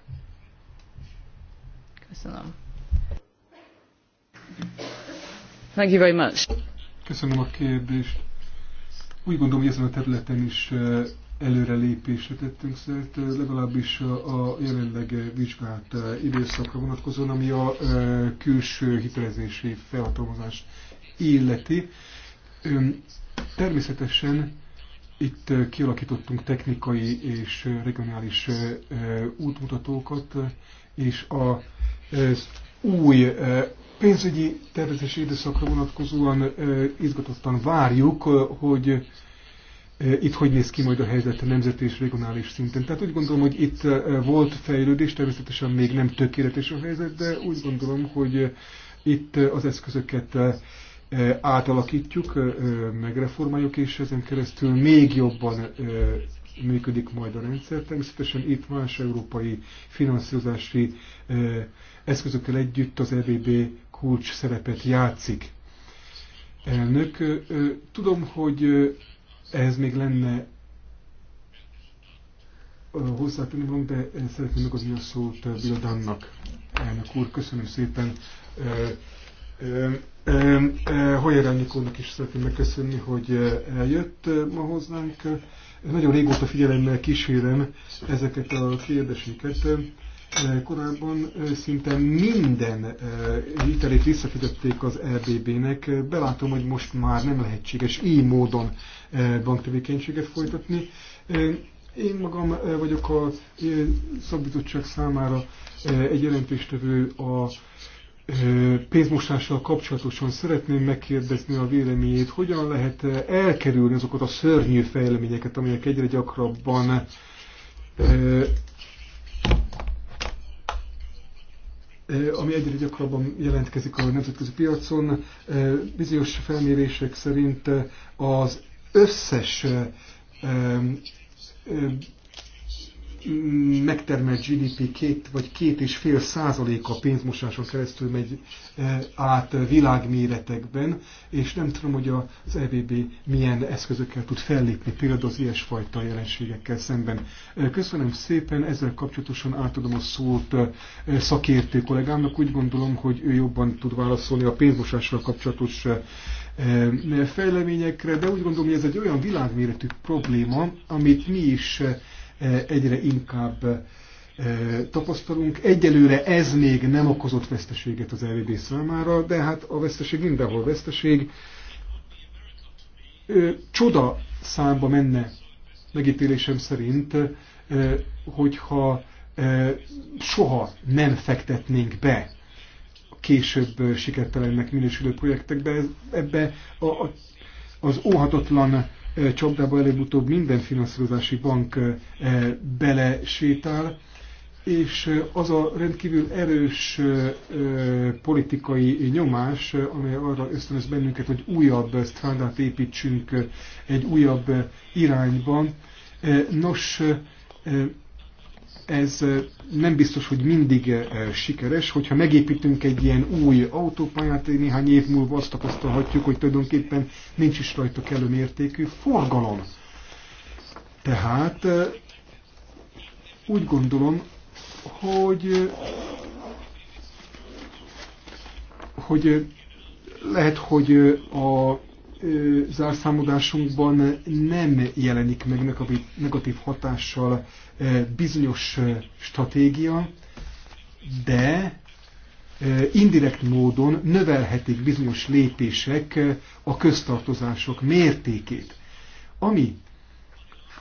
Köszönöm. Thank you very much. Köszönöm a kérdést. Úgy gondolom, hogy ezen a területen is eh, előrelépésre tettünk szert, legalábbis a jelenleg vizsgált időszakra vonatkozóan, ami a külső hitelezési felhatalmazást illeti. Természetesen itt kialakítottunk technikai és regionális útmutatókat, és az új pénzügyi tervezési időszakra vonatkozóan izgatottan várjuk, hogy E, itt hogy néz ki majd a helyzet a nemzeti és regionális szinten. Tehát úgy gondolom, hogy itt e, volt fejlődés, természetesen még nem tökéletes a helyzet, de úgy gondolom, hogy itt az eszközöket e, átalakítjuk, megreformáljuk, és ezen keresztül még jobban működik majd a rendszer. Természetesen itt más európai finanszírozási eszközökkel együtt az EBB kulcs szerepet játszik. Elnök, tudom, hogy ehhez még lenne hozzátenni de szeretném megadni a szót Bildannak. Elnök úr, köszönöm szépen. Hajrányikónak is szeretném megköszönni, hogy eljött ma hozzánk. Nagyon régóta figyelemmel kísérem ezeket a kérdéseket. Korábban szinte minden hitelét visszafizették az RBB-nek. E belátom, hogy most már nem lehetséges így módon banktevékenységet folytatni. Én magam vagyok a szakbizottság számára egy jelentéstevő a pénzmosással kapcsolatosan szeretném megkérdezni a véleményét, hogyan lehet elkerülni azokat a szörnyű fejleményeket, amelyek egyre gyakrabban Eh, ami egyre gyakrabban jelentkezik a nemzetközi piacon. Eh, bizonyos felmérések szerint az összes eh, megtermelt GDP két vagy két és fél százaléka pénzmosáson keresztül megy eh, át világméretekben, és nem tudom, hogy az EBB milyen eszközökkel tud fellépni például az ilyesfajta jelenségekkel szemben. Eh, köszönöm szépen, ezzel kapcsolatosan átadom a szót eh, szakértő kollégámnak. Úgy gondolom, hogy ő jobban tud válaszolni a pénzmosással kapcsolatos fejleményekre, de úgy gondolom, hogy ez egy olyan világméretű probléma, amit mi is E, egyre inkább e, tapasztalunk. Egyelőre ez még nem okozott veszteséget az RVD számára, de hát a veszteség mindenhol veszteség. Csoda számba menne megítélésem szerint, e, hogyha soha nem fektetnénk be később sikertelennek minősülő projektekbe, ebbe a, a, az óhatatlan csapdába előbb-utóbb minden finanszírozási bank belesétál, és az a rendkívül erős politikai nyomás, amely arra ösztönöz bennünket, hogy újabb strandát építsünk egy újabb irányban. Nos, ez nem biztos, hogy mindig sikeres. Hogyha megépítünk egy ilyen új autópályát, néhány év múlva azt tapasztalhatjuk, hogy tulajdonképpen nincs is rajta kellő mértékű forgalom. Tehát úgy gondolom, hogy hogy lehet, hogy a zárszámodásunkban nem jelenik meg negatív hatással bizonyos stratégia, de indirekt módon növelhetik bizonyos lépések a köztartozások mértékét. Ami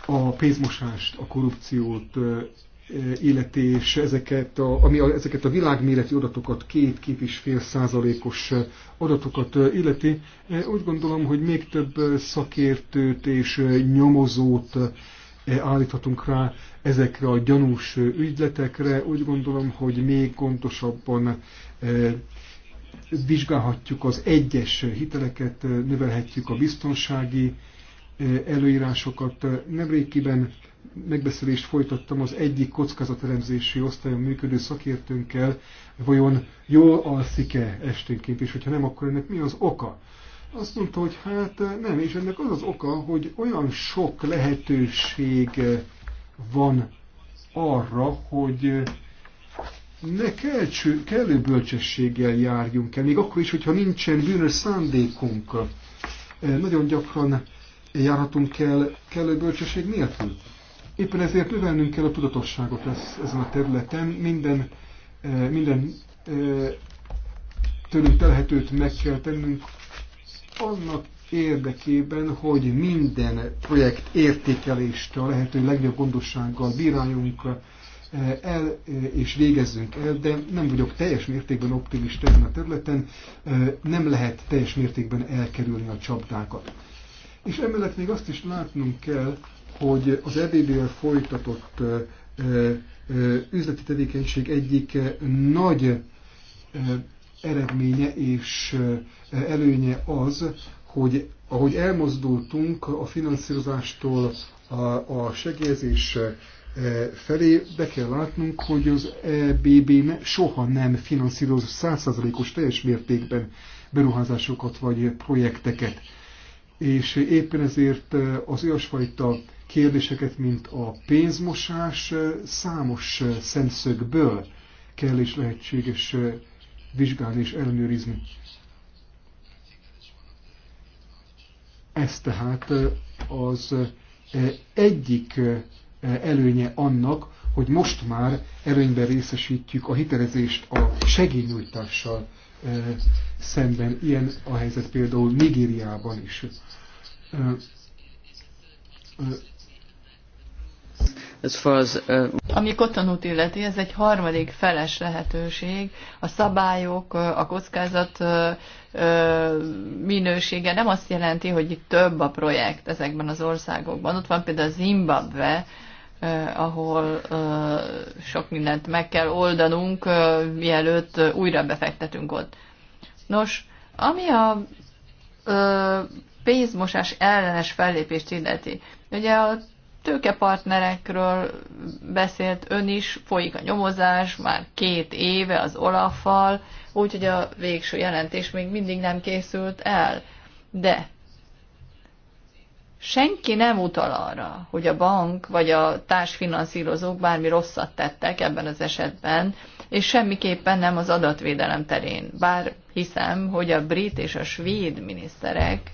a pénzmosást, a korrupciót illeti, eh, és ezeket a, ami a, ezeket a világméretű adatokat, két-két és fél százalékos eh, adatokat eh, illeti, úgy gondolom, hogy még több szakértőt és nyomozót állíthatunk rá ezekre a gyanús ügyletekre. Úgy gondolom, hogy még pontosabban vizsgálhatjuk az egyes hiteleket, növelhetjük a biztonsági előírásokat. Nemrégiben megbeszélést folytattam az egyik kockázatelemzési osztályon működő szakértőnkkel, vajon jól alszik-e esténként, és hogyha nem, akkor ennek mi az oka? Azt mondta, hogy hát eh, nem, és ennek az az oka, hogy olyan sok lehetőség eh, van arra, hogy eh, ne kellcső, kellő bölcsességgel járjunk el, még akkor is, hogyha nincsen bűnös szándékunk. Nagyon gyakran járhatunk el kellő bölcsesség nélkül. Éppen ezért növelnünk kell a tudatosságot ez, ezen a területen. Minden, eh, minden eh, tőlünk telhetőt meg kell tennünk annak érdekében, hogy minden projekt értékelést a lehető legjobb gondossággal bíráljunk eh, el és végezzünk el, de nem vagyok teljes mértékben optimista ezen a területen, nem lehet teljes mértékben elkerülni a csapdákat. És emellett még azt is látnunk kell, hogy az ebb vel folytatott üzleti tevékenység egyik nagy eredménye és előnye az, hogy ahogy elmozdultunk a finanszírozástól a, a segélyezés felé, be kell látnunk, hogy az EBB soha nem finanszíroz százszázalékos teljes mértékben beruházásokat vagy projekteket. És éppen ezért az olyasfajta kérdéseket, mint a pénzmosás eh, számos eh, szemszögből kell és lehetséges eh, vizsgálni és ellenőrizni. Ez tehát az egyik előnye annak, hogy most már előnyben részesítjük a hitelezést a segélynyújtással szemben. Ilyen a helyzet például Nigériában is As far as, uh... Ami kotonút illeti, ez egy harmadik feles lehetőség. A szabályok, uh, a kockázat uh, uh, minősége nem azt jelenti, hogy itt több a projekt ezekben az országokban. Ott van például Zimbabwe, ahol sok mindent meg kell oldanunk, mielőtt újra befektetünk ott. Nos, ami a pénzmosás ellenes fellépést illeti. Ugye a tőkepartnerekről beszélt ön is, folyik a nyomozás már két éve az Olaffal, úgyhogy a végső jelentés még mindig nem készült el. De senki nem utal arra, hogy a bank vagy a társfinanszírozók bármi rosszat tettek ebben az esetben, és semmiképpen nem az adatvédelem terén. Bár hiszem, hogy a brit és a svéd miniszterek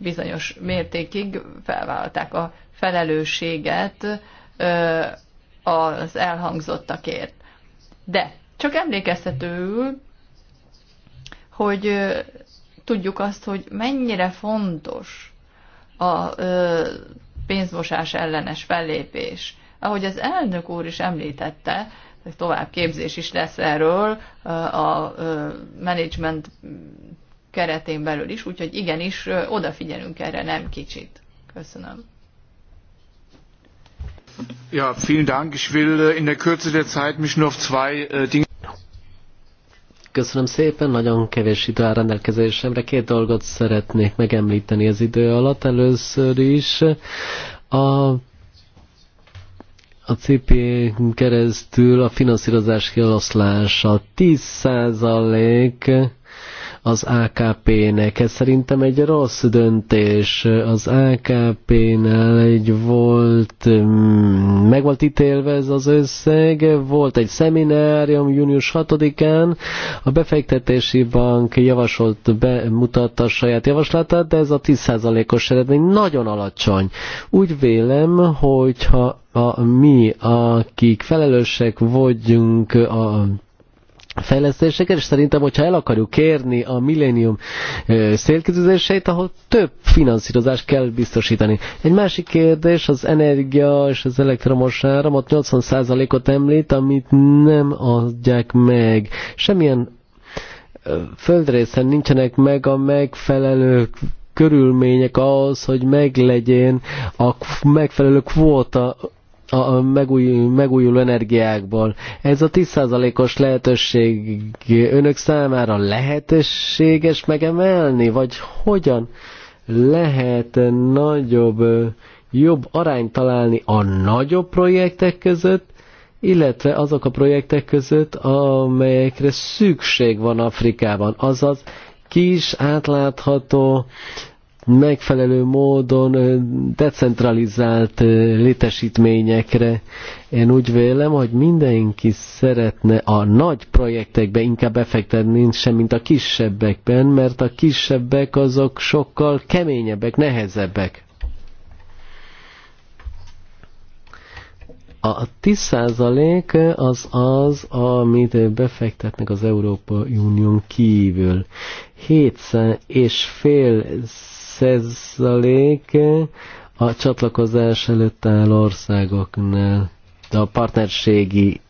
bizonyos mértékig felvállalták a felelősséget az elhangzottakért. De csak emlékeztetőül, hogy tudjuk azt, hogy mennyire fontos a pénzmosás ellenes fellépés. Ahogy az elnök úr is említette, tovább képzés is lesz erről a management keretén belül is, úgyhogy igenis odafigyelünk erre, nem kicsit. Köszönöm. Ja, vielen Dank. Ich will äh, in der Kürze der Zeit mich nur auf zwei äh, Dinge... Köszönöm szépen, nagyon kevés idő áll rendelkezésemre. Két dolgot szeretnék megemlíteni az idő alatt. Először is a a CP keresztül a finanszírozás kioszlása 10 százalék az AKP-nek. Ez szerintem egy rossz döntés. Az AKP-nál egy volt, mm, meg volt ítélve ez az összeg, volt egy szeminárium június 6-án, a befektetési bank javasolt, bemutatta a saját javaslatát, de ez a 10%-os eredmény nagyon alacsony. Úgy vélem, hogyha a, mi, akik felelősek vagyunk a fejlesztéseket, és szerintem, hogyha el akarjuk kérni a millennium szélkizőzéseit, ahol több finanszírozást kell biztosítani. Egy másik kérdés az energia és az elektromos ott 80%-ot említ, amit nem adják meg. Semmilyen földrészen nincsenek meg a megfelelő körülmények ahhoz, hogy meglegyen a megfelelő kvóta a megúj, megújuló energiákból. Ez a 10%-os lehetőség önök számára lehetőséges megemelni, vagy hogyan lehet nagyobb, jobb arányt találni a nagyobb projektek között, illetve azok a projektek között, amelyekre szükség van Afrikában, azaz kis, átlátható megfelelő módon decentralizált létesítményekre. Én úgy vélem, hogy mindenki szeretne a nagy projektekbe inkább befektetni, sem mint a kisebbekben, mert a kisebbek azok sokkal keményebbek, nehezebbek. A 10% az az, amit befektetnek az Európai Unión kívül. 7 és fél százalék a csatlakozás előtt áll országoknál, de a partnerségi,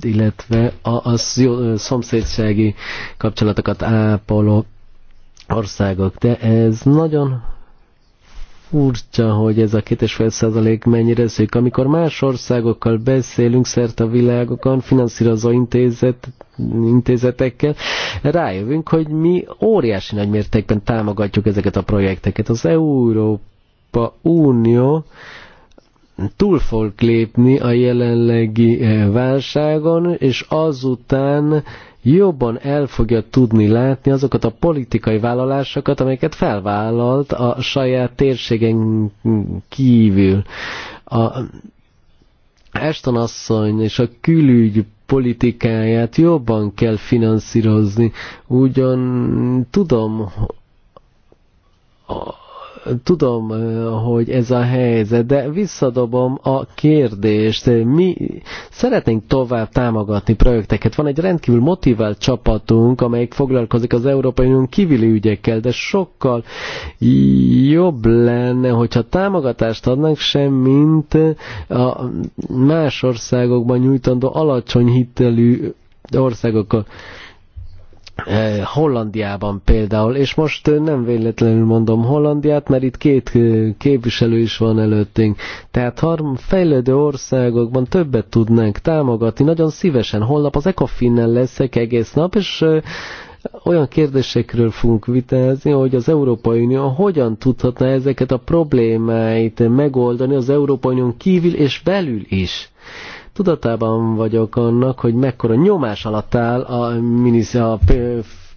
illetve a, a, a szomszédsági kapcsolatokat ápoló országok. De ez nagyon furcsa, hogy ez a 2,5% mennyire szűk. Amikor más országokkal beszélünk szerte a világokon, finanszírozó intézet, intézetekkel, rájövünk, hogy mi óriási nagy mértékben támogatjuk ezeket a projekteket. Az Európa Unió túl fog lépni a jelenlegi eh, válságon, és azután jobban el fogja tudni látni azokat a politikai vállalásokat, amelyeket felvállalt a saját térségen kívül. A Eston asszony és a külügy politikáját jobban kell finanszírozni, ugyan tudom, tudom, hogy ez a helyzet, de visszadobom a kérdést. Mi szeretnénk tovább támogatni projekteket. Van egy rendkívül motivált csapatunk, amelyik foglalkozik az Európai Unión kívüli ügyekkel, de sokkal jobb lenne, hogyha támogatást adnánk sem, mint a más országokban nyújtandó alacsony hitelű országokkal. Eh, Hollandiában például, és most eh, nem véletlenül mondom Hollandiát, mert itt két eh, képviselő is van előttünk. Tehát ha fejlődő országokban többet tudnánk támogatni, nagyon szívesen. Holnap az ecofin en leszek egész nap, és olyan kérdésekről fogunk vitázni, hogy az Európai Unió hogyan tudhatna ezeket a problémáit megoldani az Európai Unión kívül és belül is tudatában vagyok annak, hogy mekkora nyomás alatt áll a, minisz, a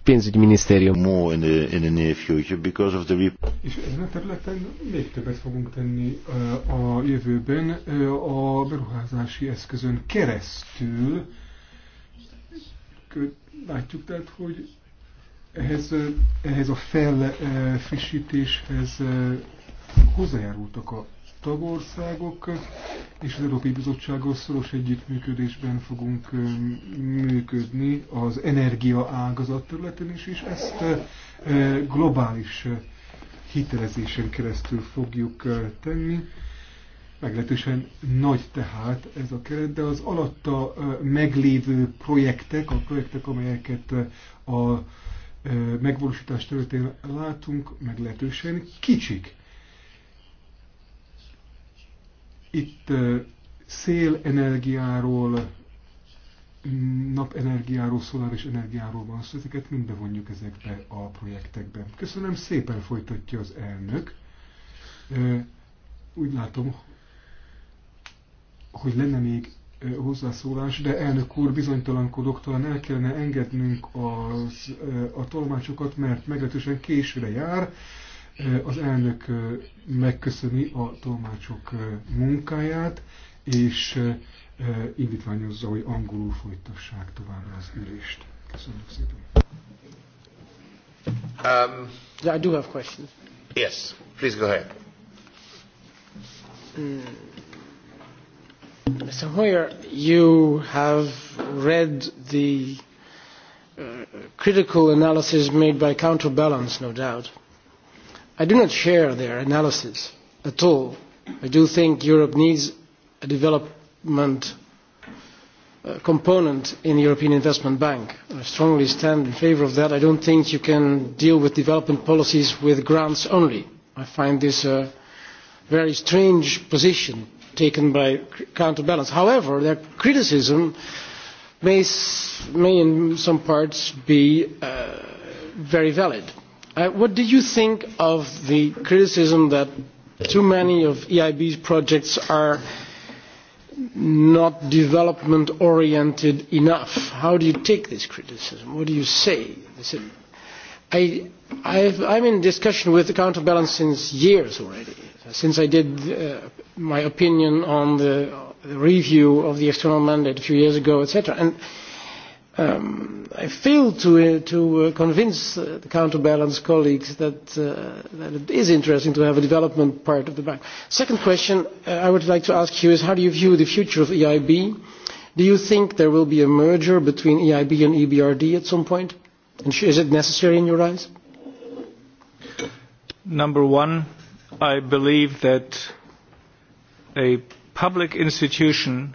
pénzügyi minisztérium. More in the, in the near future because of the... És ezen a területen még többet fogunk tenni a jövőben a beruházási eszközön keresztül. Látjuk tehát, hogy ehhez, ehhez a felfrissítéshez hozzájárultak a tagországok és az Európai Bizottsággal szoros együttműködésben fogunk működni az energia ágazat területén is, és ezt globális hitelezésen keresztül fogjuk tenni. Meglehetősen nagy tehát ez a keret, de az alatta meglévő projektek, a projektek, amelyeket a megvalósítás területén látunk, meglehetősen kicsik Itt szélenergiáról, napenergiáról, szoláris energiáról van szó, ezeket mind bevonjuk ezekbe a projektekbe. Köszönöm szépen, folytatja az elnök. Úgy látom, hogy lenne még hozzászólás, de elnök úr, bizonytalankodok, talán el kellene engednünk az, a tolmácsokat, mert meglehetősen későre jár. Az elnök megköszöni a tolmácsok munkáját, és indítványozza, hogy angolul folytassák továbbra az ülést. Köszönjük szépen. Um, I do have questions. Yes, please go ahead. Mm. Mr. Hoyer, you have read the uh, critical analysis made by Counterbalance, no doubt. I do not share their analysis at all. I do think Europe needs a development uh, component in the European Investment Bank. I strongly stand in favour of that. I don't think you can deal with development policies with grants only. I find this a very strange position taken by counterbalance. However, their criticism may, may in some parts be uh, very valid Uh, what do you think of the criticism that too many of EIB's projects are not development oriented enough? How do you take this criticism? What do you say? Is it, I, I've, I'm in discussion with the counterbalance since years already, since I did uh, my opinion on the, the review of the external mandate a few years ago, etc. And Um, I failed to, uh, to uh, convince uh, the counterbalance colleagues that, uh, that, it is interesting to have a development part of the bank. Second question uh, I would like to ask you is how do you view the future of EIB? Do you think there will be a merger between EIB and EBRD at some point? And is it necessary in your eyes? Number one, I believe that a public institution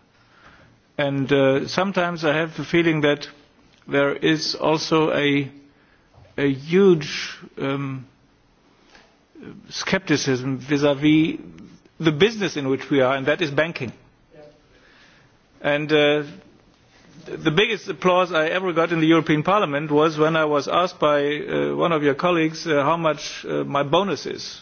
and uh, sometimes i have the feeling that there is also a, a huge um, scepticism vis-à-vis the business in which we are and that is banking and uh, the biggest applause i ever got in the european parliament was when i was asked by uh, one of your colleagues uh, how much uh, my bonus is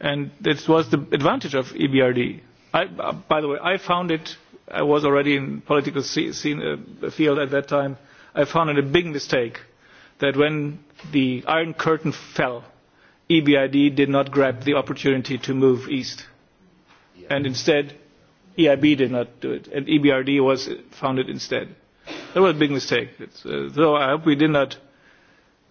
and this was the advantage of EBRD. I, uh, by the way, I found it. I was already in political uh, field at that time. I found it a big mistake that when the Iron Curtain fell, EBRD did not grab the opportunity to move east, and instead, EIB did not do it, and EBRD was uh, founded instead. That was a big mistake. so I hope we did not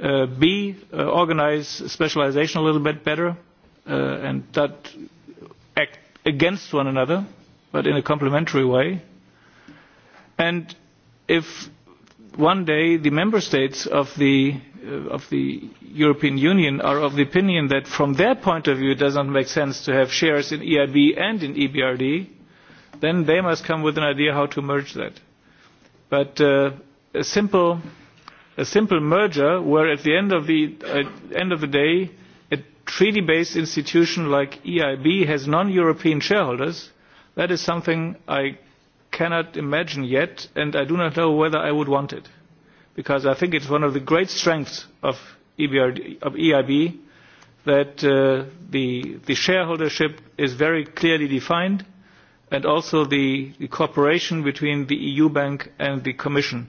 Uh, b uh, organise specialisation a little bit better uh, and that act against one another but in a complementary way and if one day the member states of the uh, of the European Union are of the opinion that from their point of view it doesn't make sense to have shares in EIB and in EBRD then they must come with an idea how to merge that but a simple a simple merger where at the end of the, uh, end of the day a treaty based institution like EIB has non European shareholders, that is something I cannot imagine yet, and I do not know whether I would want it. Because I think it's one of the great strengths of, EBRD, of EIB that uh, the, the shareholdership is very clearly defined and also the, the cooperation between the EU Bank and the Commission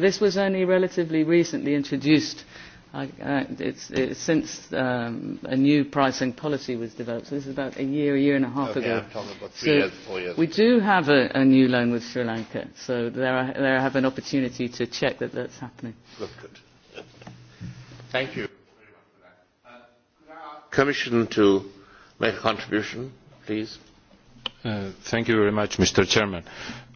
this was only relatively recently introduced I, uh, it's, it's since um, a new pricing policy was developed. So this is about a year, a year and a half okay, ago. I'm talking about three so years, four years. We do have a, a new loan with Sri Lanka, so there I there have an opportunity to check that that's happening. That's good. Thank you. Commission to make a contribution, please. Uh, thank you very much, Mr. Chairman. Uh,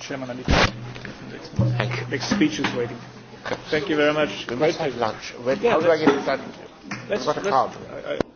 Chairman Ali. Thank you. Next speech is waiting. Thank you very much. We must have lunch. Where, yeah, how do I get that? Let's, I've got a card. I, I,